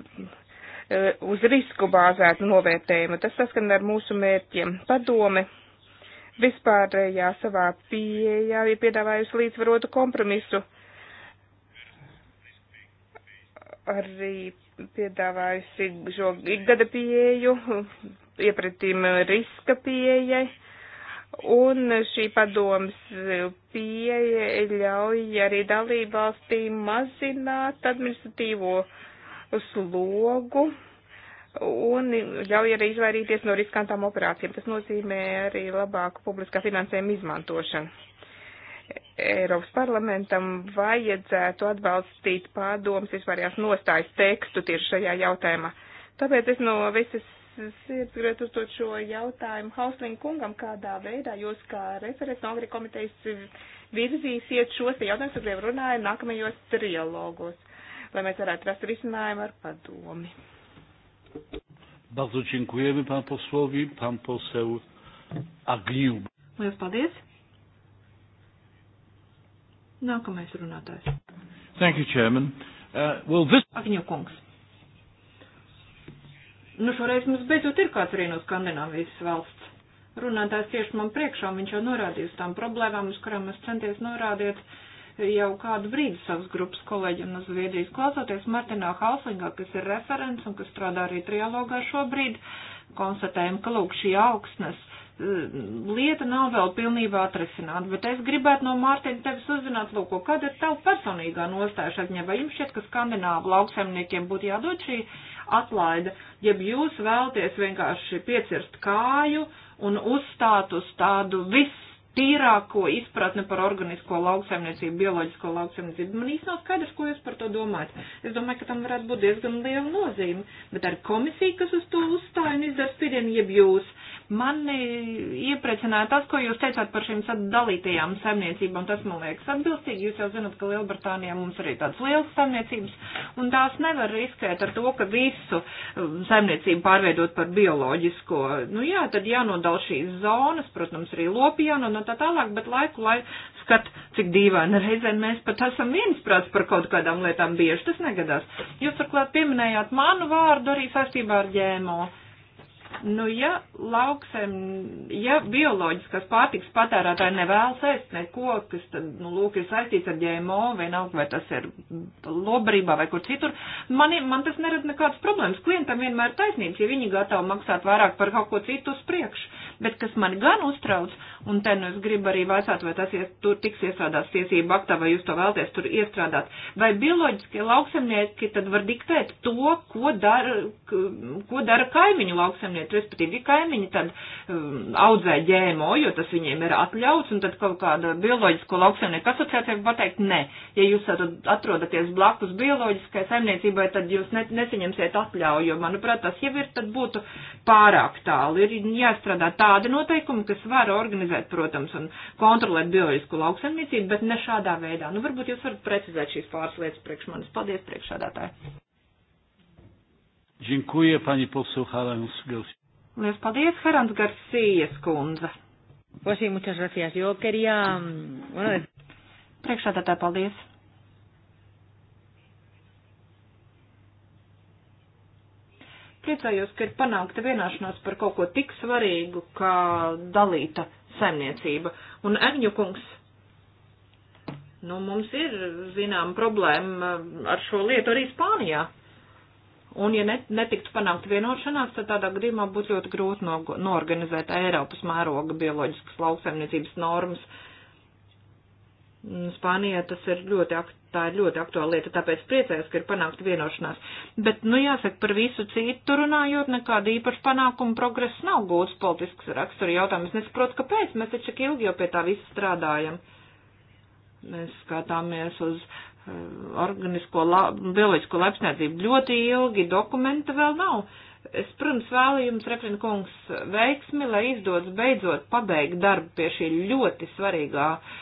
uz risku bāzētu novērtējumu. Tas saskan ar mūsu mērķiem. Padome vispārējā savā pieejā ir piedāvājusi līdzvarotu kompromisu arī piedāvājusi šo ikgada pieeju, iepratīm riska pieejai. Un šī padomas pieeja ļauj arī dalību valstīm mazināt administratīvo slogu un ļauj arī izvairīties no riskantām operācijām. Tas nozīmē arī labāku publiskā finansējuma izmantošanu Eiropas parlamentam vajadzētu atbalstīt pārdomas vispārējās nostājas tekstu tieši šajā jautājumā. Tāpēc es no visas sirds gribētu uzdot šo jautājumu Hauslinga kungam, kādā veidā jūs kā referents no Agri komitejas virzīsiet šos jautājumus, par kuriem runājam nākamajos trialogos, lai mēs varētu rast risinājumu ar padomi. Bardzo dziękujemy pan posłowi, pan poseł Agniu. Lielas paldies! Nākamais runātājs. Thank you, Chairman. Uh, well, this... Agņu kungs. Nu, šoreiz mums beidzot ir kāds arī no Skandināvijas valsts. Runātājs tieši man priekšā, viņš jau norādīja uz tām problēmām, uz kurām es centies norādīt jau kādu brīdi savas grupas kolēģiem no Zviedrijas. Klausoties Martinā Hauslingā, kas ir referents un kas strādā arī trialogā šobrīd, konstatējam, ka lūk šī augsnes Mm, lieta nav vēl pilnībā atrisināta, bet es gribētu no Mārtiņa tevis uzzināt, lūk, kāda ir tava personīgā nostāja šādņā, vai jums šķiet, ka skandināvu lauksaimniekiem būtu jādod šī atlaida, ja jūs vēlties vienkārši piecirst kāju un uzstāt uz tādu vistīrāko izpratni par organisko lauksaimniecību, bioloģisko lauksaimniecību. Man īsti nav skaidrs, ko jūs par to domājat. Es domāju, ka tam varētu būt diezgan liela nozīme, bet ar komisiju, kas uz to uzstāja un izdara spiedienu, jeb jūs Mani iepriecināja tas, ko jūs teicāt par šīm dalītajām saimniecībām. Tas man liekas atbilstīgi. Jūs jau zinat, ka Lielbritānijā mums arī tādas lielas saimniecības, un tās nevar riskēt ar to, ka visu um, saimniecību pārveidot par bioloģisko. Nu jā, tad jānodal šīs zonas, protams, arī lopi jānodal tā tālāk, bet laiku, lai skat, cik dīvaini reizēm mēs pat esam viensprāts par kaut kādām lietām bieži. Tas negadās. Jūs turklāt pieminējāt manu vārdu arī saistībā ar ģēmo. Nu, ja lauksem, ja bioloģiskās pārtiks patērētāji nevēlas ēst neko, kas tad, nu, lūk, ir saistīts ar ģēmo, vienalga, vai tas ir lobrībā vai kur citur, man, man tas nerad nekādas problēmas. Klientam vienmēr taisnības, ja viņi gatavi maksāt vairāk par kaut ko citu uz priekšu. Bet kas man gan uztrauc, Un te nu es gribu arī vaicāt, vai tas ies, tur tiks iestrādāts tiesību aktā, vai jūs to vēlties tur iestrādāt. Vai bioloģiskie lauksemnieki tad var diktēt to, ko dara, ko dara kaimiņu lauksemnieki, respektīvi kaimiņi tad um, audzē ģēmo, jo tas viņiem ir atļauts, un tad kaut kāda bioloģisko lauksemnieku asociācija var teikt, nē, ja jūs atrodaties blakus bioloģiskai saimniecībai, tad jūs ne, nesaņemsiet atļauju, jo, manuprāt, tas jau ir, tad būtu pārāk tālu. Ir jāstrādā tādi noteikumi, kas var organizēt konservēt, protams, un kontrolēt bioloģisko lauksaimniecību, bet ne šādā veidā. Nu, varbūt jūs varat precizēt šīs pāris lietas priekš manis. Paldies, priekšādātāji. Dziękuję, pani poseł Harans Garcia. Lielas paldies, Harans Garcijas kundze. Pues sí, muchas gracias. Yo quería, mm, bueno, priekšādātāji, paldies. priecājos, ka ir panākta vienāšanās par kaut ko tik svarīgu, kā dalīta saimniecība. Un Agņukungs, nu mums ir, zinām, problēma ar šo lietu arī Spānijā. Un, ja net, netiktu panākt vienošanās, tad tādā gadījumā būtu ļoti grūti no, noorganizēt Eiropas mēroga bioloģiskas lauksaimniecības normas uh, Mm, Spānijā tas ir ļoti, tā ir ļoti aktuāla lieta, tāpēc priecājos, ka ir panākt vienošanās. Bet, nu, jāsaka, par visu citu runājot, nekāda īpaša panākuma progresa nav gūts politisks rakstura jautājums. Es nesaprotu, kāpēc mēs taču ilgi jau pie tā visa strādājam. Mēs skatāmies uz eh, organisko, la, bioloģisko labsniedzību ļoti ilgi, dokumenta vēl nav. Es, protams, vēlu jums, Reprina kungs, veiksmi, lai izdodas beidzot pabeigt darbu pie šī ļoti svarīgā uh,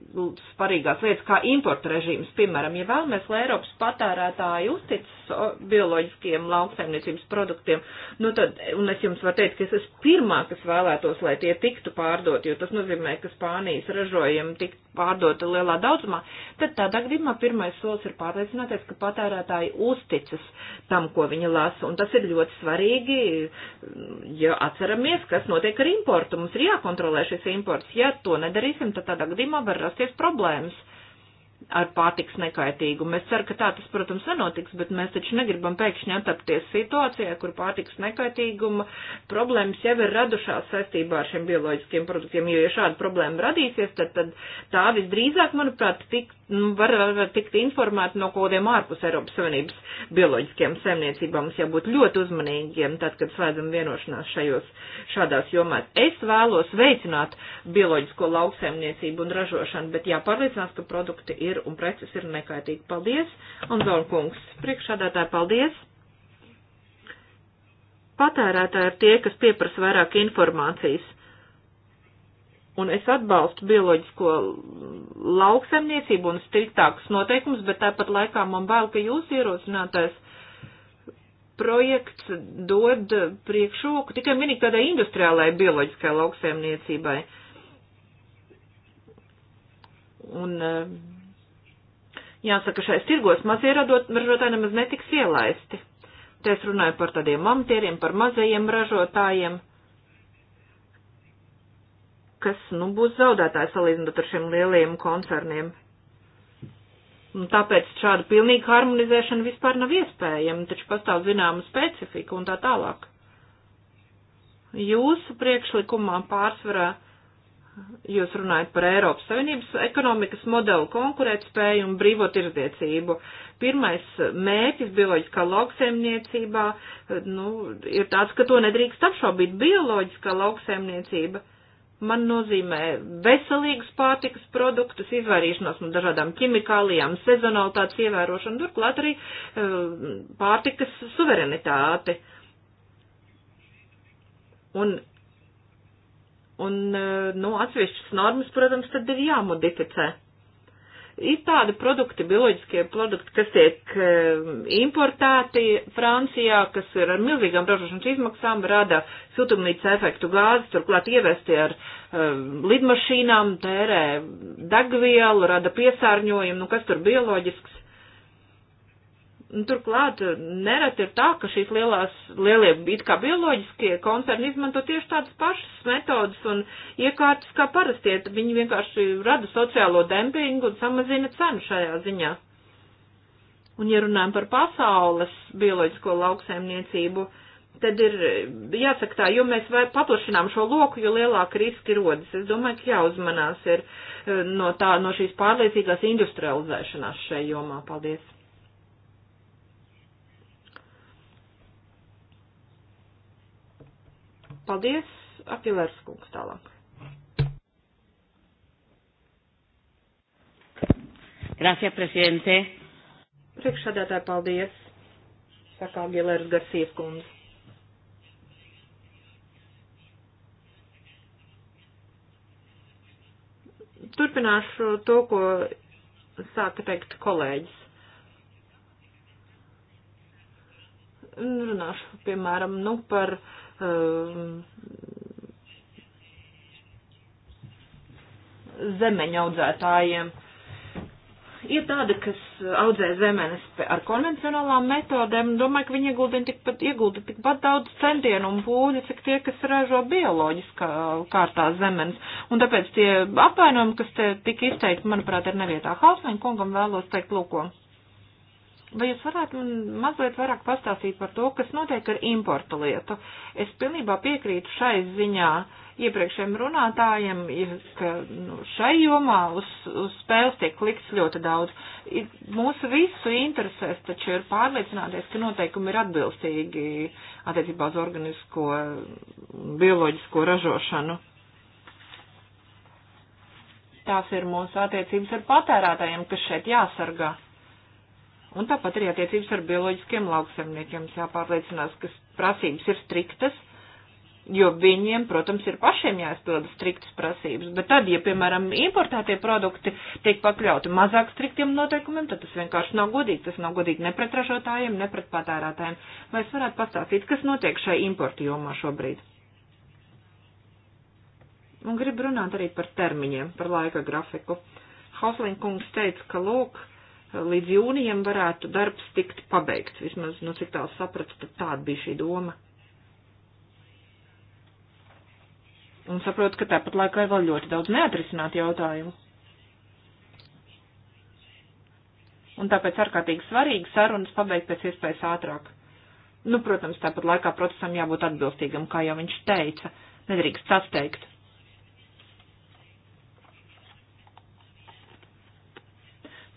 Nu, svarīgās lietas, kā importa režīms, piemēram, ja vēlamies, lai Eiropas patērētāji uzticas bioloģiskiem lauksaimniecības produktiem, nu tad, un es jums varu teikt, ka es esmu pirmā, kas vēlētos, lai tie tiktu pārdot, jo tas nozīmē, ka Spānijas ražojumi tik pārdota lielā daudzumā, tad tādā gadījumā pirmais solis ir pārliecināties, ka patērētāji uzticas tam, ko viņi lasa, un tas ir ļoti svarīgi, ja atceramies, kas notiek ar importu, mums ir jākontrolē šis imports, ja to nedarīsim, tad tādā gadījumā var rasties sāksies problēmas ar pārtiks nekaitīgumu. Es ceru, ka tā tas, protams, nenotiks, bet mēs taču negribam pēkšņi atapties situācijā, kur pārtiks nekaitīguma problēmas jau ir radušās saistībā ar šiem bioloģiskiem produktiem, jo, ja šāda problēma radīsies, tad, tad tā visdrīzāk, manuprāt, tik, nu, var, var, var tikt informēti no kaut kādiem ārpus Eiropas Savienības bioloģiskiem saimniecībām. Mums jābūt ļoti uzmanīgiem, tad, kad slēdzam vienošanās šajos, šādās jomās. Es vēlos veicināt bioloģisko lauksaimniecību un ražošanu, bet jāpārliecinās, ka produkti ir un preces ir nekaitīgi. Paldies, Anzor kungs, priekšādātāji, paldies! Patērētāji ir tie, kas pieprasa vairāk informācijas un es atbalstu bioloģisko lauksaimniecību un striktākus noteikumus, bet tāpat laikā man bail, ka jūs ierosinātais projekts dod priekšroku tikai vienīgi tādai industriālai bioloģiskai lauksaimniecībai. Un eh, jāsaka, šais tirgos mazie ražotāji nemaz netiks ielaisti. Te es runāju par tādiem amatieriem, par mazajiem ražotājiem kas, nu, būs zaudētāji salīdzinot ar šiem lielajiem koncerniem. Un nu, tāpēc šāda pilnīga harmonizēšana vispār nav iespējama, taču pastāv zināma specifika un tā tālāk. Jūsu priekšlikumā pārsvarā jūs runājat par Eiropas Savienības ekonomikas modelu konkurētspēju un brīvo tirdzniecību. Pirmais mērķis bioloģiskā lauksaimniecībā nu, ir tāds, ka to nedrīkst apšaubīt. Bioloģiskā lauksaimniecība man nozīmē veselīgus pārtikas produktus, izvairīšanos no dažādām ķimikālijām, sezonalitātes ievērošanu, turklāt arī e, pārtikas suverenitāti. Un, un e, nu, atsevišķas normas, protams, tad ir jāmodificē ir tādi produkti, bioloģiskie produkti, kas tiek eh, importēti Francijā, kas ir ar milzīgām ražošanas izmaksām, rada siltumnīca efektu gāzi, turklāt ievesti ar um, lidmašīnām, tērē degvielu, rada piesārņojumu, nu kas tur bioloģisks. Nu, turklāt eh, nereti ir tā, ka šīs lielās, lielie it kā bioloģiskie koncerni izmanto tieši tādas pašas metodas un iekārtas kā parastie. Viņi vienkārši rada sociālo dempingu un samazina cenu šajā ziņā. Un ja runājam par pasaules bioloģisko lauksaimniecību, tad ir eh, jāsaka tā, jo mēs paplašinām šo loku, jo lielāka riski rodas. Es domāju, ka jāuzmanās ir eh, no tā, no šīs pārliecīgās industrializēšanās šajā jomā. Paldies! Paldies, Apilērs kungs tālāk. Gracias, prezidente. Priekšsādātāji, paldies, saka Agilērs Garsies kundze. Turpināšu to, ko sāka teikt kolēģis. Runāšu, piemēram, nu par uh, Uh, zemeņa audzētājiem. Ir tādi, kas audzē zemenes ar konvencionālām metodēm, domāju, ka viņi ieguldina tikpat, iegulda tikpat daudz centienu un pūļu, cik tie, kas ražo bioloģiskā kārtā zemenes. Un tāpēc tie apvainojumi, kas te tik izteikti, manuprāt, ir nevietā. Hausmaņa kungam vēlos teikt lūko. Vai jūs varētu mazliet vairāk pastāstīt par to, kas notiek ar importu lietu? Es pilnībā piekrītu šai ziņā iepriekšējiem runātājiem, ka nu, šai jomā uz, uz spēles tiek likts ļoti daudz. Mūsu visu interesēs taču ir pārliecināties, ka noteikumi ir atbilstīgi attiecībā uz organisko, bioloģisko ražošanu. Tās ir mūsu attiecības ar patērētājiem, kas šeit jāsargā. Un tāpat arī attiecības ar bioloģiskiem lauksemniekiem jāpārliecinās, ka prasības ir striktas, jo viņiem, protams, ir pašiem jāizpilda striktas prasības. Bet tad, ja, piemēram, importētie produkti tiek pakļauti mazāk striktiem noteikumiem, tad tas vienkārši nav godīgi. Tas nav godīgi ne pret ražotājiem, ne pret patērētājiem. Vai es varētu pastāstīt, kas notiek šai importu jomā šobrīd? Un gribu runāt arī par termiņiem, par laika grafiku. Hauslinkungs teica, ka lūk, uh, līdz jūnijam varētu darbs tikt pabeigts. Vismaz, nu, cik tālu sapratu, tad tāda bija šī doma. Un saprotu, ka tāpat laikā ir vēl ļoti daudz neatrisināt jautājumu. Un tāpēc ārkārtīgi svarīgi sarunas pabeigt pēc iespējas ātrāk. Nu, protams, tāpat laikā procesam jābūt atbilstīgam, kā jau viņš teica. Nedrīkst sasteigt.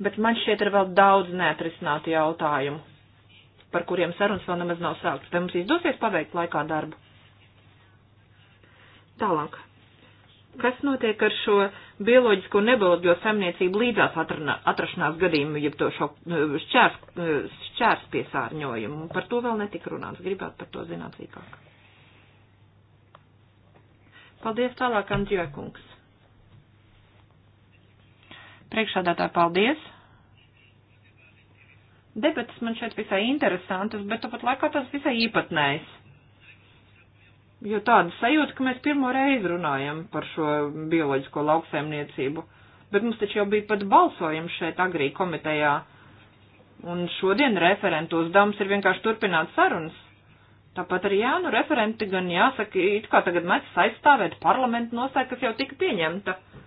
bet man šeit ir vēl daudz neatrisinātu jautājumu, par kuriem sarunas vēl nemaz nav sāktas. Vai mums izdosies paveikt laikā darbu? Tālāk. Kas notiek ar šo bioloģisko un nebioloģisko saimniecību līdzās atrunā, atrašanās gadījumu, jeb to šo eh, šķērs, eh, šķērs piesārņojumu? Par to vēl netika runāts. Gribētu par to zināt sīkāk. Paldies tālāk, Andrija Kungs. Priekšādātāji, paldies! Debates man šeit visai interesantas, bet tāpat laikā tas visai īpatnējs. Jo tāda sajūta, ka mēs pirmo reizi runājam par šo bioloģisko lauksaimniecību. Bet mums taču jau bija pat balsojums šeit agrī komitejā. Un šodien referentu uzdevums ir vienkārši turpināt sarunas. Tāpat arī, jā, nu referenti gan jāsaka, it kā tagad mēs aizstāvēt parlamentu nostāju, kas jau tika pieņemta. Uh,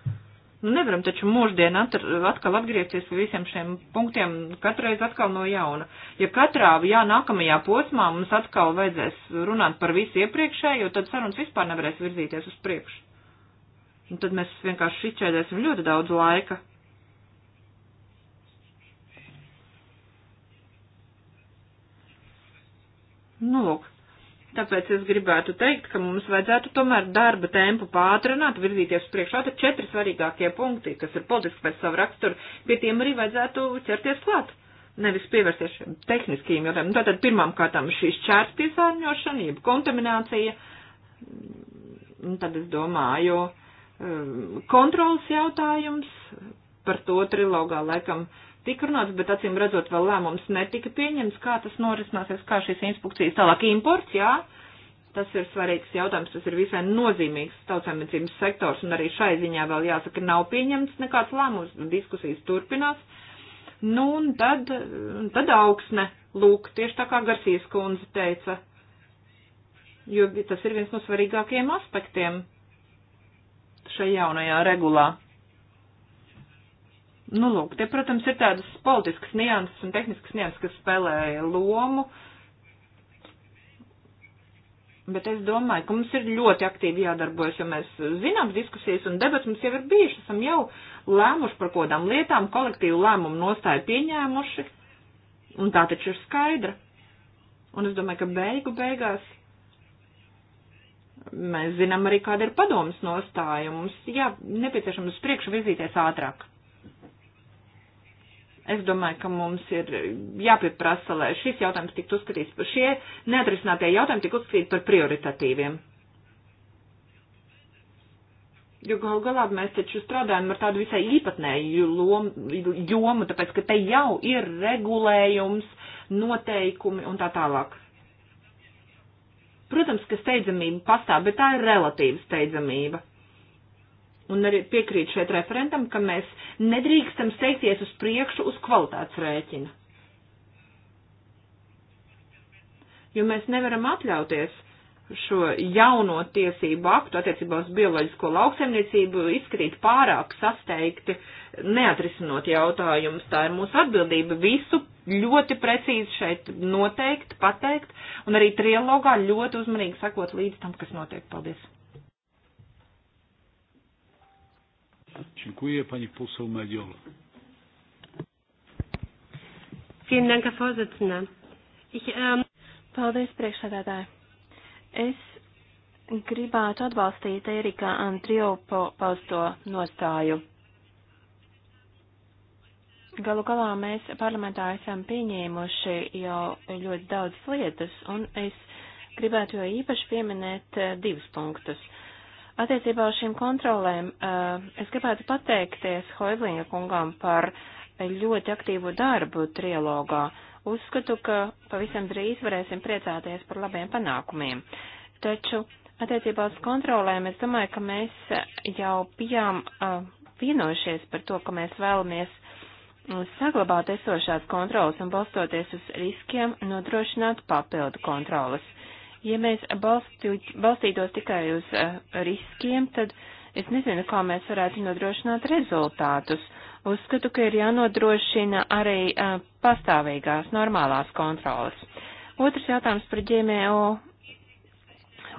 Nu, nevaram taču mūždien atr, atkal atgriezties pie visiem šiem punktiem, katreiz atkal no jauna. Ja katrā, jā, nākamajā posmā mums atkal vajadzēs runāt par visu iepriekšējo, tad sarunas vispār nevarēs virzīties uz priekšu. Un tad mēs vienkārši izčēdēsim ļoti daudz laika. Nu, lūk. Tāpēc es gribētu teikt, ka mums vajadzētu tomēr darba tempu pātrināt, virzīties uz priekšu. Tātad četri svarīgākie punkti, kas ir politiski pēc savu raksturu, pie tiem arī vajadzētu ķerties klāt. Nevis pievērsties šiem tehniskajiem jautājumiem. Tātad pirmām kārtām šīs čērs piesārņošana, jeb kontaminācija. Tad es domāju, um, kontrolas jautājums, par to trilogā laikam uh, tika runāts, bet acīm redzot vēl lēmums netika pieņems, kā tas norisināsies, kā šīs inspekcijas tālāk imports, jā. Tas ir svarīgs jautājums, tas ir visai nozīmīgs tautsēmniecības sektors, un arī šai ziņā vēl jāsaka, nav pieņemts nekāds lēmums, nu, diskusijas turpinās. Nu, un tad, tad augsne, lūk, tieši tā kā Garcijas kundze teica, jo tas ir viens no svarīgākajiem aspektiem šajā jaunajā regulā. Nu, lūk, te, protams, ir tādas politiskas nianses un tehniskas nianses, kas spēlē lomu, bet es domāju, ka mums ir ļoti aktīvi jādarbojas, jo mēs zinām diskusijas un debats mums jau ir bijuši, esam jau lēmuši par kodām lietām, kolektīvu lēmumu nostāju pieņēmuši, un tā taču ir skaidra. Un es domāju, ka beigu beigās mēs zinām arī, kāda ir padomas nostāja. Mums jā, nepieciešams priekšu vizīties ātrāk. Es domāju, ka mums ir jāpieprasa, lai šis jautājums tiktu uzskatīts par šie neatrisinātie jautājumi, tiktu uzskatīti par prioritatīviem. Jo gal galā mēs taču strādājam ar tādu visai īpatnēju lomu, jomu, tāpēc, ka te jau ir regulējums, noteikumi un tā tālāk. Protams, ka steidzamība pastāv, bet tā ir relatīva steidzamība un arī piekrīt šeit referentam, ka mēs nedrīkstam steigties uz priekšu uz kvalitātes rēķina. Jo mēs nevaram atļauties šo jauno tiesību aktu attiecībā uz bioloģisko lauksaimniecību izskatīt pārāk sasteigti, neatrisinot jautājumus. Tā ir mūsu atbildība visu ļoti precīzi šeit noteikt, pateikt, un arī trilogā ļoti uzmanīgi sakot līdz tam, kas notiek. Paldies! Dziękuję. Pani poseł Mediol. Vielen Dank, Herr Vorsitzender. Ich, ähm Paldies, priekšsēdētāji. Es gribētu atbalstīt Erika Andriopo pausto nostāju. Galu galā mēs parlamentā esam pieņēmuši jau ļoti daudz lietas, un es gribētu jau īpaši pieminēt eh, divus punktus. Uh, Attiecībā uz šīm kontrolēm eh, es gribētu pateikties Hoivlinga kungam par ļoti aktīvu darbu trilogā. Uzskatu, ka pavisam drīz varēsim priecāties par labiem panākumiem. Taču attiecībā uz kontrolēm es domāju, ka mēs jau bijām eh, vienojušies par to, ka mēs vēlamies saglabāt esošās kontrolas un balstoties uz riskiem nodrošināt papildu kontrolas. Ja mēs balstu, balstītos tikai uz uh, riskiem, tad es nezinu, kā mēs varētu nodrošināt rezultātus. Uzskatu, ka ir jānodrošina arī uh, pastāvīgās normālās kontrolas. Otrs jautājums par ģimeo.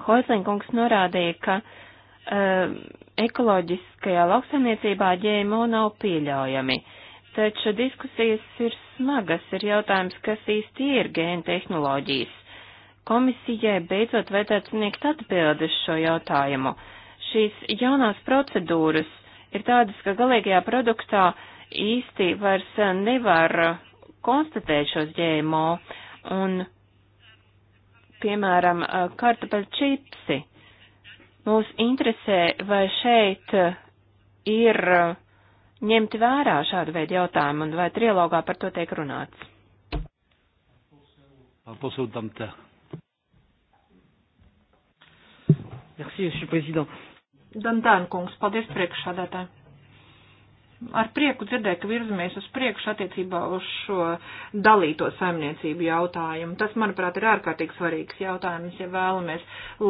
Hoislinkungs norādīja, ka uh, ekoloģiskajā lauksaimniecībā ģēmo nav pieļaujami. Taču diskusijas ir smagas, ir jautājums, kas īsti ir gēna tehnoloģijas. Komisijai beidzot vajadzētu sniegt atbildes šo jautājumu. Šīs jaunās procedūras ir tādas, ka galīgajā produktā īsti vairs nevar konstatēt šos ģēmo un, piemēram, kartupeļu čipsi. Mūs interesē, vai šeit ir ņemti vērā šādu veidu jautājumu un vai trilogā par to tiek runāts. Paldies, Damte. Merci, monsieur président. Dantāna kungs, paldies priekšsādātāji. Ar prieku dzirdēju, ka virzamies uz priekšu attiecībā uz šo dalīto saimniecību jautājumu. Tas, manuprāt, ir ārkārtīgi svarīgs jautājums, ja vēlamies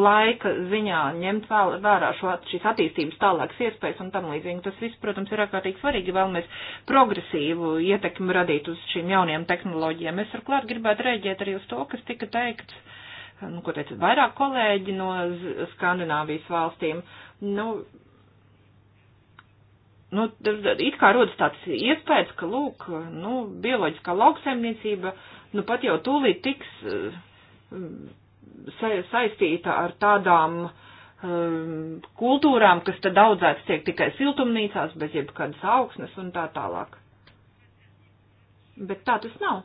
laika ziņā ņemt vēl, vērā šo, šīs attīstības tālākas iespējas un tam līdzīgi. Tas viss, protams, ir ārkārtīgi svarīgi, ja vēlamies progresīvu ietekmi radīt uz šīm jaunajām tehnoloģijām. Es turklāt gribētu rēģēt arī uz to, kas tika teikts nu, ko teica vairāk kolēģi no Skandināvijas valstīm, nu, nu, it kā rodas tāds iespējas, ka, lūk, nu, bioloģiskā lauksaimniecība, nu, pat jau tūlīt tiks eh, sa saistīta ar tādām um, kultūrām, kas tad audzēts tiek tikai siltumnīcās, bez jebkādas augsnes un tā tālāk. Bet tā tas nav.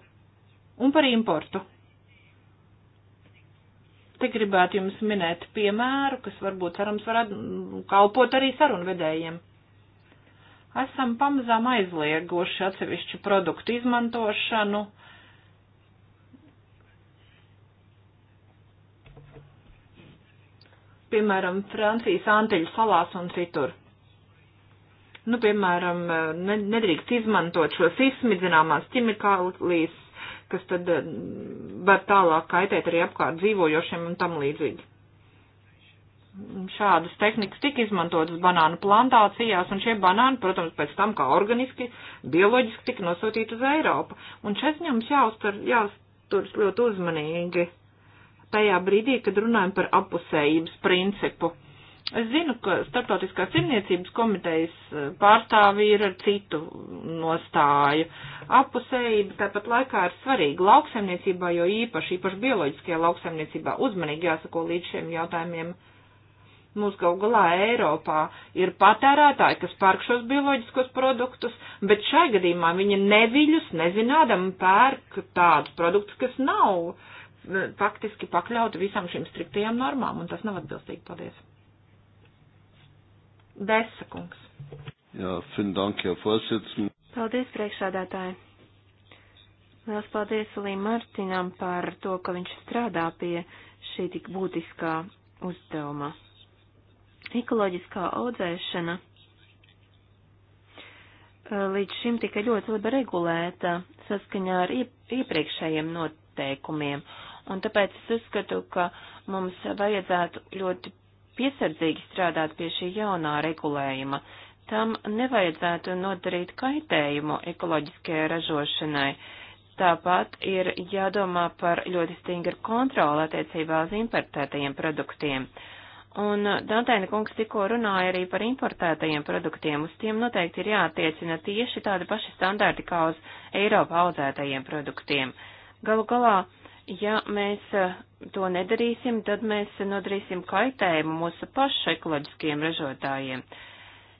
Un par importu. Te gribētu jums minēt piemēru, kas varbūt cerams varētu mm, kalpot arī sarunvedējiem. Esam pamazām aizlieguši atsevišķu produktu izmantošanu. Piemēram, Francijas Antiļu salās un citur. Nu, piemēram, nedrīkst izmantot šos izsmidzināmās ķimikālijas kas tad eh, var tālāk kaitēt arī apkārt dzīvojošiem un tam līdzīgi. Šādas tehnikas tika izmantotas banānu plantācijās, un šie banāni, protams, pēc tam kā organiski, bioloģiski tika nosūtīti uz Eiropu. Un šeit mums jāuztur, jāuzturas ļoti uzmanīgi tajā brīdī, kad runājam par apusējības principu Es zinu, ka Startautiskās cilvēcības komitejas e, pārstāvji ir ar citu nostāju. Apusējība tāpat laikā ir svarīga lauksaimniecībā, jo īpaši, īpaši bioloģiskajā lauksaimniecībā uzmanīgi jāsako līdz šiem jautājumiem. Mūsu gal galā Eiropā ir patērētāji, kas pērk šos bioloģiskos produktus, bet šai gadījumā viņi neviļus, nezinādam pērk tādus produktus, kas nav e, faktiski pakļauti visam šīm striktajām normām, un tas nav atbilstīgi. Paldies! Desakungs. Jā, fin dank, jā, forsitsn. Paldies, priekšādātāji. Liels paldies arī Martinam par to, ka viņš strādā pie šī tik būtiskā uzdevuma. Ekoloģiskā audzēšana eh, līdz šim tika ļoti labi regulēta saskaņā ar iepriekšējiem noteikumiem, un tāpēc es uzskatu, ka mums vajadzētu ļoti piesardzīgi strādāt pie šī jaunā regulējuma. Tam nevajadzētu nodarīt kaitējumu ekoloģiskajai ražošanai. Tāpat ir jādomā par ļoti stingru kontroli attiecībā uz importētajiem produktiem. Un Dantēna kungs tikko runāja arī par importētajiem produktiem. Uz tiem noteikti ir jātiecina tieši tādi paši standarti kā uz Eiropā audzētajiem produktiem. Galu galā, ja mēs to nedarīsim, tad mēs nodarīsim kaitējumu mūsu pašu ekoloģiskiem ražotājiem.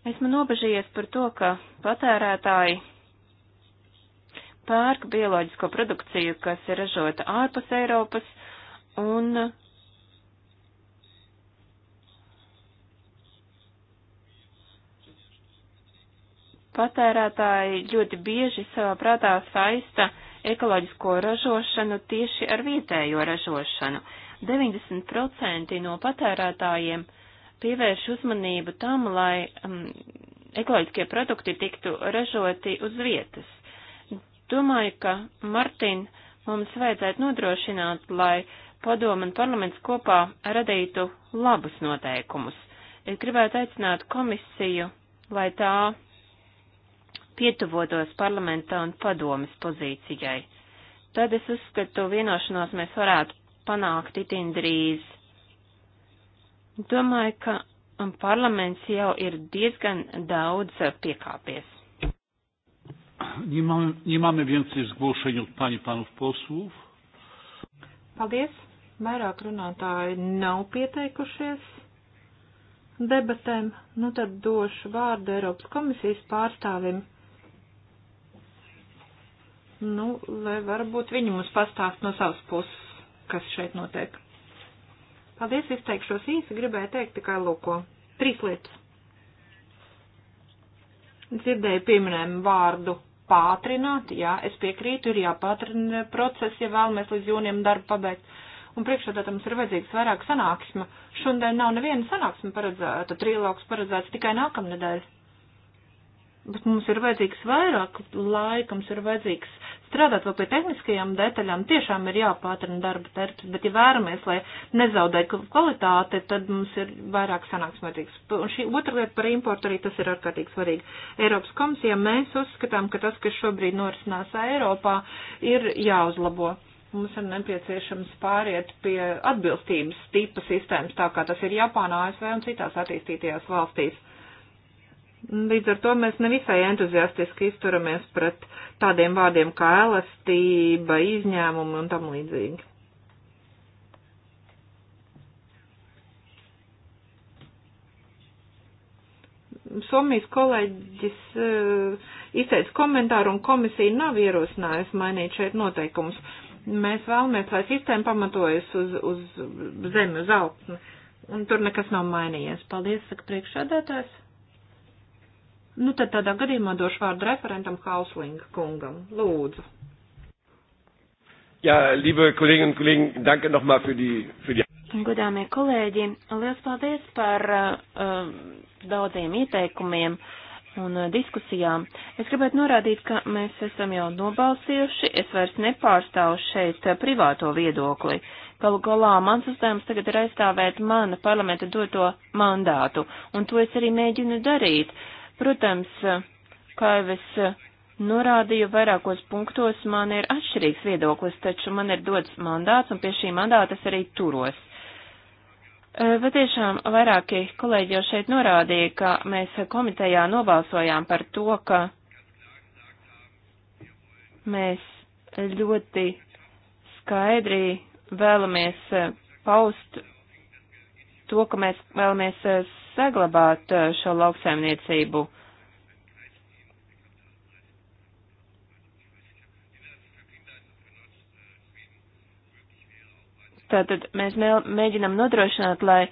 Esmu nobežījies par to, ka patērētāji pērk bioloģisko produkciju, kas ir ražota ārpus Eiropas, un patērētāji ļoti bieži savā prātā saista uh, ekoloģisko ražošanu tieši ar vietējo ražošanu. 90% no patērētājiem pievērš uzmanību tam, lai um, ekoloģiskie produkti tiktu ražoti uz vietas. Domāju, ka Martin mums vajadzētu nodrošināt, lai padomu un parlaments kopā radītu labus noteikumus. Es gribētu aicināt komisiju, lai tā pietuvotos parlamenta un padomes pozīcijai. Tad es uzskatu, vienošanos mēs varētu panākt itin drīz. Domāju, ka parlaments jau ir diezgan daudz piekāpies. Nie mamy, nie mamy więcej zgłoszeń od pani panów posłów. Paldies. Vairāk runātāji nav pieteikušies debatēm. Nu tad došu vārdu Eiropas komisijas pārstāvim Nu, lai varbūt viņi mums pastāst no savas puses, kas šeit notiek. Paldies, izteikšos īsi, gribēju teikt tikai lūko. Trīs lietas. Dzirdēju pieminējumu vārdu pātrināt, jā, es piekrītu, ir jāpātrina process, ja vēlamies līdz jūnijam darbu pabeigt. Un priekšādā mums ir vajadzīgs vairāk sanāksma. Šodien nav neviena sanāksma paredzēta, trilogs paredzēts tikai nākamnedēļ. Bet mums ir vajadzīgs vairāk laika, mums ir vajadzīgs strādāt vēl pie tehniskajām detaļām. Tiešām ir jāpātrina darba terps, bet ja vēramies, lai nezaudētu kvalitāti, tad mums ir vairāk sanāks vajadzīgs. Un šī otra lieta par importu arī tas ir ārkārtīgi svarīgi. Eiropas komisijā mēs uzskatām, ka tas, kas šobrīd norisinās Eiropā, ir jāuzlabo mums ir nepieciešams pāriet pie atbilstības tipa sistēmas, tā kā tas ir Japānā, ASV un citās attīstītajās valstīs. Līdz ar to mēs nevisai entuziastiski izturamies pret tādiem vārdiem kā elastība, izņēmumi un tam līdzīgi. Somijas kolēģis eh, izteica komentāru un komisija nav ierosinājusi mainīt šeit noteikumus. Mēs vēlamies, lai sistēma pamatojas uz, uz zemi, uz augstu. Un tur nekas nav mainījies. Paldies, saka priekšsēdētājs. Nu, tad tādā gadījumā došu vārdu referentam Hauslinga kungam. Lūdzu. Jā, liebe kolēģi un kolēģi, danke nochmal für die, für die. Godāmie kolēģi, liels paldies par uh, daudziem ieteikumiem un uh, diskusijām. Es gribētu norādīt, ka mēs esam jau nobalsījuši, es vairs nepārstāvu šeit uh, privāto viedokli. Galu galā mans uzdevums tagad ir aizstāvēt mana parlamenta doto mandātu, un to es arī mēģinu darīt. Uh, Protams, kā jau es eh, norādīju, vairākos punktos man ir atšķirīgs viedoklis, taču man ir dots mandāts un pie šī mandāta es arī turos. Patiešām eh, vairāki kolēģi jau šeit norādīja, ka mēs komitejā nobalsojām par to, ka mēs ļoti skaidri vēlamies eh, paust to, ka mēs vēlamies saglabāt eh, šo lauksaimniecību. Tātad mēs mēģinam nodrošināt, lai uh,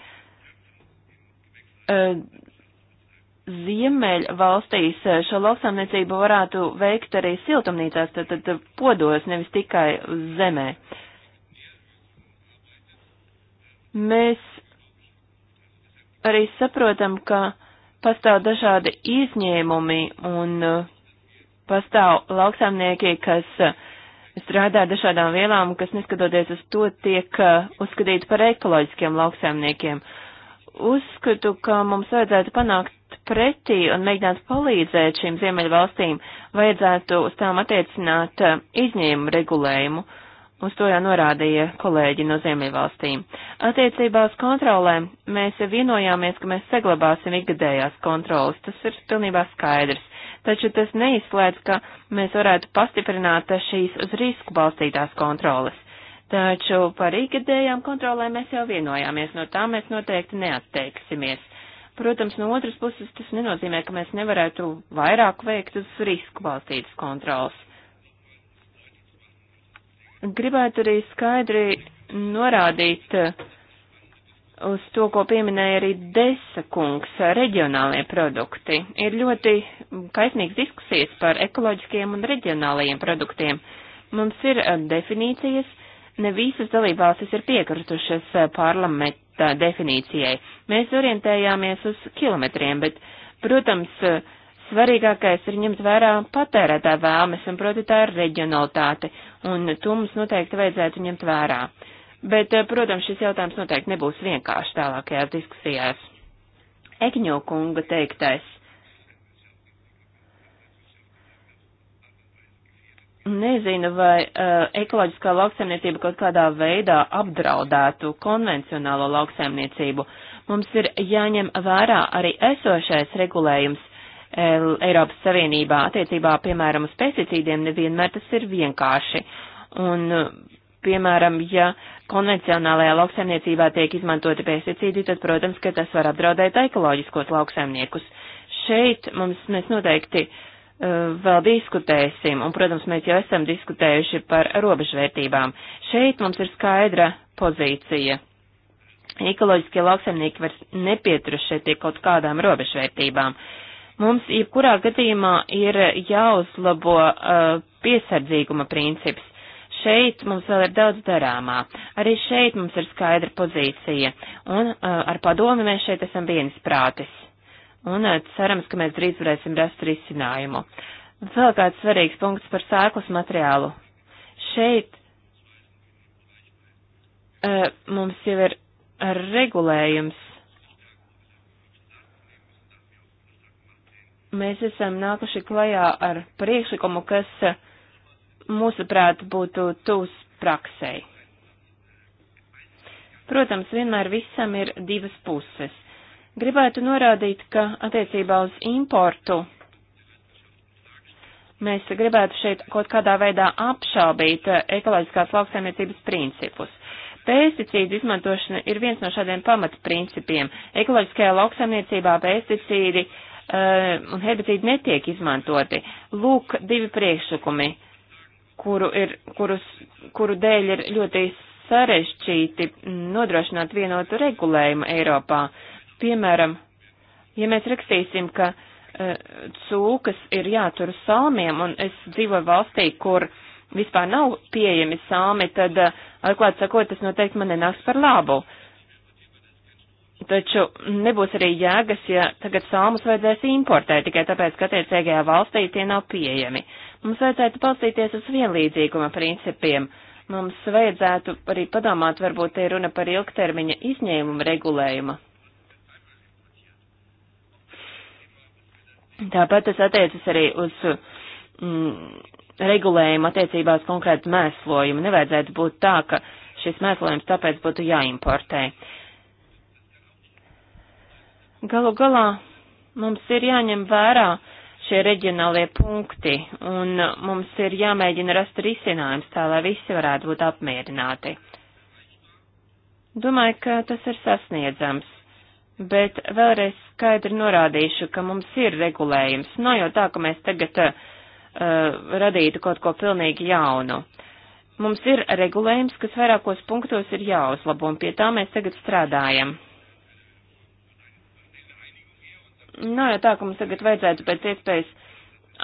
ziemeļ valstīs eh, šo lauksaimniecību varētu veikt arī siltumnīcās, tātad podos, nevis tikai zemē. Mēs arī saprotam, ka pastāv dažādi izņēmumi un uh, pastāv lauksaimnieki, kas uh, strādā dažādām vielām, kas neskatoties uz to tiek uh, uzskatīti par ekoloģiskiem lauksaimniekiem. Uzskatu, ka mums vajadzētu panākt pretī un mēģināt palīdzēt šīm ziemeļvalstīm, vajadzētu uz tām attiecināt izņēmumu regulējumu. Uh, Uz to jau norādīja kolēģi no Ziemeļvalstīm. Attiecībā uz kontrolēm mēs vienojāmies, ka mēs saglabāsim ikgadējās kontrolas. Tas ir pilnībā skaidrs. Taču tas neizslēdz, ka mēs varētu pastiprināt šīs uz risku balstītās kontrolas. Taču par ikgadējām kontrolēm mēs jau vienojāmies, no tā mēs noteikti neatteiksimies. Protams, no otras puses tas nenozīmē, ka mēs nevarētu vairāk veikt uz risku balstītas kontrolas. Gribētu arī skaidri norādīt eh, uz to, ko pieminēja arī Desakungs, eh, reģionālie produkti. Ir ļoti kaisnīgs diskusijas par ekoloģiskiem un reģionālajiem produktiem. Mums ir eh, definīcijas, ne visas dalībvalstis ir piekartušas parlamenta definīcijai. Mēs orientējāmies uz kilometriem, bet, protams, svarīgākais ir ņemt vērā patērētā vēlmes, un proti tā ir reģionalitāte un to mums noteikti vajadzētu ņemt vērā. Bet, eh, protams, šis jautājums noteikti nebūs vienkārši tālākajās diskusijās. Ekņo kunga teiktais. Nezinu, vai uh, ekoloģiskā lauksaimniecība kaut kādā veidā apdraudētu konvencionālo lauksaimniecību. Mums ir jāņem vērā arī esošais regulējums, Eiropas Savienībā attiecībā, piemēram, uz pesticīdiem, nevienmēr tas ir vienkārši. Un, piemēram, ja konvencionālajā lauksaimniecībā tiek izmantoti pesticīdi, tad, protams, ka tas var apdraudēt ekoloģiskos lauksaimniekus. Šeit mums, mēs noteikti uh, vēl diskutēsim, un, protams, mēs jau esam diskutējuši par robežvērtībām. Šeit mums ir skaidra pozīcija. Ekoloģiskie lauksaimnieki vairs nepieturas šeit pie kaut kādām robežvērtībām. Uh, Mums jebkurā gadījumā ir jāuzlabo uh, piesardzīguma princips. Šeit mums vēl ir daudz darāmā. Arī šeit mums ir skaidra pozīcija. Un uh, ar padomi mēs šeit esam viens prātis. Un uh, cerams, ka mēs drīz varēsim rast risinājumu. Vēl kāds svarīgs punkts par sēklas materiālu. Šeit uh, mums jau ir regulējums mēs esam nākuši klajā ar priekšlikumu, kas mūsuprāt būtu tūs praksei. Protams, vienmēr visam ir divas puses. Gribētu norādīt, ka attiecībā uz importu mēs gribētu šeit kaut kādā veidā apšaubīt ekoloģiskās lauksaimniecības principus. Pesticīdu izmantošana ir viens no šādiem pamatprincipiem. Ekoloģiskajā lauksaimniecībā pesticīdi uh, Eh, un herbicīdi netiek izmantoti. Lūk, divi priekšlikumi, kuru, ir, kurus, kuru dēļ ir ļoti sarežģīti nodrošināt vienotu regulējumu Eiropā. Piemēram, ja mēs rakstīsim, ka uh, cūkas ir jātur salmiem, un es dzīvoju valstī, kur vispār nav pieejami salmi, tad, uh, eh, atklāt sakot, tas noteikti man nenāks par labu. Uh, Taču nebūs arī jēgas, ja tagad salmus vajadzēs importēt tikai tāpēc, ka attiecīgajā valstī tie nav pieejami. Mums vajadzētu palstīties uz vienlīdzīguma principiem. Mums vajadzētu arī padomāt, varbūt te runa par ilgtermiņa izņēmumu regulējumu. Tāpat tas attiecas arī uz mm, regulējumu attiecībā uz konkrētu mēslojumu. Nevajadzētu būt tā, ka šis mēslojums tāpēc būtu jāimportē. Uh, Galu galā mums ir jāņem vērā šie reģionālie punkti, un mums ir jāmēģina rast risinājums tā, lai visi varētu būt apmierināti. Domāju, ka tas ir sasniedzams, bet vēlreiz skaidri norādīšu, ka mums ir regulējums. Nav no jau tā, ka mēs tagad uh, radītu kaut ko pilnīgi jaunu. Mums ir regulējums, kas vairākos punktos ir jāuzlabo, un pie tā mēs tagad strādājam. Nav jau tā, ka mums tagad vajadzētu pēc iespējas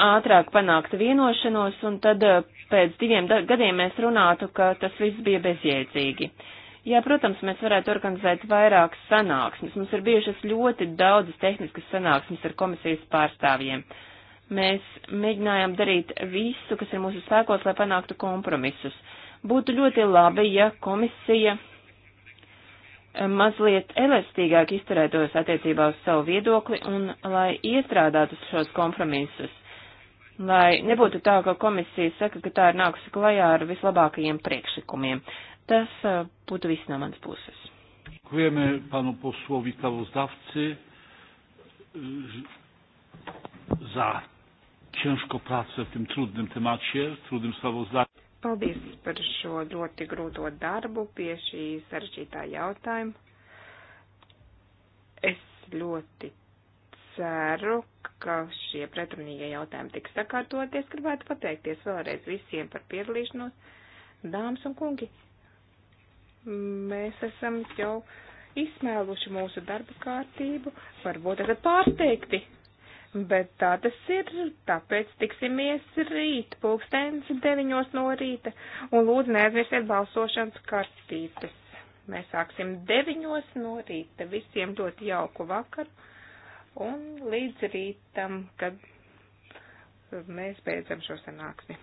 ātrāk panākt vienošanos, un tad eh, pēc diviem gadiem mēs runātu, ka tas viss bija bezjēdzīgi. Jā, protams, mēs varētu organizēt vairākas sanāksmes. Mums ir bijušas ļoti daudzas tehniskas sanāksmes ar komisijas pārstāvjiem. Mēs mēģinājām darīt visu, kas ir mūsu spēkos, lai panāktu kompromisus. Būtu ļoti labi, ja komisija mazliet elastīgāk izturētos attiecībā uz savu viedokli un lai iestrādātu šos kompromisus, lai nebūtu tā, ka komisija saka, ka tā ir nākusi klajā ar vislabākajiem priekšlikumiem. Tas uh, būtu viss no manas puses. Dziękujemy panu posłowi sprawozdawcy za ciężką pracę w tym trudnym temacie, w trudnym sprawozdaniu. Paldies par šo ļoti grūto darbu pie šī sarežģītā jautājuma. Es ļoti ceru, ka šie pretrunīgie jautājumi tiks sakārtoties. Gribētu pateikties vēlreiz visiem par piedalīšanos. Dāmas un kungi, mēs esam jau izsmēluši mūsu darba kārtību. Varbūt esat pārsteigti. Bet tā tas ir, tāpēc tiksimies rīt, pulkstens deviņos no rīta, un lūdzu neaizmirstiet balsošanas kartītes. Mēs sāksim deviņos no rīta, visiem ļoti jauku vakaru, un līdz rītam, kad mēs beidzam šo sanāksmi.